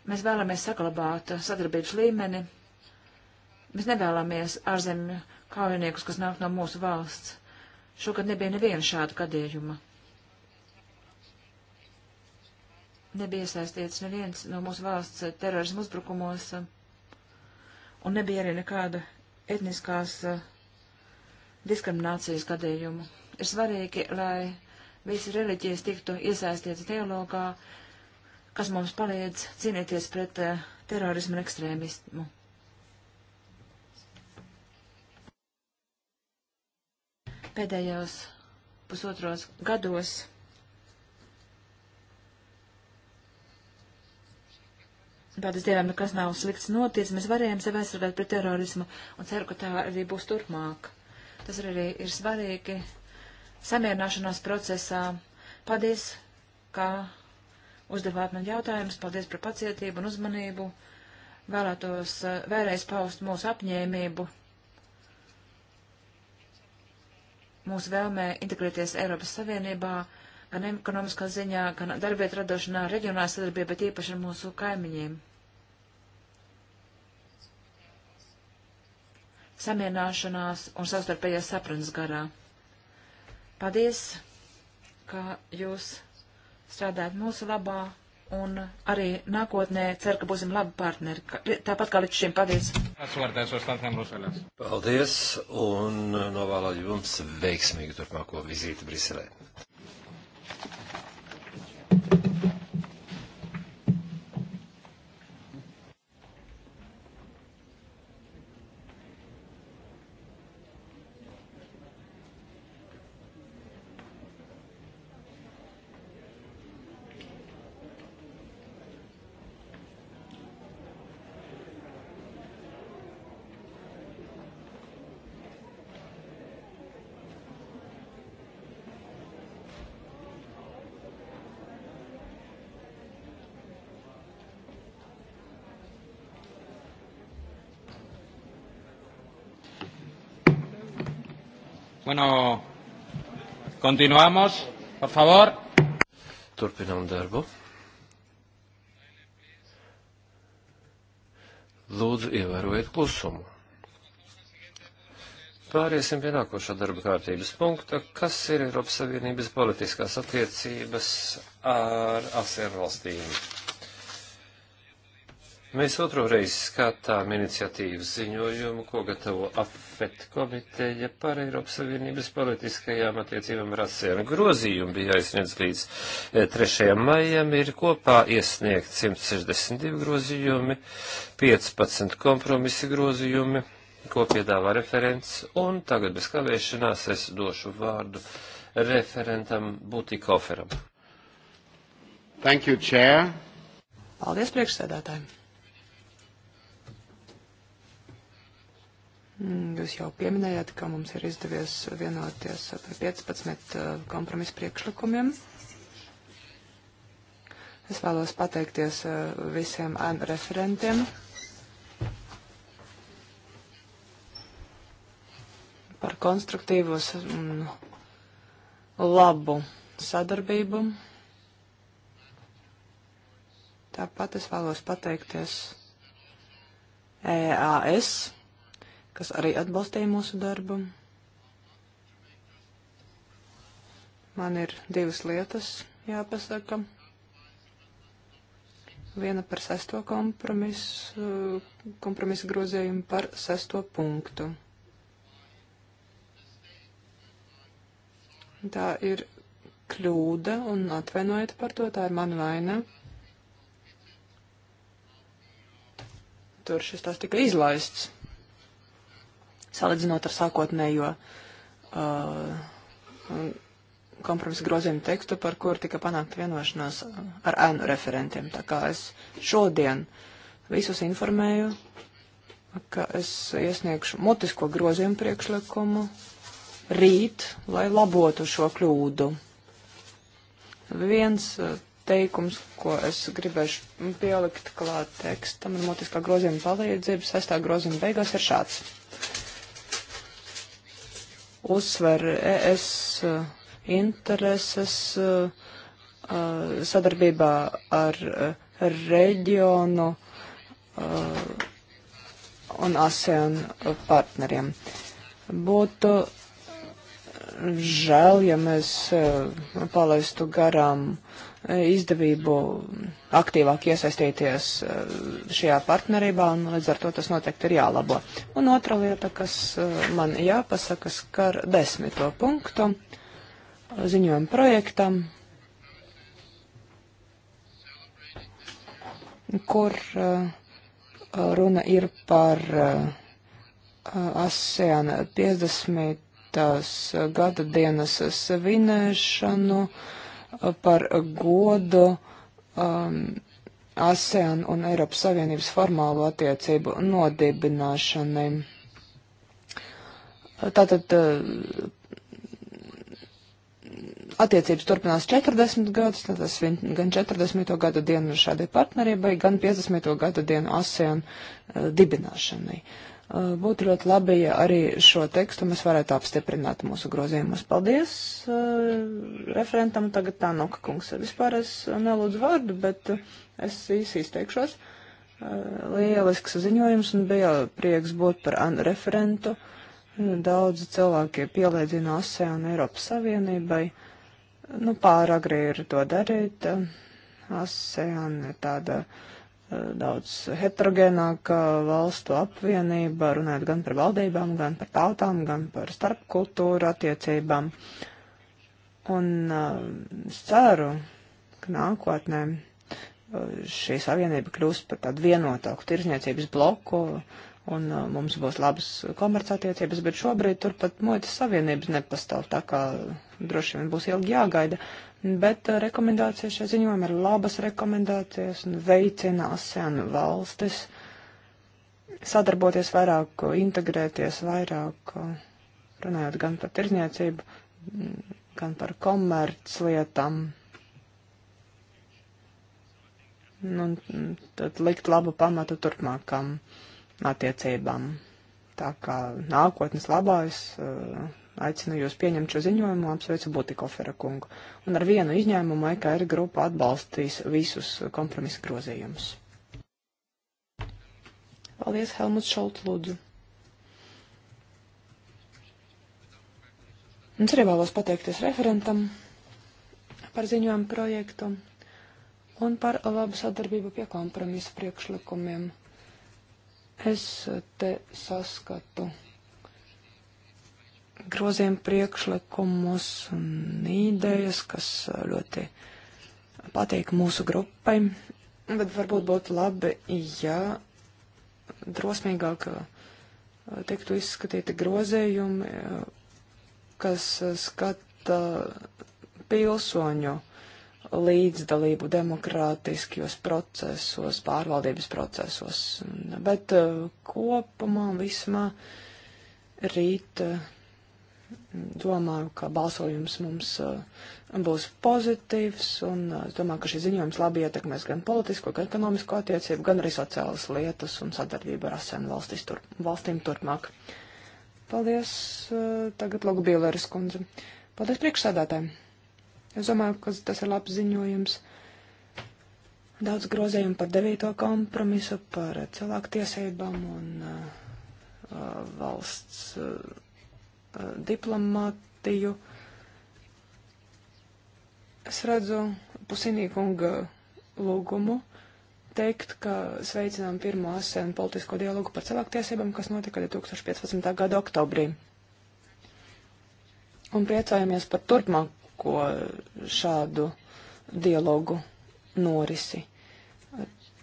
Mēs vēlamies saglabāt sadarbības līmeni. Mēs nevēlamies ārzemju kaujiniekus, kas nāk no mūsu valsts. Šogad nebija neviena šāda gadījuma. nebija iesaistīts neviens no mūsu valsts terorismu uzbrukumos, un nebija arī nekāda etniskās eh, diskriminācijas gadījumu. Ir svarīgi, lai visas reliģijas tiktu iesaistītas dialogā, kas mums palīdz cīnīties pret eh, terorismu un ekstrēmismu. Pēdējos pusotros gados Paldies Dievam, nekas nu, nav slikts noticis. Mēs varējām sevi aizsargāt pret terorismu un ceru, ka tā arī būs turpmāk. Tas arī ir svarīgi samierināšanās procesā. Paldies, ka uzdevāt man jautājumus. Paldies par pacietību un uzmanību. Vēlētos eh, vēlreiz paust mūsu apņēmību, mūsu vēlmē integrēties Eiropas Savienībā gan ekonomiskā ziņā, gan darbiet radošanā, reģionālā sadarbība, bet īpaši ar mūsu kaimiņiem. samierināšanās un savstarpējās sapranas garā. Paldies, ka jūs strādājat mūsu labā un arī nākotnē ceru, ka būsim labi partneri. Tāpat kā līdz šim, paldies. Paldies un novēlu jums veiksmīgu turpmāko vizīti Briselē. Bueno, continuamos, por favor. Turpinām darbu. Lūdzu, ievērojiet klusumu. Pāriesim pie nākošā darba kārtības punkta, kas ir Eiropas Savienības politiskās attiecības ar ASER valstīm. Mēs otro reizi skatām iniciatīvas ziņojumu, ko gatavo AFET komiteja par Eiropas Savienības politiskajām attiecībām ar ASEAN. Grozījumi bija aizsniedz līdz 3. E, maijam, ir kopā iesniegt 162 grozījumi, 15 kompromisi grozījumi, ko piedāvā referents, un tagad bez kavēšanās es došu vārdu referentam Butikoferam. Thank you, Chair. Paldies priekšsēdētājiem. Mm, jūs jau pieminējāt, ka mums ir izdevies vienoties par 15 uh, kompromisu priekšlikumiem. Es vēlos pateikties uh, visiem referentiem. par konstruktīvos un labu sadarbību. Tāpat es vēlos pateikties EAS kas arī atbalstīja mūsu darbu. Man ir divas lietas jāpasaka. Viena par sesto kompromisu, kompromisu grozījumu par sesto punktu. Tā ir kļūda un atvainojiet par to, tā ir mana vaina. Tur šis tās tika izlaists salīdzinot ar sākotnējo uh, kompromisa grozījumu tekstu, par kur tika panākta vienošanās ar ēnu referentiem. Tā kā es šodien visus informēju, ka es iesniegšu mutisko grozījumu priekšlikumu rīt, lai labotu šo kļūdu. Viens uh, teikums, ko es gribēšu pielikt klāt tekstam ar mutiskā grozījuma palīdzību, sestā grozījuma beigās ir šāds uzsver ES uh, intereses uh, uh, sadarbībā ar reģionu un ASEAN partneriem. Būtu žēl, ja mēs palaistu garām uh, izdevību aktīvāk iesaistīties eh, šajā partnerībā, un līdz ar to tas noteikti ir jālabo. Un otra lieta, kas eh, man jāpasaka, skar desmito punktu ziņojumu projektam, kur eh, runa ir par ASEAN 50. gada dienas svinēšanu. Uh, par godu um, ASEAN un Eiropas Savienības formālo attiecību nodibināšanai. Tātad uh, attiecības turpinās 40 gadus, tad tas gan 40. gada dienu šādai partnerībai, gan 50. gada dienu ASEAN uh, dibināšanai. Uh, Eh, būtu ļoti labi, ja arī šo tekstu mēs varētu apstiprināt mūsu grozījumus. Paldies eh, referentam tagad Tānoka kungs. Vispār es nelūdzu vārdu, bet eh, es īsi izteikšos. Lielisks ziņojums un bija prieks būt par referentu. Daudzi cilvēki pielēdzina ASE un Eiropas Savienībai. Nu, pāragri ir to darīt. ASEAN ir tāda. Uh, daudz heterogēnāka valstu apvienība, runājot gan par valdībām, gan par tautām, gan par starpkultūru attiecībām. Un uh, es ceru, ka nākotnē uh, šī savienība kļūs par tādu vienotāku tirzniecības bloku, un uh, mums būs labas komercattiecības, bet šobrīd turpat muitas savienības nepastāv, tā kā droši vien būs ilgi jāgaida. Uh, bet uh, rekomendācijas šajā ziņojumā ir labas rekomendācijas un veicina ASEAN valstis sadarboties vairāk, integrēties vairāk, runājot gan par tirzniecību, gan par komerclietām. Nu, un tad likt labu pamatu turpmākām attiecībām. Tā kā nākotnes labā es uh, Aicinu jūs pieņemt šo ziņojumu, apsveicu Butikofera kungu. Un ar vienu izņēmumu EKR grupa atbalstīs visus kompromisa grozījumus. Paldies, Helmuts Šolts, lūdzu. Un arī vēlos pateikties referentam par ziņojumu projektu un par labu sadarbību pie kompromisa priekšlikumiem. Es te saskatu groziem priekšlikumus un idejas, kas ļoti patīk mūsu grupai. Bet varbūt būtu labi, ja drosmīgāk eh, tiktu izskatīti grozējumi, eh, kas skata pilsoņu līdzdalību demokrātiskajos procesos, pārvaldības procesos. Bet eh, kopumā vismā rīt domāju, ka balsojums mums eh, būs pozitīvs, un eh, es domāju, ka šī ziņojums labi ietekmēs gan politisko, gan ekonomisko attiecību, gan arī sociālas lietas un sadarbību ar ASEAN tur, valstīm turpmāk. Paldies, eh, tagad Logu Bīleris kundze. Paldies priekšsādātājiem. Es domāju, ka tas ir labs ziņojums. Daudz grozējumu par devīto kompromisu, par cilvēku tiesībām un uh, valsts. Uh, diplomātiju. Es redzu pusinīkunga lūgumu teikt, ka sveicinām pirmo ASEAN politisko dialogu par cilvēktiesībām, kas notika 2015. gada oktobrī. Un priecājamies par turpmāko šādu dialogu norisi.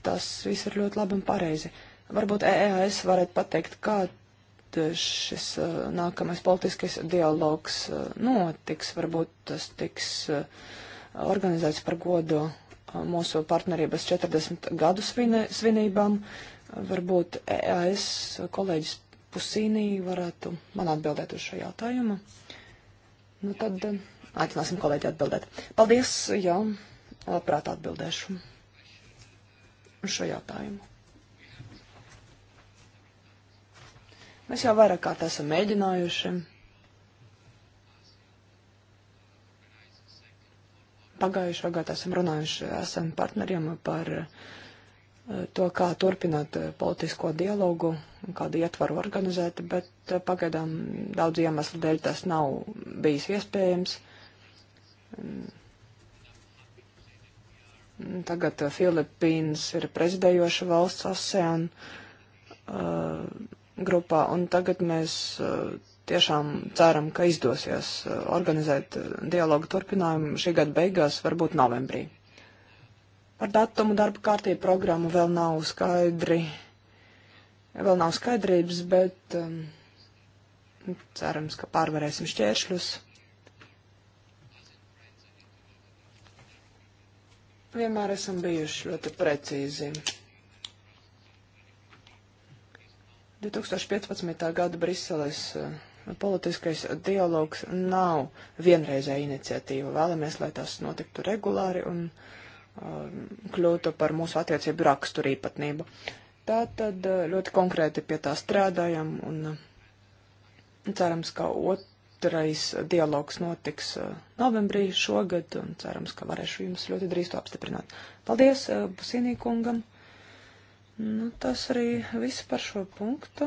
Tas viss ir ļoti labi un pareizi. Varbūt EAS e varētu pateikt, kā šis nākamais politiskais dialogs notiks. Varbūt tas tiks organizēts par godu mūsu partnerības 40 gadu svinībām. Varbūt EAS kolēģis Pusīnī varētu man atbildēt uz šo jautājumu. Nu tad aicināsim kolēģi atbildēt. Paldies, jā, labprāt atbildēšu šo jautājumu. Mēs jau vairāk kārt esam mēģinājuši. Pagājušā gada esam runājuši, esam partneriem par eh, to, kā turpināt eh, politisko dialogu, kādu ietvaru organizēt, bet eh, pagaidām daudz iemeslu dēļ tas nav bijis iespējams. Mm, tagad Filipīnas ir prezidējoša valsts ASEAN. Uh, grupā, un tagad mēs uh, tiešām ceram, ka izdosies uh, organizēt uh, dialogu turpinājumu šī gada beigās, varbūt novembrī. Par datumu darba kārtību programmu vēl nav skaidri, vēl nav skaidrības, bet um, cerams, ka pārvarēsim šķēršļus. Vienmēr esam bijuši ļoti precīzi. 2015. gada Briseles eh, politiskais dialogs nav vienreizēja iniciatīva. Vēlamies, lai tas notiktu regulāri un um, kļūtu par mūsu attiecību raksturu īpatnību. Tā tad eh, ļoti konkrēti pie tā strādājam un cerams, ka otrais dialogs notiks novembrī šogad un cerams, ka varēšu jums ļoti drīz to apstiprināt. Paldies Businīkungam! Nu, tas arī viss par šo punktu.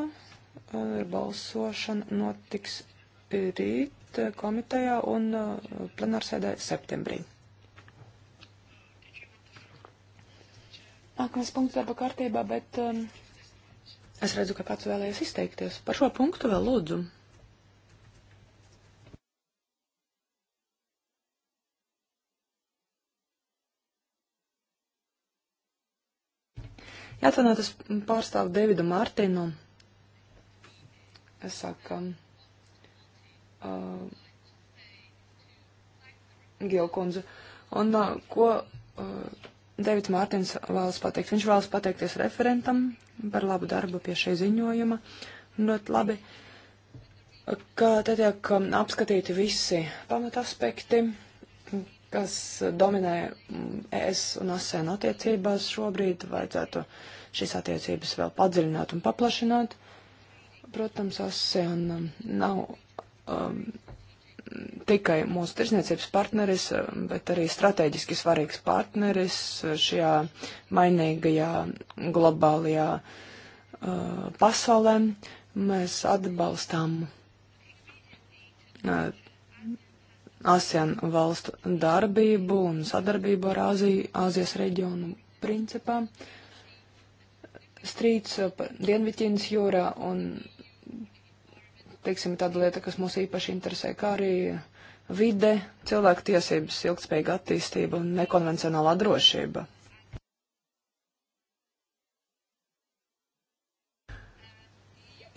Balsošana notiks rīt komitejā un uh, plenārsēdē septembrī. Nākamais punkts darba kārtībā, bet um, es redzu, ka kāds vēlējas izteikties. Par šo punktu vēl lūdzu. Jāatvainotas pārstāvu Davidu Mārtinu. Es saku, uh, Gilkundze. Un uh, ko uh, Davids Mārtins vēlas pateikt? Viņš vēlas pateikties referentam par labu darbu pie šī ziņojuma. Ļoti labi, ka te tiek um, apskatīti visi pamataspekti. aspekti kas dominē mm, ES un ASEAN attiecībās šobrīd, vajadzētu šīs attiecības vēl padziļināt un paplašināt. Protams, ASEAN mm, nav um, tikai mūsu tirsniecības partneris, bet arī strateģiski svarīgs partneris šajā mainīgajā globālajā uh, pasaulē. Mēs atbalstām uh, ASEAN valstu darbību un sadarbību ar Āziju, Āzijas reģionu principā. Strīds uh, Dienvidķīnas jūrā un, teiksim, tāda lieta, kas mūs īpaši interesē, kā arī vide, cilvēku tiesības, ilgspējīga attīstība un nekonvencionālā drošība.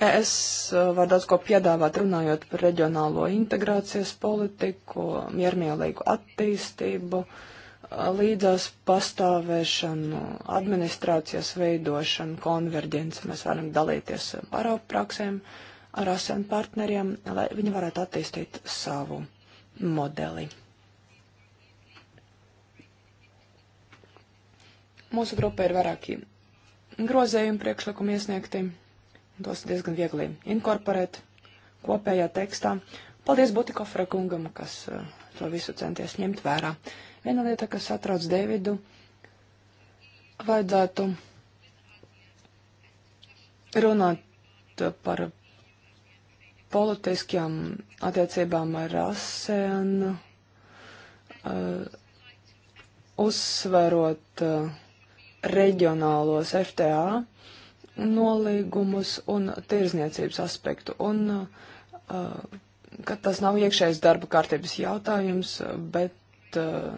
Es eh, varu daudz ko piedāvāt, runājot par reģionālo integrācijas politiku, miermīlīgu attīstību, eh, līdzās pastāvēšanu, administrācijas veidošanu, konverģenci. Mēs varam dalīties paraupraksēm ar ASEAN partneriem, lai viņi varētu attīstīt savu modeli. Mūsu grupai ir vairāki grozējumi priekšlikumi iesniegti tos diezgan viegli inkorporēt kopējā tekstā. Paldies Butikofra kungam, kas eh, to visu centies ņemt vērā. Viena lieta, kas atrauc Deividu, vajadzētu runāt par politiskajām attiecībām ar ASEAN, eh, uzsverot eh, reģionālos FTA nolīgumus un tirzniecības aspektu. Un, uh, ka tas nav iekšējais darba kārtības jautājums, bet uh,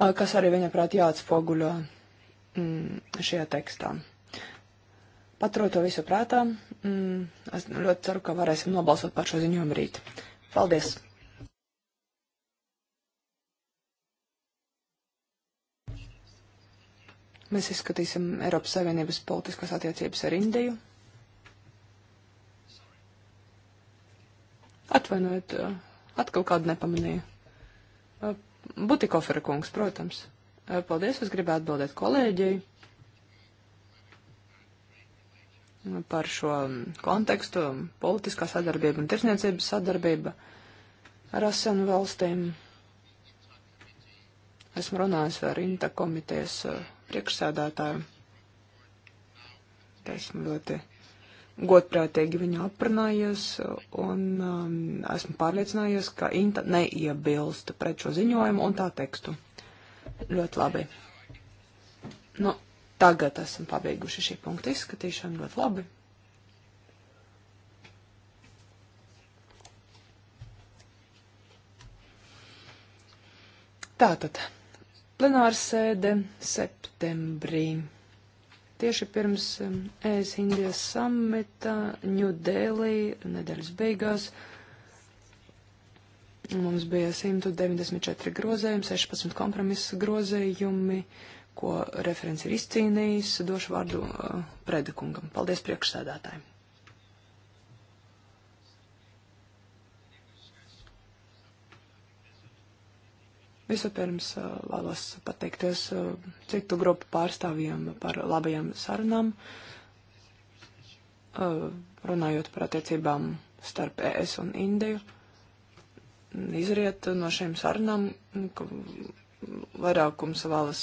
uh, kas arī viņa prāt jāatspoguļo mm, šajā tekstā. Paturot to visu prātā, mm, es ļoti ceru, ka varēsim nobalsot par šo ziņojumu rīt. Paldies! Mēs izskatīsim Eiropas Savienības politiskās attiecības ar Indiju. Atvainojiet, eh, atkal kādu nepamanīju. Eh, Butikofera kungs, protams. Eh, paldies, es gribēju atbildēt kolēģijai par šo kontekstu, politiskā sadarbība un tirsniecības sadarbība ar ASEAN valstīm. Esmu runājis ar Inta komitejas uh, priekšsēdētāju. Esmu ļoti godprātīgi viņu aprunājies un um, esmu pārliecinājies, ka Inta neiebilst pret šo ziņojumu un tā tekstu. Ļoti labi. Nu, tagad esam pabeiguši šī punkta izskatīšanu. Ļoti labi. Tātad. Plenāra sēde septembrī. Tieši pirms ES um, Indijas samita Ņudelī nedēļas beigās mums bija 194 grozējumi, 16 kompromisa grozējumi, ko referents ir izcīnījis. Došu vārdu uh, predikungam. Paldies priekšsēdētājiem! Vispirms uh, vēlos pateikties uh, citu grupu pārstāvjiem par labajām sarunām, uh, runājot par attiecībām starp ES un Indiju. Izriet no šīm sarunām, ka vairākums vēlas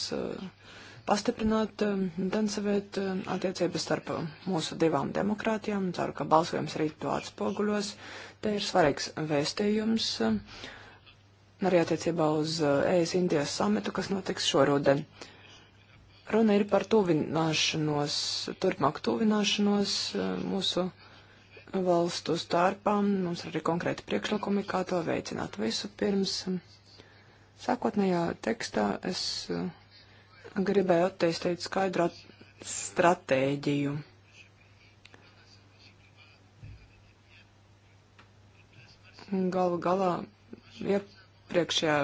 pastiprināt, intensivēt attiecības starp mūsu divām demokrātijām. Ceru, ka balsojums rīt to atspoguļos. Te ir svarīgs vēstījums. Uh, arī attiecībā uz ES eh, e Indijas sametu, kas notiks šoruden. Runa ir par tuvināšanos, turpmāk tuvināšanos eh, mūsu valstu starpām. Mums ir arī konkrēti priekšlikumi, kā to veicināt. Visu pirms eh, sākotnējā tekstā es gribēju attīstīt skaidru stratēģiju. Galu galā, ja iepriekšējā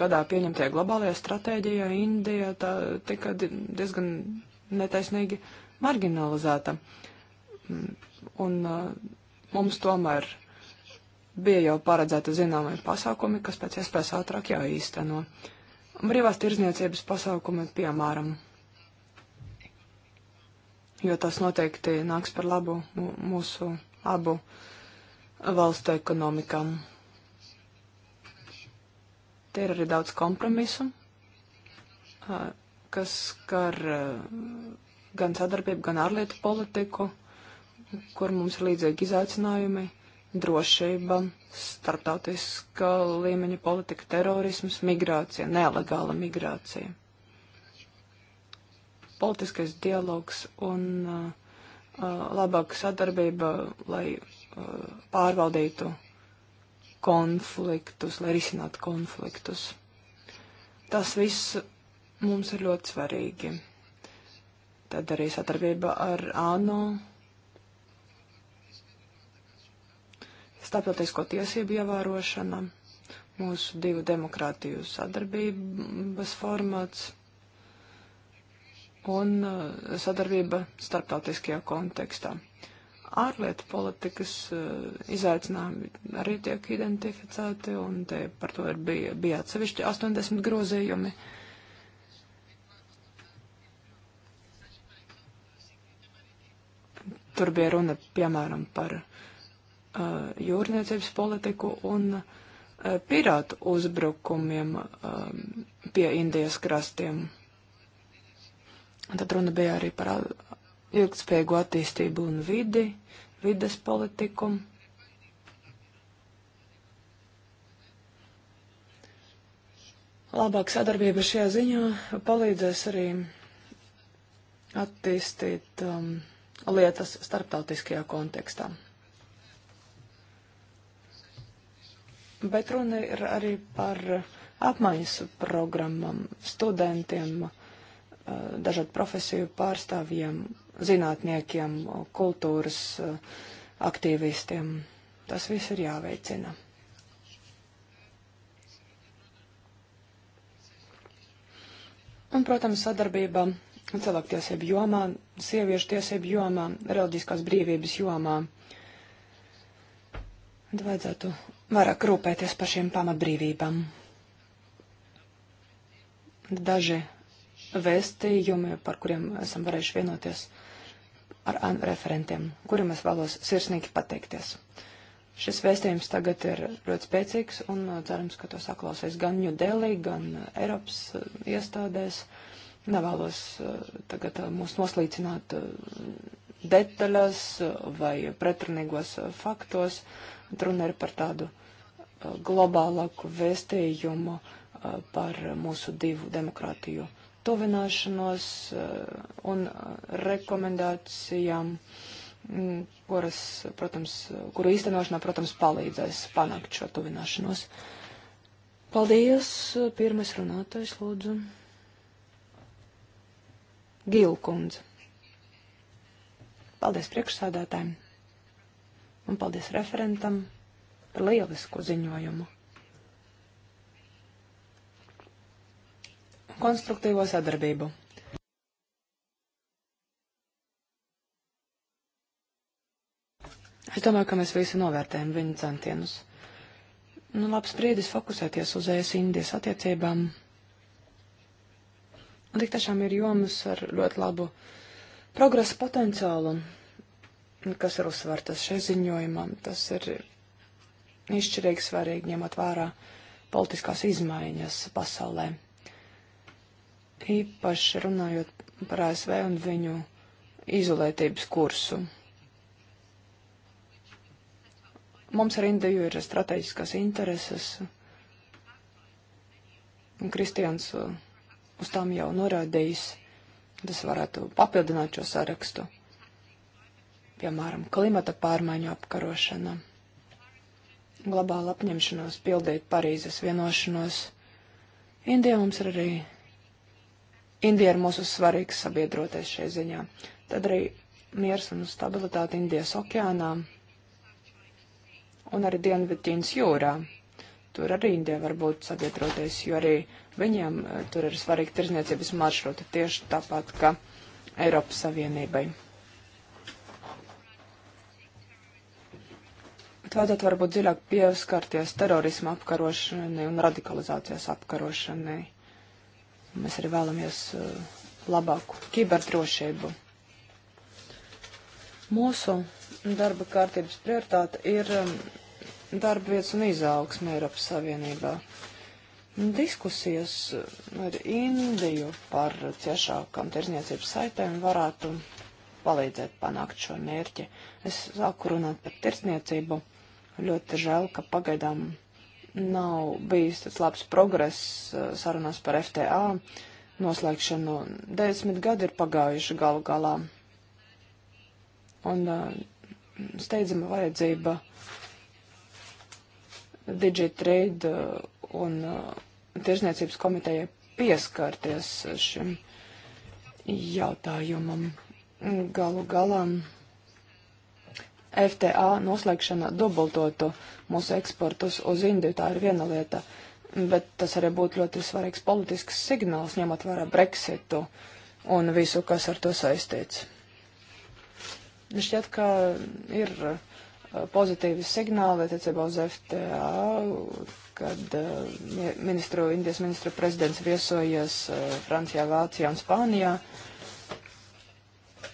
gadā pieņemtajā globālajā stratēģijā Indija tā tika diezgan netaisnīgi marginalizēta. Mm, un uh, mums tomēr bija jau paredzēta zināmai pasākumi, kas pēc iespējas ātrāk jāīsteno. Brīvās tirzniecības pasākumi, piemēram, jo tas noteikti nāks par labu mūsu abu valstu ekonomikām. Te ir arī daudz kompromisu, kas skar gan sadarbību, gan ārlietu politiku, kur mums ir līdzīgi izaicinājumi - drošība, starptautiska līmeņa politika, terorisms, migrācija, nelegāla migrācija. Politiskais dialogs un uh, labāka sadarbība, lai uh, pārvaldītu konfliktus, lai risinātu konfliktus. Tas viss mums ir ļoti svarīgi. Tad arī sadarbība ar ANO, starptautisko tiesību ievērošana, mūsu divu demokrātiju sadarbības formāts un eh, sadarbība starptautiskajā kontekstā ārlietu politikas eh, izaicinājumi arī tiek identificēti, un te par to ir bija, bija atsevišķi 80 grozījumi. Tur bija runa, piemēram, par uh, jūrniecības politiku un uh, pirātu uzbrukumiem uh, pie Indijas krastiem. Un tad runa bija arī par ilgspējīgu attīstību un vidi, vides politiku. Labāk sadarbība šajā ziņā palīdzēs arī attīstīt um, lietas starptautiskajā kontekstā. Bet runa ir arī par apmaiņas programmam, studentiem, uh, dažādu profesiju pārstāvjiem zinātniekiem, kultūras eh, aktīvistiem. Tas viss ir jāveicina. Un, protams, sadarbība cilvēktiesību jomā, sieviešu tiesību jomā, reliģiskās brīvības jomā. Tad vajadzētu vairāk rūpēties par šīm pamatbrīvībām. Daži vēstījumi, par kuriem esam varējuši vienoties, uh, ar ANU referentiem, kuriem es vēlos sirsnīgi pateikties. Šis vēstījums tagad ir ļoti spēcīgs un uh, cerams, ka to saklausīs gan New Delhi, gan uh, Eiropas uh, iestādēs. Nevēlos tagad mūs noslīcināt detaļās vai pretrunīgos faktos. Runa ir par tādu globālāku vēstījumu par mūsu divu demokrātiju tuvināšanos eh, un eh, rekomendācijām, mm, kuras, protams, kuru īstenošanā, protams, palīdzēs panākt šo tuvināšanos. Paldies, pirmais runātais, lūdzu. Gilkundze. Paldies priekšsādātājiem un paldies referentam par lielisku ziņojumu. konstruktīvo sadarbību. Es domāju, ka mēs visi novērtējam viņa centienus. Nu, labs brīdis fokusēties uz ES-Indijas attiecībām. Un tik tiešām ir jomas ar ļoti labu progresa potenciālu, kas ir uzsvartas šai ziņojumā. Tas ir izšķirīgi svarīgi ņemot vērā politiskās izmaiņas pasaulē īpaši runājot par ASV un viņu izolētības kursu. Mums ar Indiju ir strateģiskās intereses, un Kristians uh, uz tām jau norādījis, tas varētu papildināt šo sarakstu, piemēram, klimata pārmaiņu apkarošana, globāla apņemšanos pildīt Parīzes vienošanos. Indijā mums ir arī Indija ir mūsu svarīgs sabiedrotais šai ziņā. Tad arī miers un stabilitāte Indijas okeānā un arī Dienvidķīnas jūrā. Tur arī Indija var būt sabiedroties, jo arī viņiem e, tur ir svarīgi tirzniecības maršruti tieši tāpat kā Eiropas Savienībai. Tātad varbūt dziļāk pieskarties terorisma apkarošanai un radikalizācijas apkarošanai. Mēs arī vēlamies uh, labāku kiberdrošību. Mūsu darba kārtības prioritāte ir um, darba vietas un izaugsme Eiropas Savienībā. Diskusijas uh, ar Indiju par ciešākām tirzniecības saitēm varētu palīdzēt panākt šo mērķi. Es sāku runāt par tirzniecību. Ļoti žēl, ka pagaidām nav bijis tāds labs progress uh, sarunās par FTA noslēgšanu. Desmit gadi ir pagājuši galu galā. Un uh, steidzama vajadzība Digitrade uh, un Tirzniecības komiteja pieskarties šim jautājumam. Galu galā FTA noslēgšana dubultotu mūsu eksportus uz Indiju, tā ir viena lieta, bet tas arī būtu ļoti svarīgs politisks signāls, ņemot vērā Brexitu un visu, kas ar to saistīts. Nu, šķiet, ka ir uh, pozitīvi signāli attiecībā uz FTA, kad uh, ministru, Indijas ministru prezidents viesojies uh, Francijā, Vācijā un Spānijā. Uh,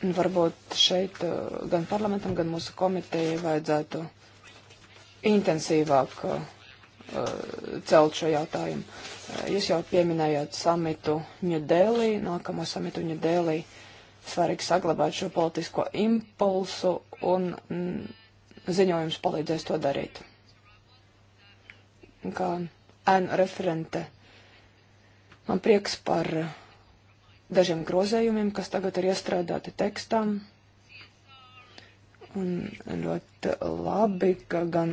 Nu, varbūt šeit eh, gan parlamentam, gan mūsu komitejai vajadzētu intensīvāk uh, celt šo jautājumu. Eh, jūs jau pieminējāt samitu Ņudelī, nākamo samitu Ņudelī. Svarīgi saglabāt šo politisko impulsu un mm, ziņojums palīdzēs to darīt. Kā ēnu referente. Man prieks par uh, dažiem grozējumiem, kas tagad ir iestrādāti tekstam. Un ļoti labi, ka gan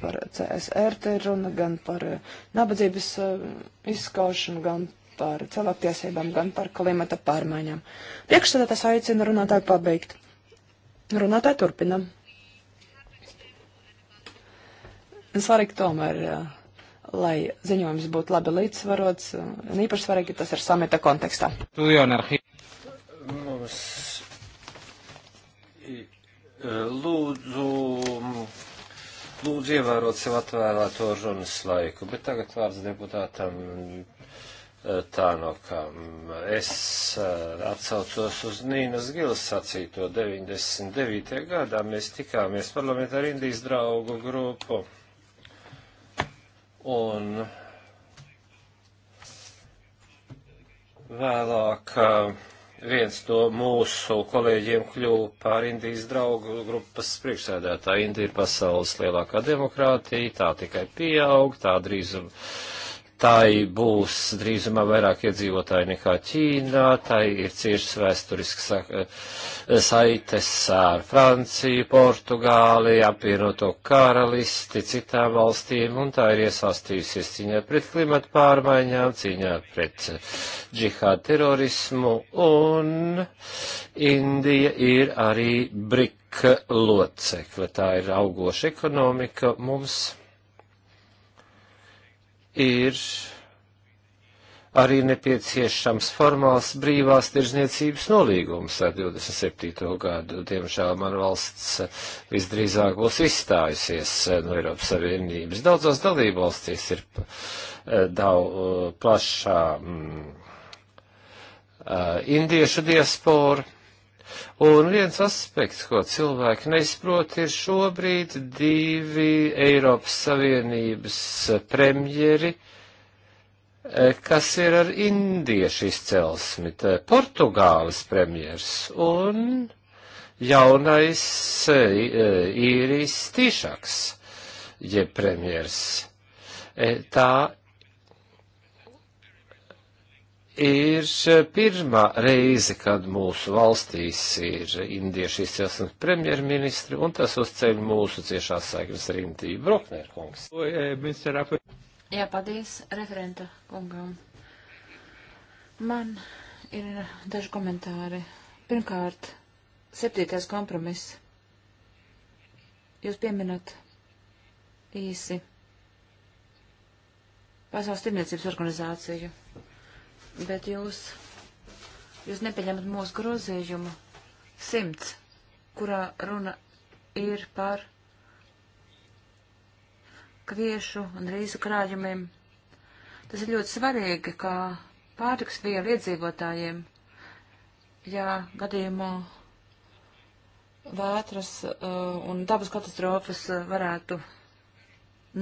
par CSR te ir runa, gan par eh, nabadzības eh, izskaušanu, gan par cilvēktiesībām, gan par klimata pārmaiņām. Priekšstādātājs aicina runātāju pabeigt. Runātāji turpina. Svarīgi tomēr. Jā eh, lai ziņojums būtu labi līdzsvarots, un īpaši svarīgi tas ir samita kontekstā. Mums e, lūdzu, lūdzu ievērot sev atvēlēto runas laiku, bet tagad vārds deputātam e, Tānokam. Es e, atsaucos uz Nīnas Gilas sacīto 99. gadā. Mēs tikāmies parlamentā ar Indijas draugu grupu Un vēlāk viens no mūsu kolēģiem kļuva par Indijas draugu grupas priekšsēdētāju. Indija ir pasaules lielākā demokrātija, tā tikai pieaug, tā drīzumā tai būs drīzumā vairāk iedzīvotāji nekā Ķīnā, tai ir ciešas vēsturiskas eh, saites ar Franciju, Portugāli, apvienoto karalisti, citām valstīm, un tā ir iesāstījusies cīņā pret klimatu pārmaiņām, cīņā pret džihādu terorismu, un Indija ir arī brik locekle, tā ir augoša ekonomika mums ir arī nepieciešams formāls brīvās tirzniecības nolīgums ar 27. gadu. Diemžēl man valsts eh, visdrīzāk būs izstājusies eh, no Eiropas Savienības. Daudzās dalībvalstīs ir eh, daudz plašā m, mm, indiešu diaspora Un viens aspekts, ko cilvēki neizprot, ir šobrīd divi Eiropas Savienības premjeri, e, kas ir ar indiešu izcelsmi, Portugāles premjers un jaunais e, e, īrijas tīšaks, jeb premjers. Tā ir pirmā reize, kad mūsu valstīs ir indieši izcelsmes premjerministri, un tas uzceļ mūsu ciešās saiknes ar Intiju Brokner kungs. E, Jā, paldies referenta kungam. Man ir daži komentāri. Pirmkārt, septītais kompromiss. Jūs pieminat īsi Pasaules tirniecības organizāciju bet jūs, jūs nepieņemat mūsu grozījumu simts, kurā runa ir par kviešu un rīzu krājumiem. Tas ir ļoti svarīgi, kā pārtiks vielu iedzīvotājiem, ja gadījumā vētras uh, un dabas katastrofas uh, varētu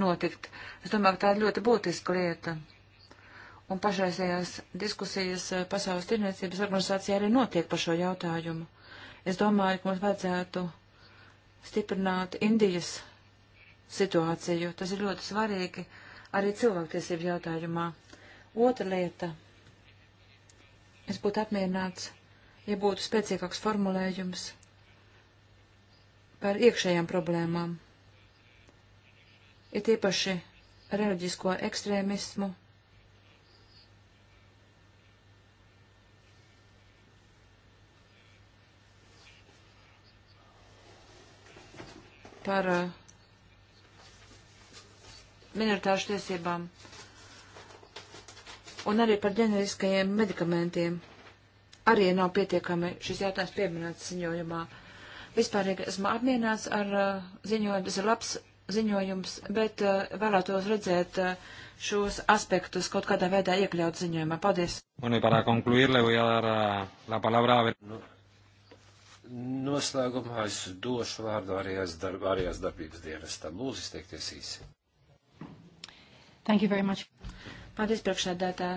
notikt. Es domāju, ka tā ir ļoti būtiska lieta un pašreizējās diskusijas eh, Pasaules tirniecības organizācijā arī notiek par šo jautājumu. Es domāju, ka mums vajadzētu stiprināt Indijas situāciju. Tas ir ļoti svarīgi arī cilvēktiesību jautājumā. Otra lieta. Es būtu apmierināts, ja būtu spēcīgāks formulējums par iekšējām problēmām. Ir tīpaši reliģisko ekstrēmismu par eh, minoritāšu tiesībām un arī par ģeneriskajiem medikamentiem. Arī nav pietiekami šis jautājums pieminēts ziņojumā. Vispārīgi esmu apmierināts ar uh, eh, ziņojumu, tas ir labs ziņojums, bet uh, vēlētos redzēt uh, šos aspektus kaut kādā veidā iekļaut ziņojumā. Paldies! Un, para concluir, le voy a dar la palabra a... Nu, Noslēgumā es došu vārdu ārējās, darb, ārējās darbības dienestam. Lūdzu, izteikties īsi. Thank you very much. Paldies, priekšsēdētā.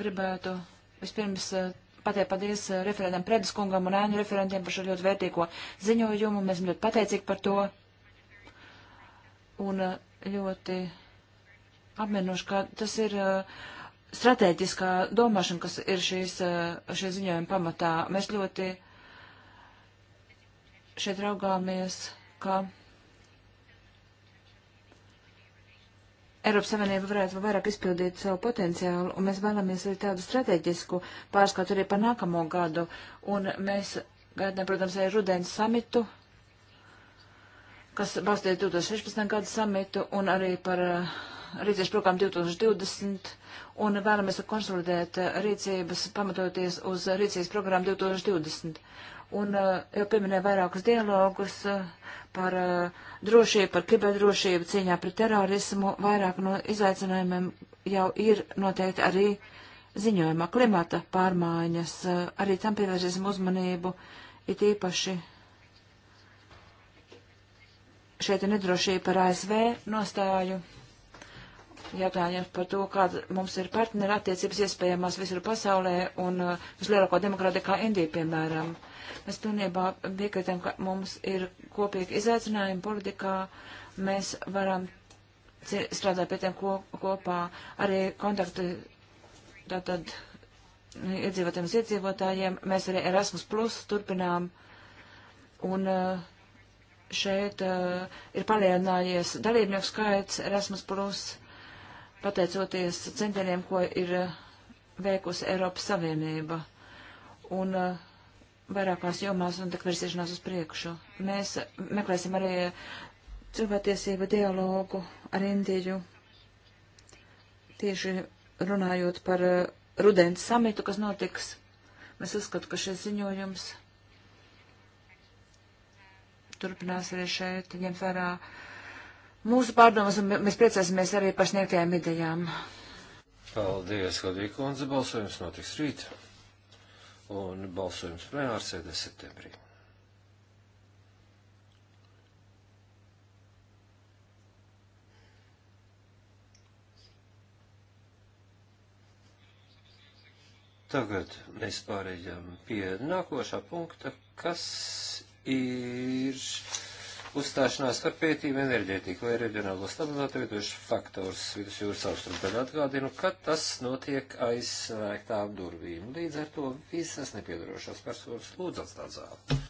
Gribētu vispirms eh, pateikt paldies eh, referentam Predes kungam un ēnu referentiem par šo ļoti vērtīgo ziņojumu. Mēs esam ļoti pateicīgi par to. Un eh, ļoti apmienoši, ka tas ir stratēģiskā domāšana, kas ir šīs, šī ziņojuma pamatā. Mēs ļoti šeit raugāmies, ka Eiropas Savienība varētu vairāk izpildīt savu potenciālu, un mēs vēlamies arī tādu strateģisku pārskatu arī par nākamo gadu. Un mēs gaidām, protams, arī rudens samitu, kas balstīja 2016. gada samitu, un arī par uh, rīcības programmu 2020, un vēlamies konsolidēt rīcības pamatoties uz rīcības programmu 2020 un uh, jau pieminēja vairākus dialogus uh, par uh, drošību, par kiberdrošību, cīņā pret terorismu. Vairāk no izaicinājumiem jau ir noteikti arī ziņojumā klimata pārmaiņas. Uh, arī tam pievērsīsim uzmanību, it īpaši šeit ir nedrošība par ASV nostāju jautājums par to, kāda mums ir partneri attiecības iespējamās visur pasaulē un uh, vislielāko demokrātiju kā Indija, piemēram. Mēs pilnībā piekritam, ka mums ir kopīgi izaicinājumi politikā. Mēs varam strādāt pie tiem ko, kopā arī kontakti tātad iedzīvotājiem uz iedzīvotājiem. Mēs arī Erasmus Plus turpinām. Un uh, šeit uh, ir palielinājies dalībnieku skaits Erasmus Plus pateicoties centieniem, ko ir eh, veikusi Eiropas Savienība. Un uh, vairākās jomās un tik virzīšanās uz priekšu. Mēs meklēsim arī cilvēktiesību dialogu ar Indiju, tieši runājot par uh, rudens samitu, kas notiks. Mēs uzskatām, ka šis ziņojums turpinās arī šeit, ņemt vērā uh, mūsu pārdomas, un mēs priecāsimies arī par sniegtajām idejām. Paldies, Latvija Kundze. Balsojums notiks rīt, un balsojums plenārsēdē septembrī. Tagad mēs pārējām pie nākošā punkta, kas ir uzstāšanās par pētījumu enerģētiku vai reģionālo stabilitāti veidošu faktors vidusjūras austrumdaļā atgādinu, ka tas notiek aizslēgtām durvīm. Līdz ar to visas nepiedarošās personas lūdzu atstāt zāli.